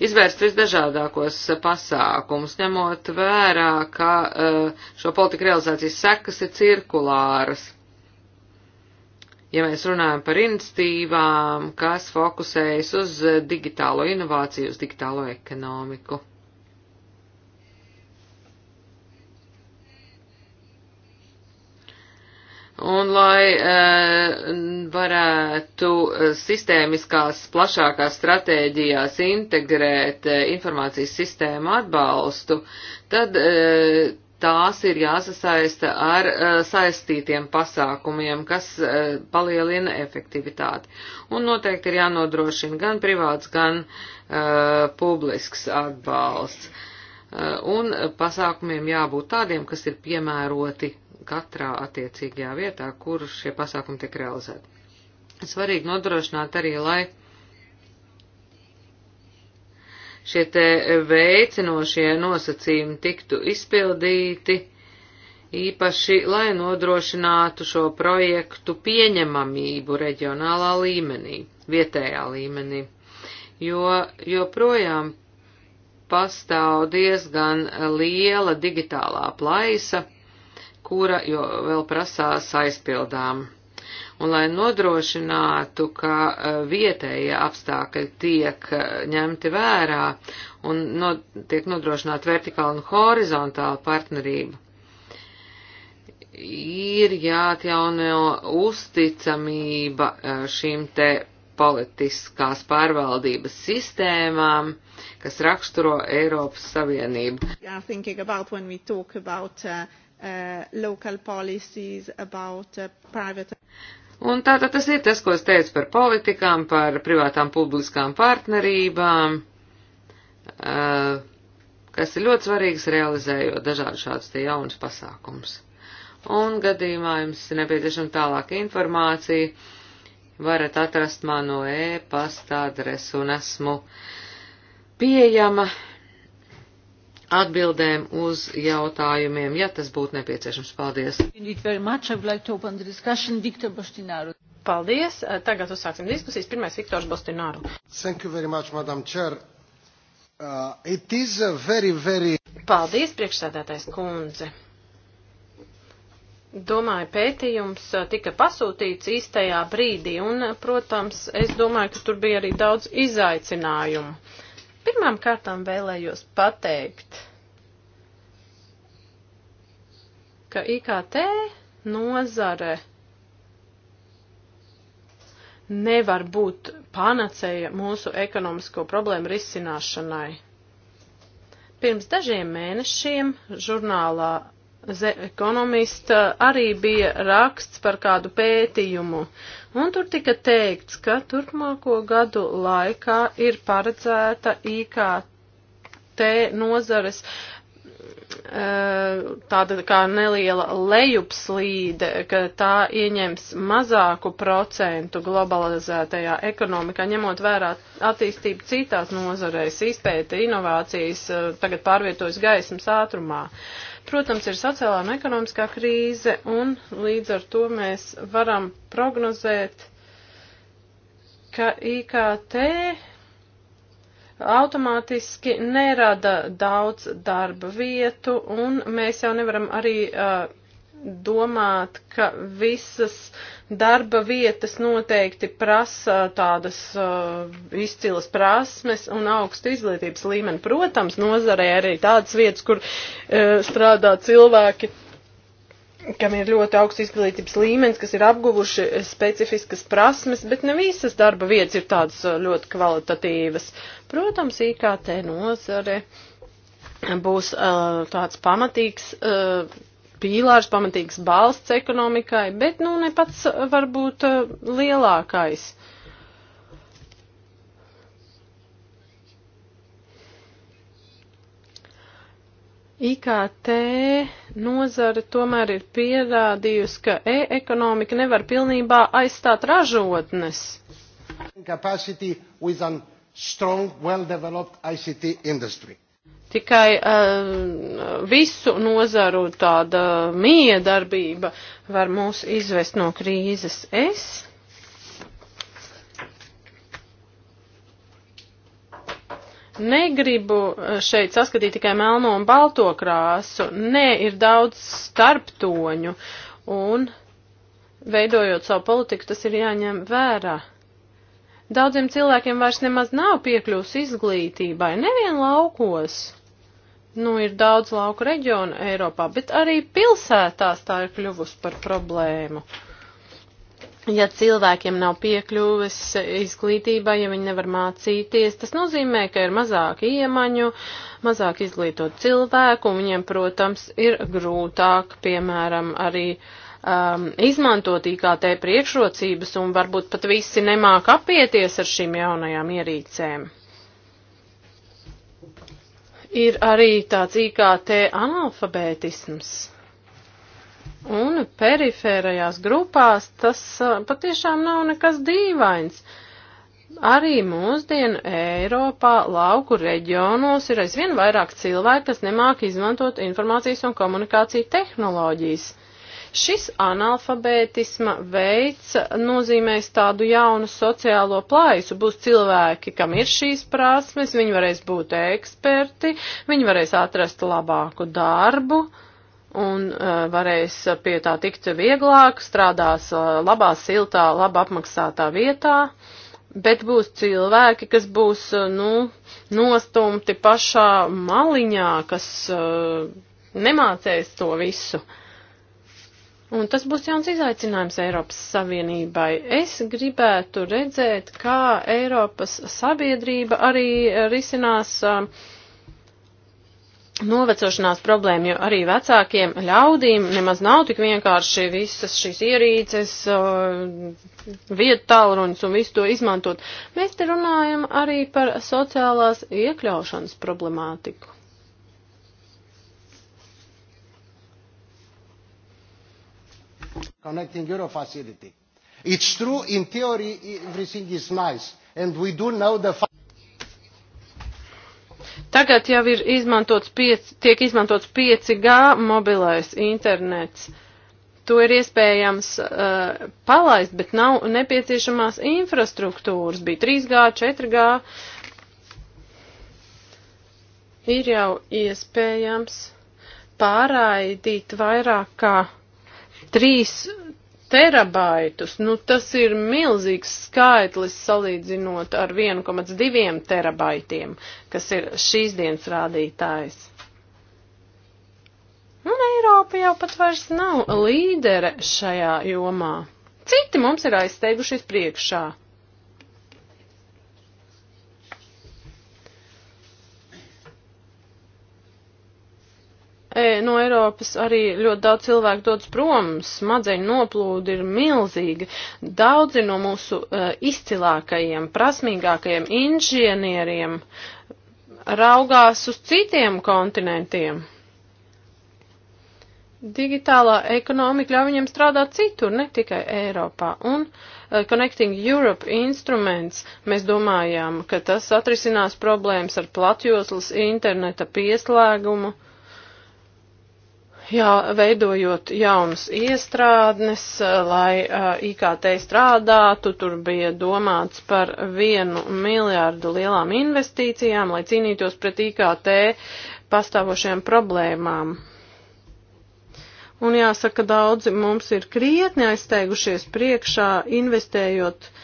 izvērst visdažādākos pasākumus, ņemot vērā, ka eh, šo politiku realizācijas sekas ir cirkulāras. Ja mēs runājam par inicitīvām, kas fokusējas uz digitālo inovāciju, uz digitālo ekonomiku. Un lai e, varētu eh, sistēmiskās plašākās stratēģijās integrēt e, informācijas sistēmu atbalstu, tad e, tās ir jāsasaista ar e, saistītiem pasākumiem, kas e, palielina efektivitāti. Un noteikti ir jānodrošina gan privāts, gan e, publisks atbalsts. E, un pasākumiem jābūt tādiem, kas ir piemēroti katrā attiecīgajā vietā, kur šie pasākumi tiek realizēti. Svarīgi nodrošināt arī, lai šie te veicinošie nosacījumi tiktu izpildīti, īpaši, lai nodrošinātu šo projektu pieņemamību reģionālā līmenī, vietējā līmenī, jo joprojām pastāv diezgan liela digitālā plaisa kura jo vēl prasās aizpildām. Un lai nodrošinātu, ka e, vietējie apstākļi tiek e, ņemti vērā un no, tiek nodrošināta vertikāla un horizontāla partnerība, ir jāatjauno uzticamība e, šīm te politiskās pārvaldības sistēmām, kas raksturo Eiropas Savienību. Yeah, about, about, uh, uh, local policies about uh, private. Un tātad tas ir tas, ko es teicu par politikām, par privātām publiskām partnerībām, uh, kas ir ļoti svarīgs realizējot dažādu šādus te jaunus pasākums. Un gadījumā jums ir nepieciešama tālāka informācija, varat atrast manu e-pasta adresu un esmu pieejama atbildēm uz jautājumiem, ja tas būtu nepieciešams. Paldies! Paldies! Eh, tagad uzsāksim diskusijas. Pirmais Viktors Bostināru. Thank you very much, Madam Chair. Uh, it is a very, very... Paldies, priekšsēdētājs kundze. Domāju, pētījums eh, tika pasūtīts īstajā brīdī, un, protams, es domāju, ka tur bija arī daudz izaicinājumu. Uh, Pirmām kārtām vēlējos pateikt, ka IKT nozare nevar būt panacēja mūsu ekonomisko problēmu risināšanai. Pirms dažiem mēnešiem žurnālā The Economist eh, arī bija raksts par kādu pētījumu, un tur tika teikts, ka turpmāko gadu laikā ir paredzēta IKT nozares eh, tāda kā neliela lejupslīde, ka tā ieņems mazāku procentu globalizētajā ekonomikā, ņemot vērā attīstību citās nozareis, izpēta, inovācijas, eh, tagad pārvietojas gaismas ātrumā. Uh, Protams, ir sociālā un ekonomiskā krīze, un līdz ar to mēs varam prognozēt, ka IKT automātiski nerada daudz darba vietu, un mēs jau nevaram arī uh, domāt, ka visas darba vietas noteikti prasa tādas uh, izcilas prasmes un augstu izglītības līmeni. Protams, nozarē arī tādas vietas, kur uh, strādā cilvēki, kam ir ļoti augsts izglītības līmenis, kas ir apguvuši specifiskas prasmes, bet ne visas darba vietas ir tādas uh, ļoti kvalitatīvas. Protams, IKT nozare būs uh, tāds pamatīgs. Uh, pīlārs, pamatīgs balsts ekonomikai, bet nu ne pats varbūt lielākais. IKT nozare tomēr ir pierādījusi, ka e-ekonomika nevar pilnībā aizstāt ražotnes. Capacity with a strong, well-developed ICT industry. Tikai uh, visu nozaru tāda miedarbība var mūs izvest no krīzes. Es negribu eh, šeit saskatīt tikai melno un balto krāsu. Nē, ir daudz starptoņu un veidojot savu politiku, tas ir jāņem vērā. Daudziem cilvēkiem vairs nemaz nav piekļūs izglītībai, nevien laukos. Nu, ir daudz lauku reģionu Eiropā, bet arī pilsētās tā ir kļuvusi par problēmu. Uh, ja cilvēkiem nav piekļuves izglītībai, ja viņi nevar mācīties, tas nozīmē, ka ir mazāk iemaņu, mazāk izglītot cilvēku, un viņiem, protams, ir grūtāk, piemēram, arī um, izmantot IKT priekšrocības, un varbūt pat visi nemāk apieties ar šīm jaunajām ierīcēm. Ir arī tāds IKT analfabētisms. Un perifērajās grupās tas patiešām nav nekas dīvains. Arī mūsdienu Eiropā lauku reģionos ir aizvien vairāk cilvēku, kas nemāk izmantot informācijas un komunikāciju tehnoloģijas. Šis analfabētisma veids nozīmēs tādu jaunu sociālo plaisu. Būs cilvēki, kam ir šīs prasmes, viņi varēs būt eksperti, viņi varēs atrast labāku darbu. Uh, un uh, varēs pie tā tikt vieglāk, strādās uh, labā, siltā, labi apmaksātā vietā, bet būs cilvēki, kas būs, uh, nu, nostumti pašā maliņā, kas uh, nemācēs to visu. Un tas būs jauns izaicinājums Eiropas Savienībai. Es gribētu redzēt, kā Eiropas sabiedrība arī risinās uh, novecošanās problēma, jo arī vecākiem ļaudīm nemaz nav tik vienkārši visas šīs ierīces, uh, vietu tālruņus un visu to izmantot. Mēs te runājam arī par sociālās iekļaušanas problemātiku. Connecting Euro facility. It's true in theory everything is nice and we do know the fact Tagad jau ir izmantots 5, tiek izmantots 5G mobilais internets. To ir iespējams uh, palaist, bet nav nepieciešamās infrastruktūras. Bija 3G, 4G. Ir jau iespējams pārraidīt vairāk kā 3 terabaitus. Nu, tas ir milzīgs skaitlis salīdzinot ar 1,2 terabaitiem, kas ir šīs dienas rādītājs. Nu, un Eiropa jau pat vairs nav līdere šajā jomā. Citi mums ir aizsteigušies priekšā. E, no Eiropas arī ļoti daudz cilvēku dodas prom, smadzeņu noplūdi ir milzīga. Daudzi no mūsu uh, izcilākajiem, prasmīgākajiem inženieriem raugās uz citiem kontinentiem. Digitālā ekonomika ļauj viņiem strādāt citur, ne tikai Eiropā. Un uh, Connecting Europe instruments, mēs domājām, ka tas atrisinās problēmas ar platjoslas interneta pieslēgumu. Uh, jā, veidojot jaunas iestrādnes, lai uh, IKT strādātu, tur bija domāts par vienu miljārdu lielām investīcijām, lai cīnītos pret IKT pastāvošajām problēmām. Un jāsaka, daudzi mums ir krietni aizteigušies priekšā, investējot uh,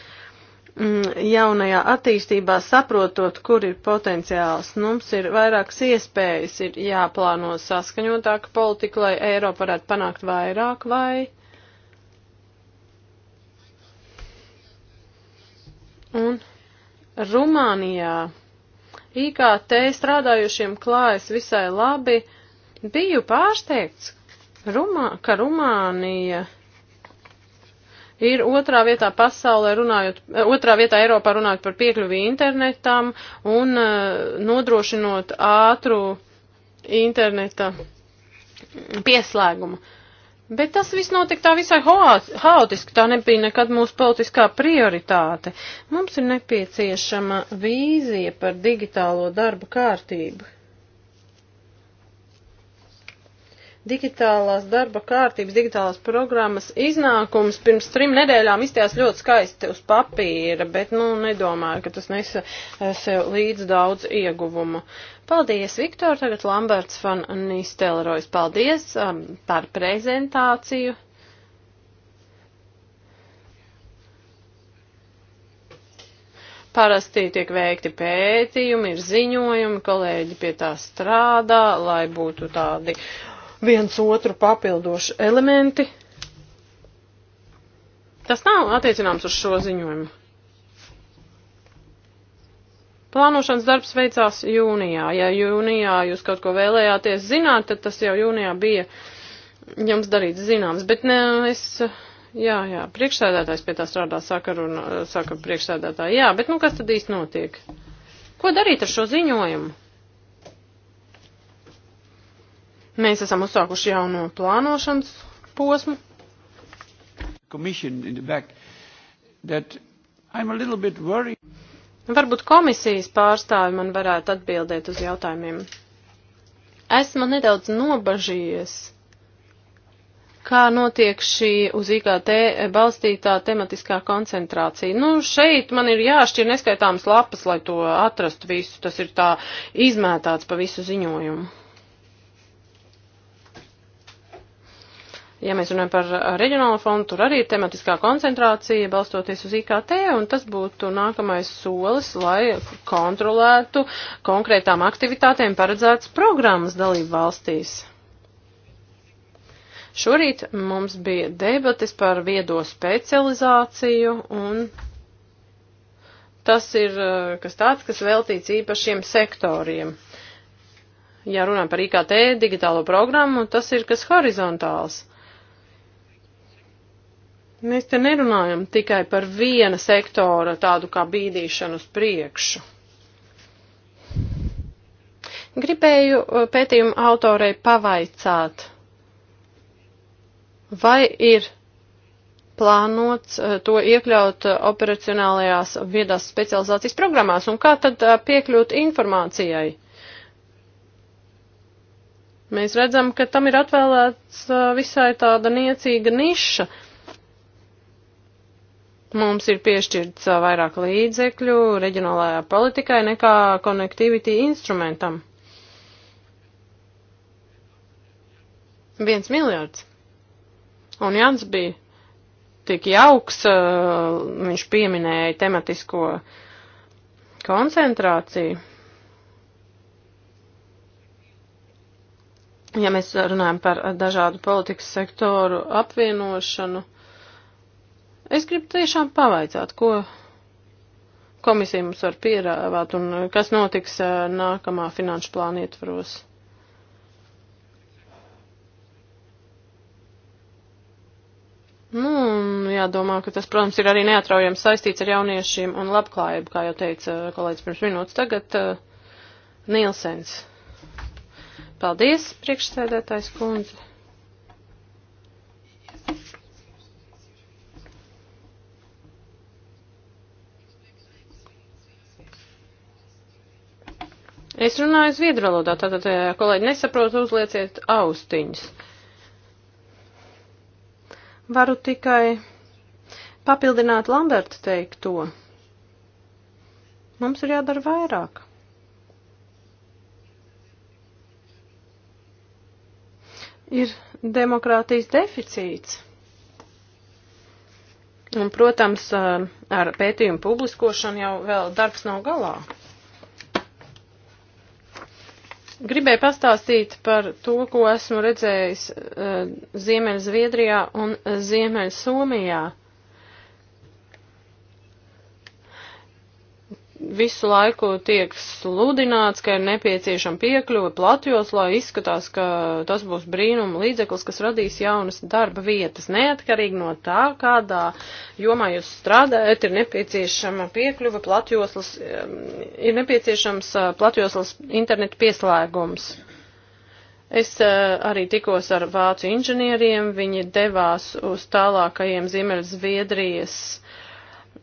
Mm, jaunajā attīstībā saprotot, kur ir potenciāls. Mums ir vairākas iespējas, ir jāplāno saskaņotāka politika, lai Eiropa varētu panākt vairāk vai. Un Rumānijā IKT strādājušiem klājas visai labi. Biju pārsteigts, Rumā, ka Rumānija ir otrā vietā pasaulē runājot, eh, otrā vietā Eiropā runājot par piekļuvi internetam un eh, nodrošinot ātru interneta pieslēgumu. Bet tas viss notika tā visai haotiski, tā nebija nekad mūsu politiskā prioritāte. Mums ir nepieciešama vīzija par digitālo darbu kārtību. digitālās darba kārtības, digitālās programmas iznākums pirms trim nedēļām izstījās ļoti skaisti uz papīra, bet, nu, nedomāju, ka tas nesa eh, sev līdz daudz ieguvumu. Paldies, Viktor, tagad Lamberts van Nistelrojs, paldies um, par prezentāciju. Parasti tiek veikti pētījumi, ir ziņojumi, kolēģi pie tā strādā, lai būtu tādi uh, viens otru papildoši elementi. Tas nav attiecināms uz šo ziņojumu. Plānošanas darbs veicās jūnijā. Ja jūnijā jūs kaut ko vēlējāties zināt, tad tas jau jūnijā bija jums darīts zināms. Bet ne, es, jā, jā, priekšsēdētājs pie tā strādā, saka, un, saka priekšsēdētāji. Jā, bet nu kas tad īsti notiek? Ko darīt ar šo ziņojumu? Mēs esam uzsākuši jauno plānošanas posmu. Varbūt komisijas pārstāvi man varētu atbildēt uz jautājumiem. Esmu nedaudz nobažījies, kā notiek šī uz IKT balstītā tematiskā koncentrācija. Nu, šeit man ir jāšķir neskaitāmas lapas, lai to atrastu visu. Tas ir tā izmētāts pa visu ziņojumu. Ja mēs runājam par uh, reģionālo fondu, tur arī ir tematiskā koncentrācija, balstoties uz IKT, un tas būtu nākamais solis, lai kontrolētu konkrētām aktivitātēm paredzētas programmas dalību valstīs. Šorīt mums bija debates par viedo specializāciju un tas ir uh, kas tāds, kas veltīts īpašiem sektoriem. Ja runājam par IKT digitālo programmu, tas ir kas horizontāls. Mēs te nerunājam tikai par viena sektora tādu kā bīdīšanu uz priekšu. Gribēju uh, pētījumu autorei pavaicāt, vai ir plānots uh, to iekļaut uh, operacionālajās viedās specializācijas programmās un kā tad piekļūt informācijai? Mēs redzam, ka tam ir atvēlēts visai tāda niecīga niša. Uh, Mums ir piešķirts vairāk līdzekļu reģionālajā politikai nekā konektivitī instrumentam. Viens miljards. Un Jans bija tik jauks, viņš pieminēja tematisko koncentrāciju. Ja mēs runājam par dažādu politikas sektoru apvienošanu, Es gribu tiešām pavaicāt, ko komisija mums var pierāvāt un kas notiks eh, nākamā finanšu plāna ietvaros. Nu, jādomā, ka tas, protams, ir arī neatraujami saistīts ar jauniešiem un labklājību, kā jau teica eh, kolēģis pirms minūtes. Tagad uh, Nielsens. Paldies, priekšsēdētājs kundze. Es runāju zviedru valodā, tātad, eh, kolēģi, nesaprotu, uzlieciet austiņas. Varu tikai papildināt Lamberta teikto. Mums ir jādara vairāk. Ir demokrātijas deficīts. Un, protams, eh, ar pētījumu publiskošanu jau vēl darbs nav galā. Gribēju pastāstīt par to, ko esmu redzējis eh, Ziemeļzviedrijā un Ziemeļsomijā. Ziemeļ visu laiku tiek sludināts, ka ir nepieciešama piekļuva platjos, lai izskatās, ka tas būs brīnuma līdzeklis, kas radīs jaunas darba vietas. Neatkarīgi no tā, kādā jomā jūs strādājat, ir nepieciešama piekļuva platjoslas, ir nepieciešams eh, platjoslas internetu pieslēgums. Es eh, arī tikos ar vācu inženieriem, viņi devās uz tālākajiem Ziemeļzviedrijas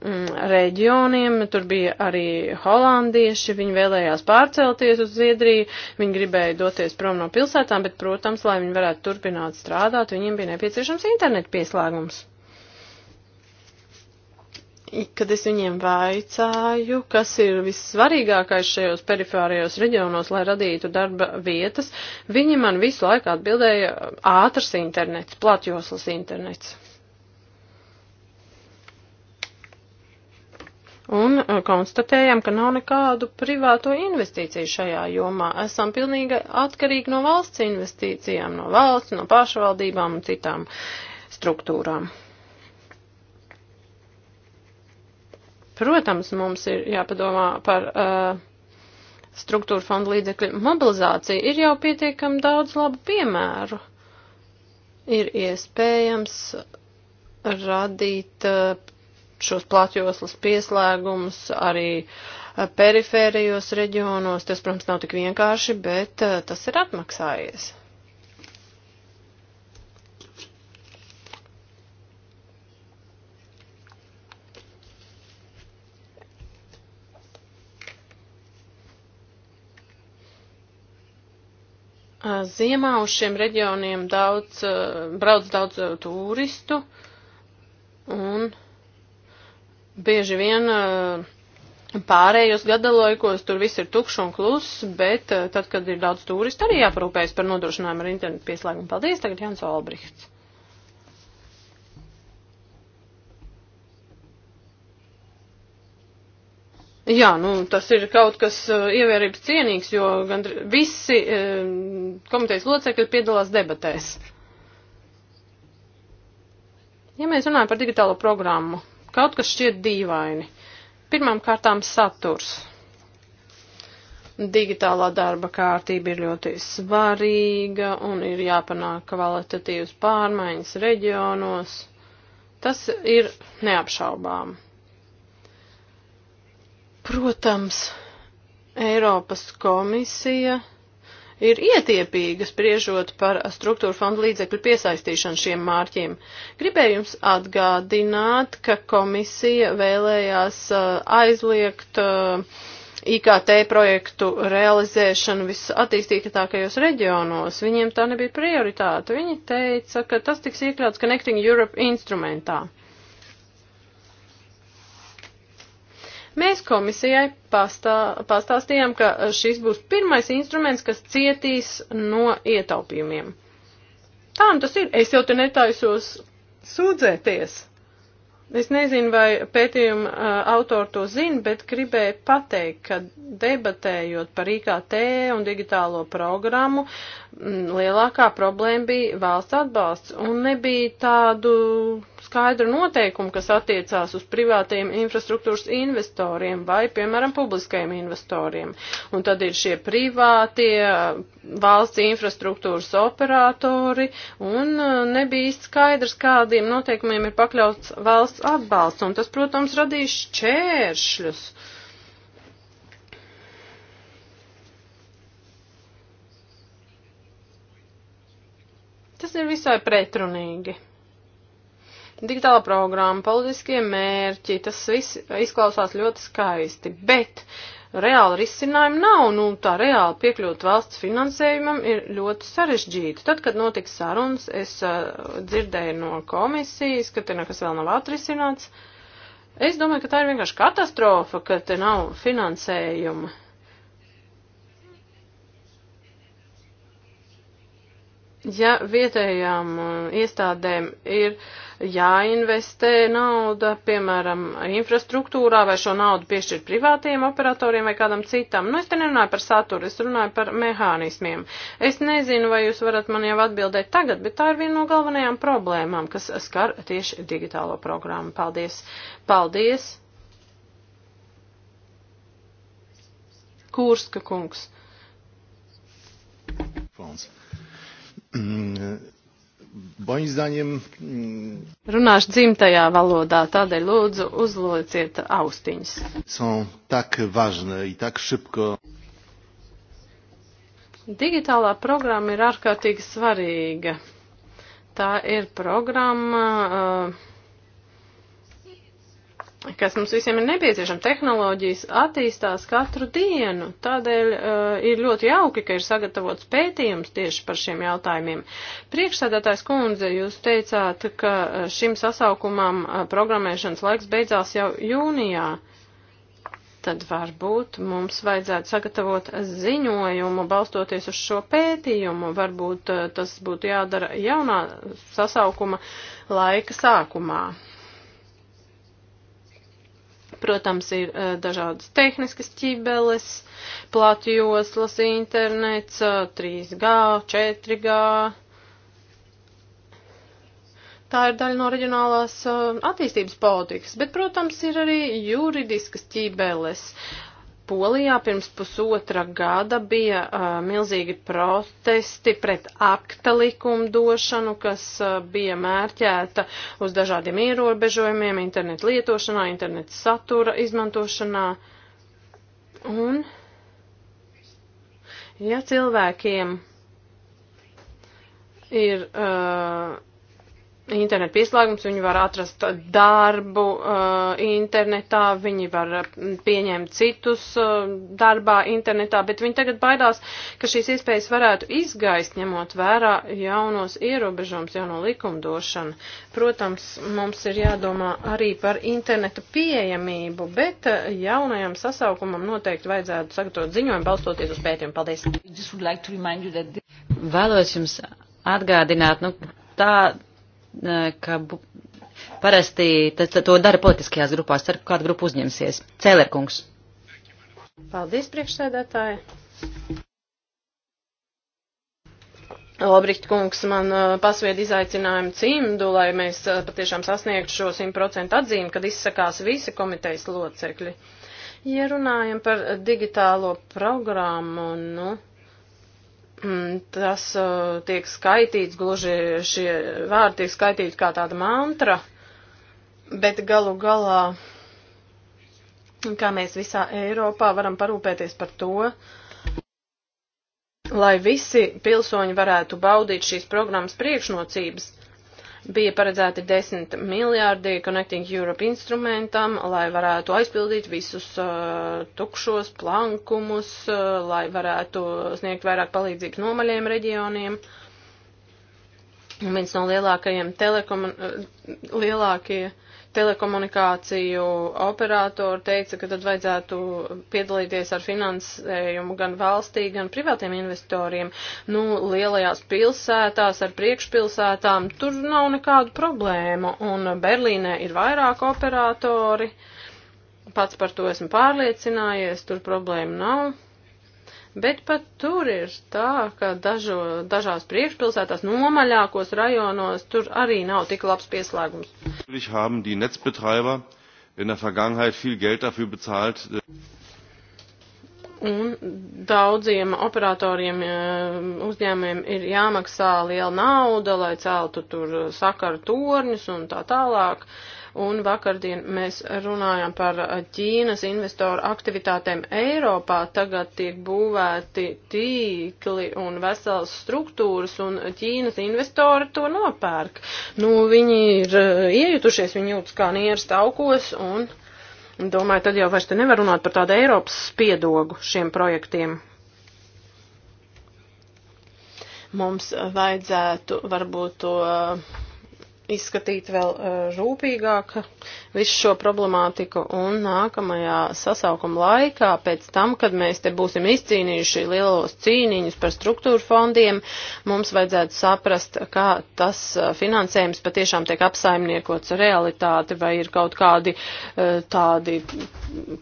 Mm, reģioniem, tur bija arī holandieši, viņi vēlējās pārcelties uz Zviedriju, viņi gribēja doties prom no pilsētām, bet, protams, lai viņi varētu turpināt strādāt, viņiem bija nepieciešams internetu pieslēgums. Kad es viņiem vaicāju, kas ir vissvarīgākais šajos perifārajos reģionos, lai radītu darba vietas, viņi man visu laiku atbildēja ātrs internets, platjoslas internets. un uh, konstatējam, ka nav nekādu privāto investīciju šajā jomā. Esam pilnīgi atkarīgi no valsts investīcijām, no valsts, no pašvaldībām un citām struktūrām. Protams, mums ir jāpadomā par uh, struktūra fonda līdzekļu mobilizāciju. Ir jau pietiekami daudz labu piemēru. Ir iespējams radīt uh, šos platjoslas pieslēgumus arī eh, perifērijos reģionos. Tas, protams, nav tik vienkārši, bet eh, tas ir atmaksājies. Eh, ziemā uz šiem reģioniem daudz, brauc daudz turistu un bieži vien eh, pārējos gadalaikos tur viss ir tukšs un kluss, bet eh, tad, kad ir daudz turistu, arī jāparūpējas par nodrošinājumu ar internetu pieslēgumu. Paldies, tagad Jans Olbrihts. Jā, nu, tas ir kaut kas eh, ievērības cienīgs, jo gandri, visi komitejas locekļi piedalās debatēs. Ja mēs runājam par digitālo programmu, Kaut kas šķiet dīvaini. Pirmām kārtām saturs. Digitālā darba kārtība ir ļoti svarīga un ir jāpanāk kvalitatīvas pārmaiņas reģionos. Tas ir neapšaubām. Protams, Eiropas komisija ir ietiepīga spriežot par struktūra fonda līdzekļu piesaistīšanu šiem mārķiem. Gribēju jums atgādināt, ka komisija vēlējās uh, aizliegt uh, IKT projektu realizēšanu visattīstītākajos reģionos. Viņiem tā nebija prioritāte. Viņi teica, ka tas tiks iekļauts Connecting Europe instrumentā. Mēs komisijai pastā, pastāstījām, ka šis būs pirmais instruments, kas cietīs no ietaupījumiem. Tā nu tas ir. Es jau te netaisos sūdzēties. Es nezinu, vai pētījuma uh, autori to zina, bet gribēju pateikt, ka debatējot par IKT un digitālo programmu, Mm, lielākā problēma bija valsts atbalsts un nebija tādu skaidru noteikumu, kas attiecās uz privātajiem infrastruktūras investoriem vai, piemēram, publiskajiem investoriem. Un tad ir šie privātie valsts infrastruktūras operatori un uh, nebija skaidrs, kādiem noteikumiem ir pakļauts valsts atbalsts. Un tas, protams, radīs šķēršļus. Uh, Tas ir visai pretrunīgi. Digitāla programma, politiskie mērķi, tas viss izklausās ļoti skaisti, bet reāli risinājumi nav, nu tā reāli piekļūt valsts finansējumam ir ļoti sarežģīti. Tad, kad notiks sarunas, es uh, dzirdēju no komisijas, ka te nekas vēl nav atrisināts. Es domāju, ka tā ir vienkārši katastrofa, ka te nav finansējuma. ja vietējām uh, iestādēm ir jāinvestē nauda, piemēram, infrastruktūrā, vai šo naudu piešķirt privātiem operatoriem vai kādam citam. Nu, es te nerunāju par saturu, es runāju par mehānismiem. Es nezinu, vai jūs varat man jau atbildēt tagad, bet tā ir viena no galvenajām problēmām, kas skar tieši digitālo programmu. Paldies! Paldies! Kurska kungs. Fonds. Mm, moim zdaniem. Mm, Runāšu dzimtajā valodā, tādēļ lūdzu uzlūciet austiņas. Tak važne, tak šipko. Digitālā programma ir ārkārtīgi svarīga. Tā ir programma. Uh, kas mums visiem ir nepieciešama. Tehnoloģijas attīstās katru dienu, tādēļ uh, ir ļoti jauki, ka ir sagatavots pētījums tieši par šiem jautājumiem. Priekšsēdētājs kundze, jūs teicāt, ka uh, šim sasaukumam uh, programmēšanas laiks beidzās jau jūnijā. Tad varbūt mums vajadzētu sagatavot ziņojumu, balstoties uz šo pētījumu. Varbūt uh, tas būtu jādara jaunā sasaukuma laika sākumā. Protams, ir dažādas tehniskas ķibeles, platjoslas internets, 3G, 4G. Tā ir daļa no reģionālās attīstības politikas, bet, protams, ir arī juridiskas ķībeles, Polijā pirms pusotra gada bija uh, milzīgi protesti pret akta likumdošanu, kas uh, bija mērķēta uz dažādiem ierobežojumiem internetu lietošanā, internetu satura izmantošanā. Un, ja cilvēkiem ir uh, internetu pieslēgums, viņi var atrast darbu uh, internetā, viņi var uh, pieņemt citus uh, darbā internetā, bet viņi tagad baidās, ka šīs iespējas varētu izgaist, ņemot vērā jaunos ierobežums, jauno likumdošanu. Protams, mums ir jādomā arī par interneta pieejamību, bet uh, jaunajam sasaukumam noteikti vajadzētu sagatavot ziņojumu balstoties uz pētījumu. Paldies! Vēlos jums atgādināt, nu, tā ka parasti to dara politiskajās grupās. Ceru, ka kāda grupa uzņemsies. Cēlerkungs. Paldies, priekšsēdētāji. Lobrikt kungs man pasvied izaicinājumu cimdu, lai mēs patiešām sasniegtu šo 100% atzīmi, kad izsakās visi komitejas locekļi. Ja runājam par digitālo programmu, nu. Mm, tas uh, tiek skaitīts, gluži šie vārdi tiek skaitīti kā tāda mantra, bet galu galā, kā mēs visā Eiropā varam parūpēties par to, lai visi pilsoņi varētu baudīt šīs programmas priekšnocības bija paredzēti 10 miljārdi Connecting Europe instrumentam, lai varētu aizpildīt visus uh, tukšos plankumus, uh, lai varētu sniegt vairāk palīdzības nomaļiem reģioniem. Un viens no lielākajiem telekom, uh, lielākie uh, telekomunikāciju operātori teica, ka tad vajadzētu piedalīties ar finansējumu gan valstī, gan privātiem investoriem. Nu, lielajās pilsētās ar priekšpilsētām tur nav nekādu problēmu, un Berlīnē ir vairāk operatori. Pats par to esmu pārliecinājies, tur problēma nav. Bet pat tur ir tā, ka dažo, dažās priekšpilsētās nomaļākos rajonos tur arī nav tik labs pieslēgums. Un daudziem operatoriem e, uzņēmumiem ir jāmaksā liela nauda, lai celtu tur e, sakaru torņus un tā tālāk. Uh, un vakardien mēs runājām par Ķīnas investoru aktivitātēm Eiropā. Tagad tiek būvēti tīkli un veselas struktūras, un Ķīnas investori to nopērk. Nu, viņi ir eh, iejutušies, viņi jūtas kā nieras taukos, un domāju, tad jau vairs te nevar runāt par tādu Eiropas spiedogu šiem projektiem mums vajadzētu varbūt to izskatīt vēl e, rūpīgāk visu šo problemātiku un nākamajā sasaukuma laikā, pēc tam, kad mēs te būsim izcīnījuši lielos cīniņus par struktūru fondiem, mums vajadzētu saprast, kā tas e, finansējums patiešām tiek apsaimniekots realitāti vai ir kaut kādi e, tādi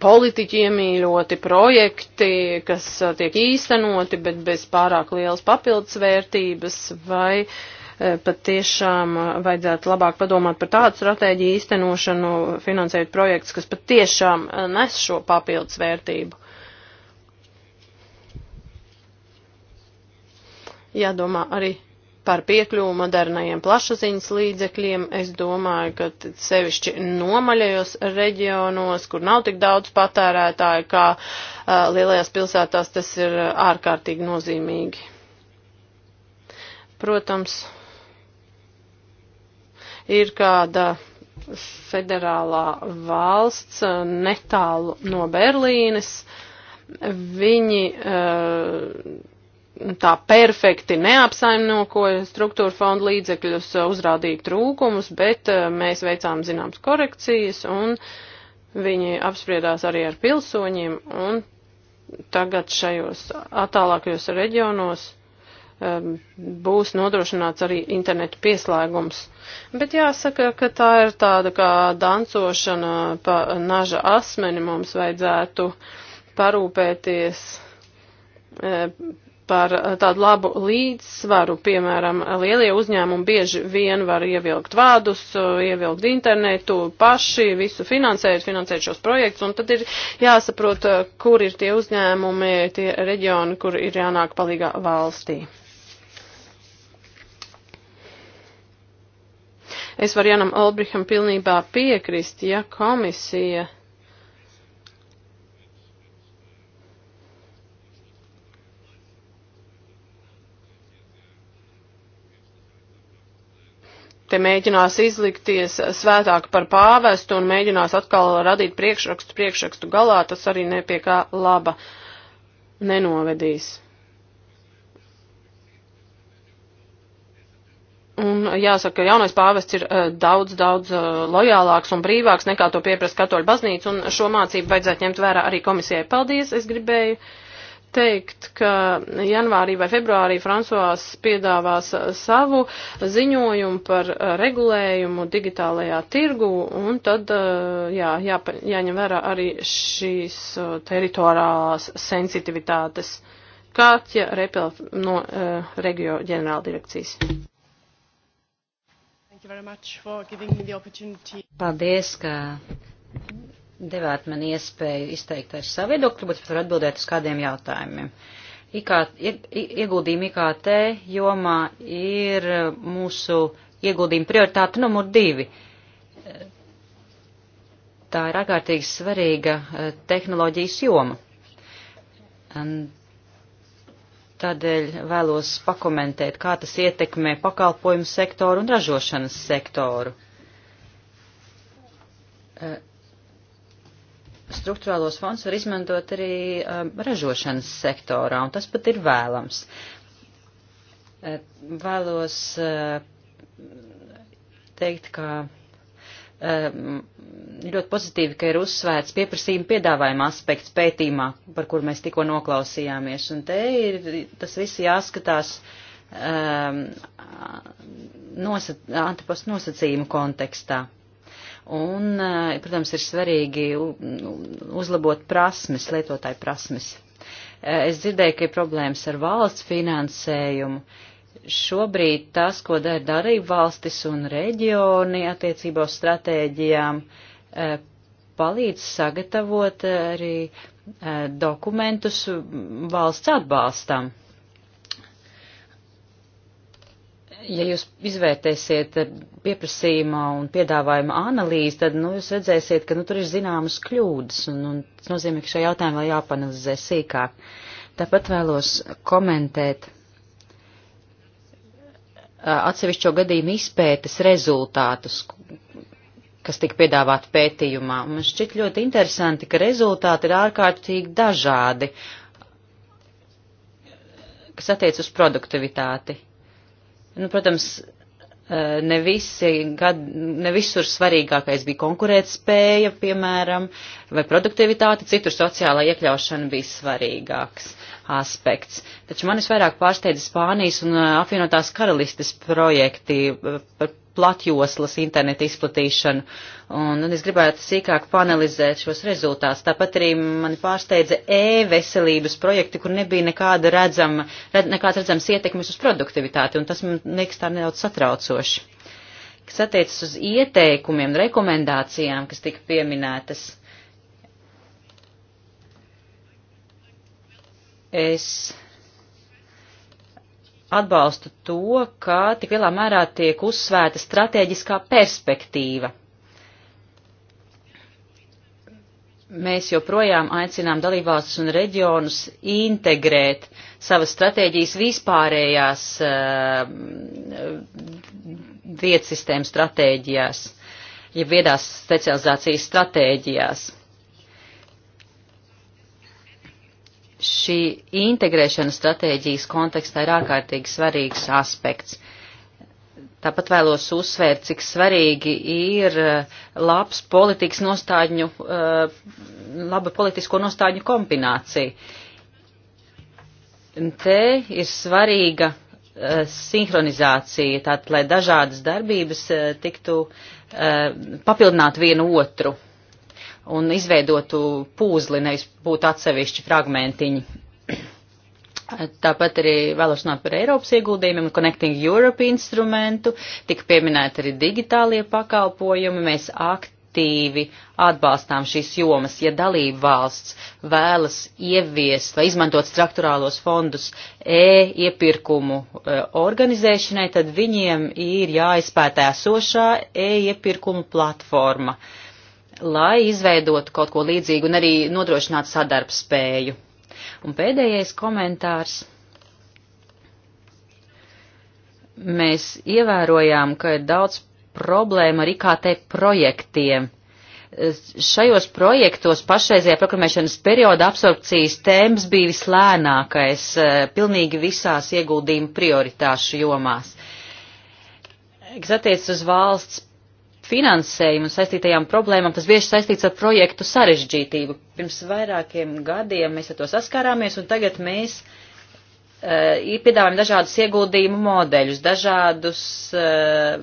politiķi iemīļoti projekti, kas tiek īstenoti, bet bez pārāk lielas papildus vērtības vai uh, Eh, patiešām eh, vajadzētu labāk padomāt par tādu stratēģiju īstenošanu, finansējot projektus, kas patiešām eh, nes šo papildus vērtību. Jādomā arī par piekļuvu modernajiem plašsaziņas līdzekļiem. Es domāju, ka sevišķi nomaļajos reģionos, kur nav tik daudz patērētāju, kā uh, lielajās pilsētās, tas ir ārkārtīgi nozīmīgi. Protams, ir kāda federālā valsts eh, netālu no Berlīnes. Viņi eh, tā perfekti neapsaimnokoja struktūra fonda līdzekļus, eh, uzrādīja trūkumus, bet mēs veicām zināmas korekcijas un viņi apspriedās arī ar pilsoņiem un tagad šajos attālākajos reģionos um, būs nodrošināts arī internetu pieslēgums. Bet jāsaka, ka tā ir tāda kā dancošana pa naža asmeni mums vajadzētu parūpēties um, par tādu labu līdzsvaru, piemēram, lielie uzņēmumi bieži vien var ievilkt vādus, ievilkt internetu, paši visu finansēt, finansēt šos projektus, un tad ir jāsaprot, kur ir tie uzņēmumi, tie reģioni, kur ir jānāk palīgā valstī. Es varu Janam Albriham pilnībā piekrist, ja komisija. te mēģinās izlikties svētāk par pāvestu un mēģinās atkal radīt priekšrakstu priekšrakstu galā, tas arī nepie kā laba nenovedīs. Un uh, jāsaka, jaunais pāvests ir uh, daudz, daudz uh, lojālāks un brīvāks nekā to pieprasa katoļu baznīca, un šo mācību vajadzētu ņemt vērā arī komisijai. Paldies, es gribēju teikt, ka janvārī vai februārī Fransuās piedāvās savu ziņojumu par regulējumu digitālajā tirgu, un tad jā, jā, jāņem vērā arī šīs teritoriālās sensitivitātes. Kāķa Repel no uh, Regio ģenerāla direkcijas. Paldies, ka devāt man iespēju izteikt ar savu viedokli, bet var atbildēt uz kādiem jautājumiem. IKT, ieguldījumi IKT jomā ir mūsu ieguldījuma prioritāte numur divi. Tā ir ārkārtīgi svarīga eh, tehnoloģijas joma. Un Tādēļ vēlos pakomentēt, kā tas ietekmē pakalpojumu sektoru un ražošanas sektoru. Eh, struktūrālos fondus var izmantot arī eh, ražošanas sektorā, un tas pat ir vēlams. Eh, vēlos teikt, ka Ehm, ļoti pozitīvi, ka ir uzsvērts pieprasījuma piedāvājuma aspekts pētījumā, par kur mēs tikko noklausījāmies. Un te ir tas viss jāskatās um, ehm, nosac, antipostu nosacījumu kontekstā. Un, eh, protams, ir svarīgi uzlabot prasmes, lietotāju prasmes. Eh, es dzirdēju, ka ir problēmas ar valsts finansējumu. Uh, Šobrīd tas, ko dara darība valstis un reģioni attiecībā uz stratēģijām, e, palīdz sagatavot arī e, dokumentus valsts atbalstam. ja jūs izvērtēsiet pieprasījuma un piedāvājuma analīzi, tad nu, jūs redzēsiet, ka nu, tur ir zināmas kļūdas, un, un tas nozīmē, ka šo jautājumu vēl jāpanalizē sīkāk. Tāpat vēlos komentēt atsevišķo gadījumu izpētes rezultātus, kas tika piedāvāti pētījumā. Man šķiet ļoti interesanti, ka rezultāti ir ārkārtīgi dažādi, kas attiec uz produktivitāti. Nu, protams, ne, visi, gad, ne visur svarīgākais bija konkurētspēja, piemēram, vai produktivitāte, citur sociālā iekļaušana bija svarīgāks aspekts. Taču manis vairāk pārsteidza Spānijas un apvienotās karalistes projekti par platjoslas internetu izplatīšanu. Un, un es gribētu sīkāk panelizēt šos rezultātus. Tāpat arī mani pārsteidza e-veselības projekti, kur nebija nekāda redzama, red, nekāds redzams ietekmes uz produktivitāti, un tas man liekas tā nedaudz satraucoši. Kas attiecas uz ieteikumiem, rekomendācijām, kas tika pieminētas, Es atbalstu to, ka tik lielā mērā tiek uzsvērta strateģiskā perspektīva. Mēs joprojām aicinām dalībvalstis un reģionus integrēt savas stratēģijas vispārējās uh, vietas sistēmu stratēģijās, ja viedās specializācijas stratēģijās. šī integrēšanas stratēģijas kontekstā ir ārkārtīgi svarīgs aspekts. Tāpat vēlos uzsvērt, cik svarīgi ir uh, labs politikas nostāļņu, uh, laba politisko nostāļu kombinācija. Te ir svarīga uh, sinhronizācija, tātad, lai dažādas darbības tiktu papildināt vienu otru un izveidotu pūzli, nevis būtu atsevišķi fragmentiņi. Tāpat arī vēlos runāt par Eiropas ieguldījumiem un Connecting Europe instrumentu. Tik pieminēti arī digitālie pakalpojumi. Mēs aktīvi atbalstām šīs jomas, ja dalība valsts vēlas ieviest vai izmantot struktūrālos fondus e-iepirkumu e, organizēšanai, tad viņiem ir jāizpētē sošā e-iepirkumu platforma. Uh, lai izveidotu kaut ko līdzīgu un arī nodrošinātu sadarbspēju. Un pēdējais komentārs. Mēs ievērojām, ka ir daudz problēma ar IKT projektiem šajos projektos pašreizajā programmēšanas perioda absorpcijas tēmas bija vislēnākais eh, pilnīgi visās ieguldījuma prioritāšu jomās. Kas attiec uz valsts finansējumu un saistītajām problēmām, tas bieži saistīts ar projektu sarežģītību. Pirms vairākiem gadiem mēs ar to saskārāmies, un tagad mēs uh, piedāvājam dažādus ieguldījumu modeļus, dažādus uh,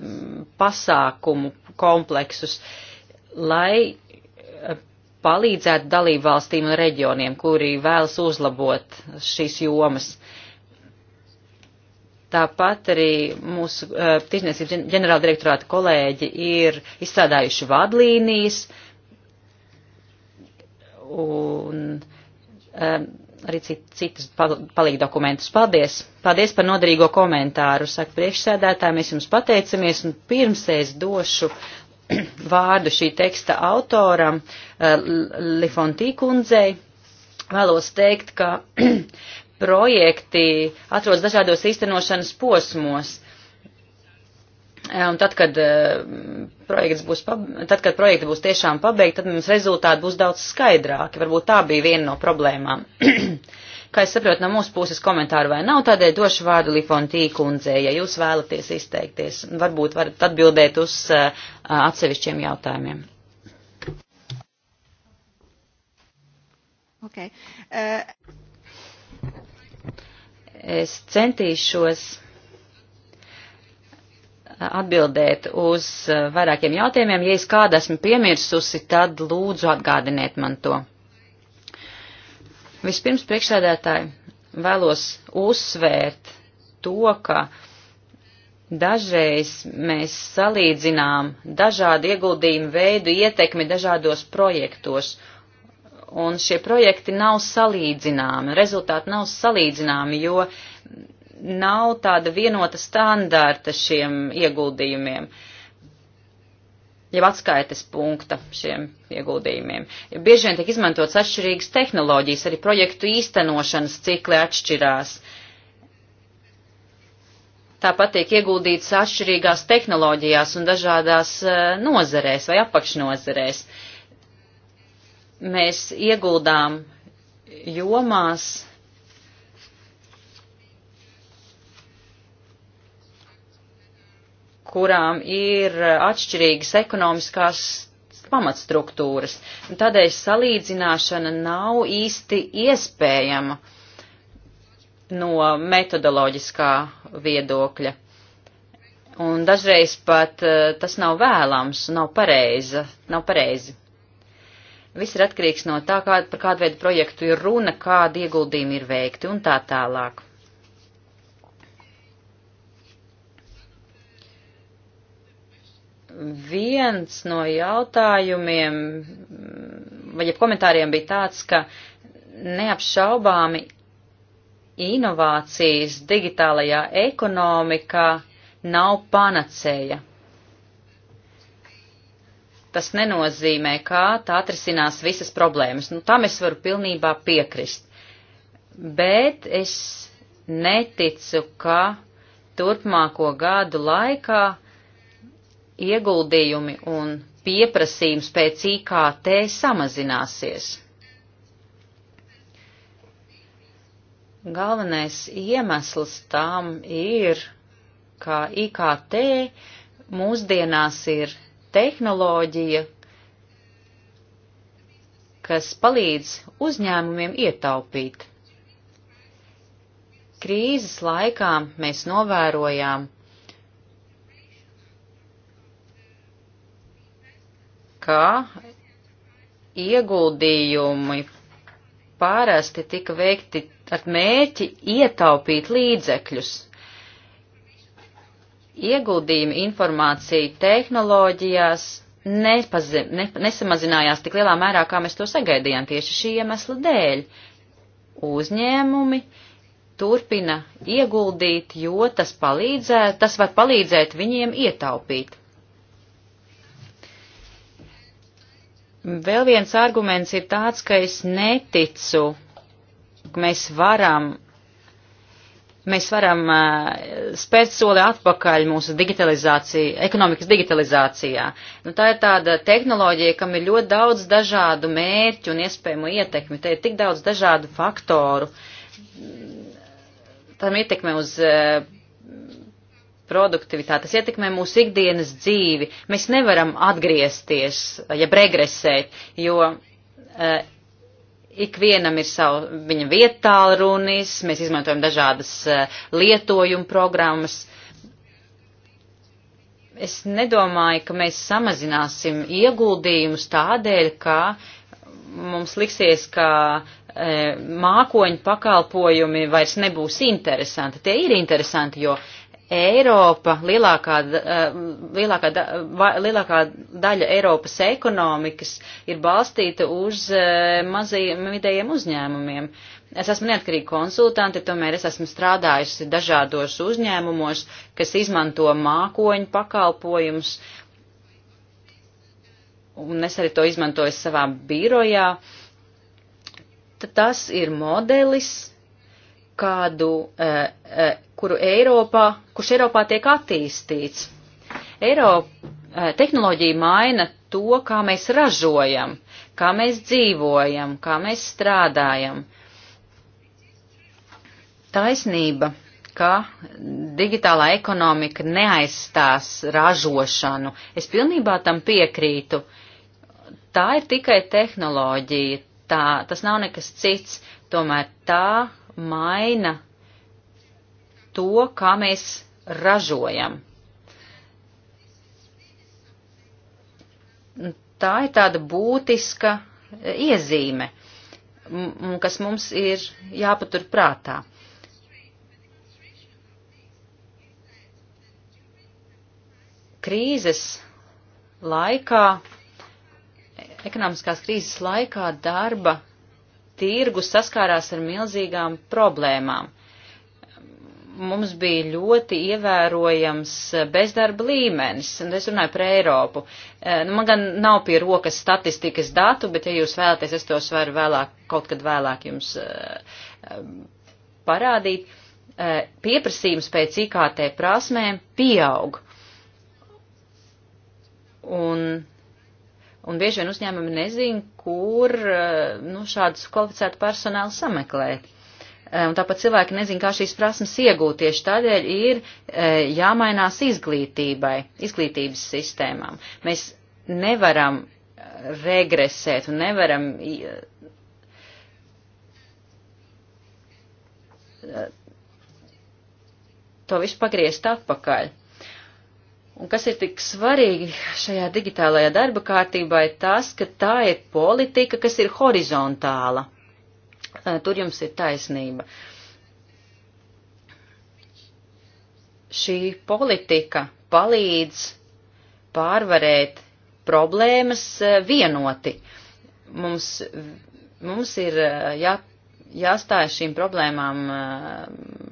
pasākumu kompleksus, lai eh, palīdzētu dalībvalstīm un reģioniem, kuri vēlas uzlabot šīs jomas. Uh, Tāpat arī mūsu uh, tirsniecības ģenerāldirektorāta kolēģi ir izstrādājuši vadlīnijas un um, arī cit, citas palīga dokumentus. Paldies! Paldies par noderīgo komentāru. Saka priekšsēdētāji, mēs jums pateicamies un pirms es došu vārdu šī teksta autoram uh, eh, Lifontī kundzei. Vēlos teikt, ka projekti atrodas dažādos īstenošanas posmos. E, un tad, kad e, projekts būs, tad, kad projekti būs tiešām pabeigti, tad mums rezultāti būs daudz skaidrāki. Varbūt tā bija viena no problēmām. Kā es saprotu, no mūsu puses komentāru vai nav, tādēļ došu vārdu Lifon Tīkundzē, ja jūs vēlaties izteikties. Varbūt varat atbildēt uz e, atsevišķiem jautājumiem. Okay. Uh... Es centīšos atbildēt uz eh, vairākiem jautājumiem. Ja es kādu esmu piemirsusi, tad lūdzu atgādiniet man to. Vispirms priekšsēdētāji vēlos uzsvērt to, ka dažreiz mēs salīdzinām dažādu ieguldījumu veidu ietekmi dažādos projektos un šie projekti nav salīdzināmi, rezultāti nav salīdzināmi, jo nav tāda vienota standarta šiem ieguldījumiem, jau atskaites punkta šiem ieguldījumiem. Ja bieži vien tiek izmantots atšķirīgas tehnoloģijas, arī projektu īstenošanas cikli atšķirās. Tāpat tiek ieguldīts atšķirīgās tehnoloģijās un dažādās eh, nozerēs vai apakšnozerēs. Uh, mēs ieguldām jomās, kurām ir atšķirīgas ekonomiskās pamatstruktūras. Tādēļ salīdzināšana nav īsti iespējama no metodoloģiskā viedokļa. Un dažreiz pat eh, tas nav vēlams, nav pareiza, nav pareizi. Viss ir atkarīgs no tā, kā, par kādu veidu projektu ir runa, kādi ieguldījumi ir veikti un tā tālāk. Viens no jautājumiem vai ja komentāriem bija tāds, ka neapšaubāmi inovācijas digitālajā ekonomikā nav panacēja tas nenozīmē, ka tā atrisinās visas problēmas. Nu, tam es varu pilnībā piekrist. Bet es neticu, ka turpmāko gadu laikā ieguldījumi un pieprasījums pēc IKT samazināsies. Galvenais iemesls tam ir, ka IKT mūsdienās ir tehnoloģija, kas palīdz uzņēmumiem ietaupīt. Krīzes laikā mēs novērojām, ka ieguldījumi parasti tika veikti ar mērķi ietaupīt līdzekļus, ieguldījumi informācija tehnoloģijās nepazi, ne, nesamazinājās tik lielā mērā, kā mēs to sagaidījām tieši šī iemesla dēļ. Uzņēmumi turpina ieguldīt, jo tas, palīdzē, tas var palīdzēt viņiem ietaupīt. Vēl viens arguments ir tāds, ka es neticu, ka mēs varam mēs varam spērt soli atpakaļ mūsu digitalizācija, ekonomikas digitalizācijā. Nu, tā ir tāda tehnoloģija, kam ir ļoti daudz dažādu mērķu un iespējamu ietekmi. Te ir tik daudz dažādu faktoru. Tam ietekme uz produktivitāti, tas ietekmē mūsu ikdienas dzīvi. Mēs nevaram atgriezties, ja regresēt, jo Ikvienam ir savu, viņa vietāla runis, mēs izmantojam dažādas eh, lietojuma programmas. Es nedomāju, ka mēs samazināsim ieguldījumus tādēļ, ka mums liksies, ka e, mākoņu pakalpojumi vairs nebūs interesanti. Tie ir interesanti, jo Eiropa, lielākā, eh, lielākā, lielākā daļa Eiropas ekonomikas ir balstīta uz eh, mazajiem vidējiem uzņēmumiem. Es esmu neatkarīga konsultante, tomēr es esmu strādājusi dažādos uzņēmumos, kas izmanto mākoņu pakalpojumus, un es arī to izmantoju savā birojā. Tad tas ir modelis, kādu, eh, eh, kuru Eiropā, kurš Eiropā tiek attīstīts. Eiropa, eh, tehnoloģija maina to, kā mēs ražojam, kā mēs dzīvojam, kā mēs strādājam. Taisnība, ka digitālā ekonomika neaizstās ražošanu. Es pilnībā tam piekrītu. Tā ir tikai tehnoloģija, tā, tas nav nekas cits, tomēr tā maina to, kā mēs ražojam. Tā ir tāda būtiska iezīme, kas mums ir jāpatur prātā. Krīzes laikā, ekonomiskās krīzes laikā darba tirgus saskārās ar milzīgām problēmām. Mums bija ļoti ievērojams bezdarba līmenis, un es runāju par Eiropu. E, nu, man gan nav pie rokas statistikas datu, bet, ja jūs vēlaties, es tos varu vēlāk, kaut kad vēlāk jums e, e, parādīt. Pieprasījums pēc IKT prasmēm pieaug. Un Un bieži vien uzņēmumi nezin, kur eh, nu, šādus kvalificētu personālu sameklēt. Eh, un tāpat cilvēki nezin, kā šīs prasmes iegūt. Tieši tādēļ ir eh, jāmainās izglītībai, izglītības sistēmām. Mēs nevaram regresēt un nevaram to visu pagriezt atpakaļ. Un kas ir tik svarīgi šajā digitālajā darba kārtībā ir tas, ka tā ir politika, kas ir horizontāla. Tur jums ir taisnība. Šī politika palīdz pārvarēt problēmas vienoti. Mums, mums ir jā, jāstāj šīm problēmām uh,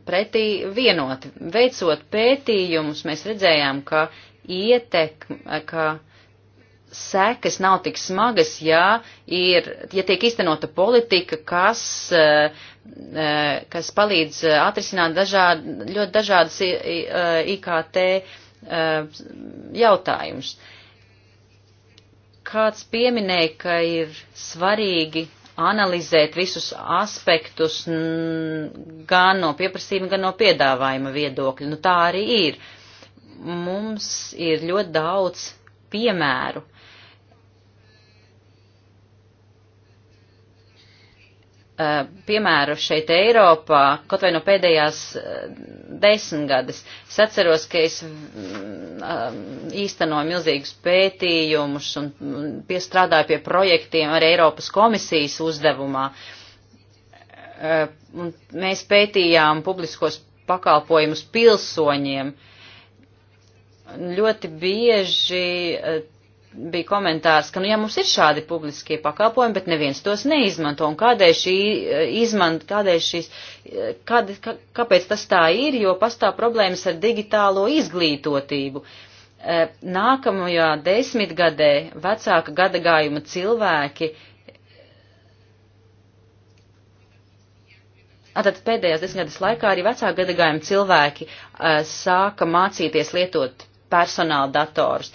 pretī vienoti. Veicot pētījumus, mēs redzējām, ka ietekme, ka sekas nav tik smagas, ja, ir, ja tiek iztenota politika, kas, uh, uh, kas palīdz atrisināt dažād, ļoti dažādas IKT jautājumus. Kāds pieminēja, ka ir svarīgi analizēt visus aspektus gan no pieprasījuma, gan no piedāvājuma viedokļa. Nu, tā arī ir. Mums ir ļoti daudz piemēru Eh, piemēru šeit Eiropā, kaut vai no pēdējās eh, desmitgades. Es atceros, ka es mm, eh, īstenoju milzīgus pētījumus un mm, piestrādāju pie projektiem arī Eiropas komisijas uzdevumā. Un mēs pētījām publiskos pakalpojumus pilsoņiem. Ļoti bieži bija komentārs, ka, nu, ja mums ir šādi publiskie pakalpojumi, bet neviens tos neizmanto, un kādēļ šī eh, izmant, kādēļ šīs, eh, kād, kā, kāpēc tas tā ir, jo pastāv problēmas ar digitālo izglītotību. Eh, nākamajā desmitgadē vecāka gadagājuma cilvēki Tātad pēdējās desmitgades laikā arī vecāku gadagājumu cilvēki uh, sāka mācīties lietot personāla dators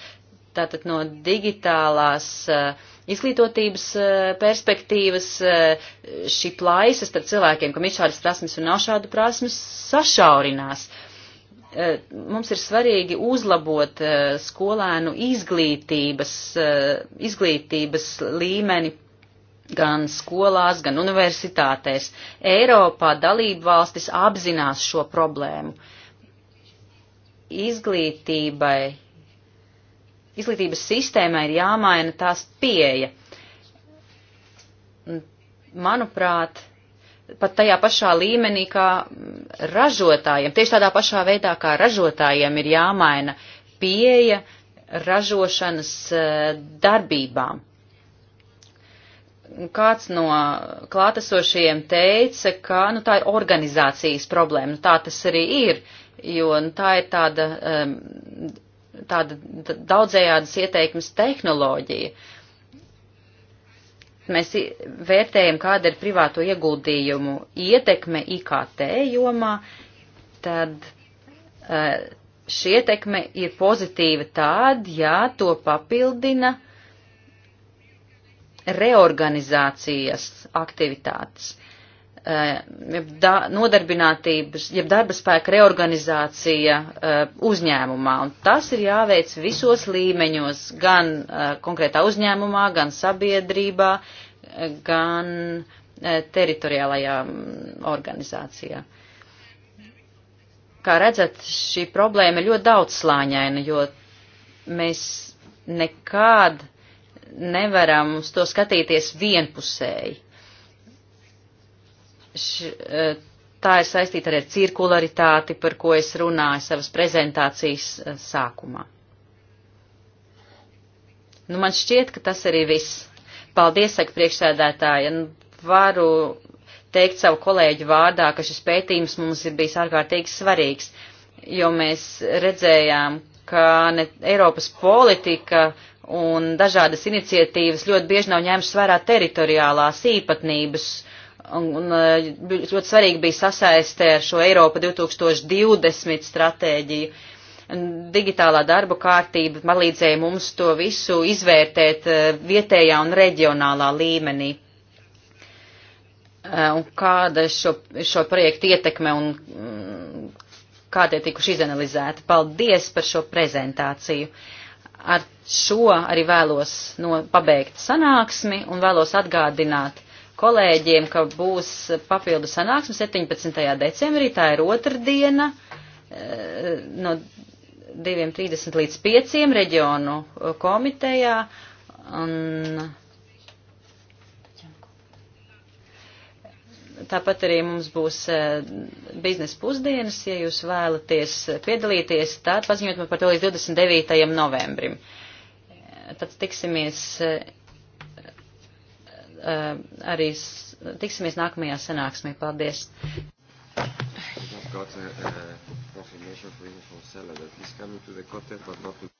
tātad no digitālās uh, izglītotības uh, perspektīvas uh, šī plaisa starp cilvēkiem, kam ir šādas prasmes un nav šādu prasmes, sašaurinās. Mums ir svarīgi uzlabot skolēnu izglītības, izglītības līmeni gan skolās, gan universitātēs. Eiropā dalību valstis apzinās šo problēmu. Izglītībai izglītības sistēmai ir jāmaina tās pieeja. Manuprāt, pat tajā pašā līmenī kā ražotājiem, tieši tādā pašā veidā kā ražotājiem ir jāmaina pieeja ražošanas eh, darbībām. Kāds no klātesošajiem teica, ka nu, tā ir organizācijas problēma, nu, tā tas arī ir, jo nu, tā ir tāda um, tāda daudzējādas ieteikums tehnoloģija. Mēs vērtējam, kāda ir privāto ieguldījumu ietekme IKT jomā, tad e, šī ietekme ir pozitīva tāda, ja to papildina reorganizācijas aktivitātes. Eh, da, nodarbinātības, jeb darba spēka reorganizācija eh, uzņēmumā. Un tas ir jāveic visos līmeņos, gan eh, konkrētā uzņēmumā, gan sabiedrībā, gan teritoriālajā mm, organizācijā. Kā redzat, šī problēma ir ļoti daudzslāņaina, jo mēs nekād nevaram uz to skatīties vienpusēji š, e, tā ir saistīta arī ar cirkularitāti, par ko es runāju savas prezentācijas e, sākumā. Nu, man šķiet, ka tas arī viss. Paldies, saka priekšsēdētāji. Nu, varu teikt savu kolēģu vārdā, ka šis pētījums mums ir bijis ārkārtīgi svarīgs, jo mēs redzējām, ka ne Eiropas politika un dažādas iniciatīvas ļoti bieži nav ņēmušas vērā teritoriālās īpatnības Un, un eh, ļoti svarīgi bija sasaistē ar šo Eiropa 2020 stratēģiju. Digitālā darba kārtība palīdzēja mums to visu izvērtēt eh, vietējā un reģionālā līmenī. Eh, un kāda šo, šo projektu ietekme un mm, kā tie tikuši izanalizēti. Paldies par šo prezentāciju. Ar šo arī vēlos no, pabeigt sanāksmi un vēlos atgādināt kolēģiem, ka būs papildu sanāksme 17. decembrī, tā ir otrdiena, eh, no 2.30 līdz 5. reģionu eh, komitejā. Un tāpat arī mums būs eh, biznesa pusdienas, ja jūs vēlaties piedalīties, tad paziņot man par to līdz 29. novembrim. Tad tiksimies Eh, arī tiksimies nākamajā sanāksmē. Paldies! I've got a, a confirmation for you from Seller that he's coming to the content but not to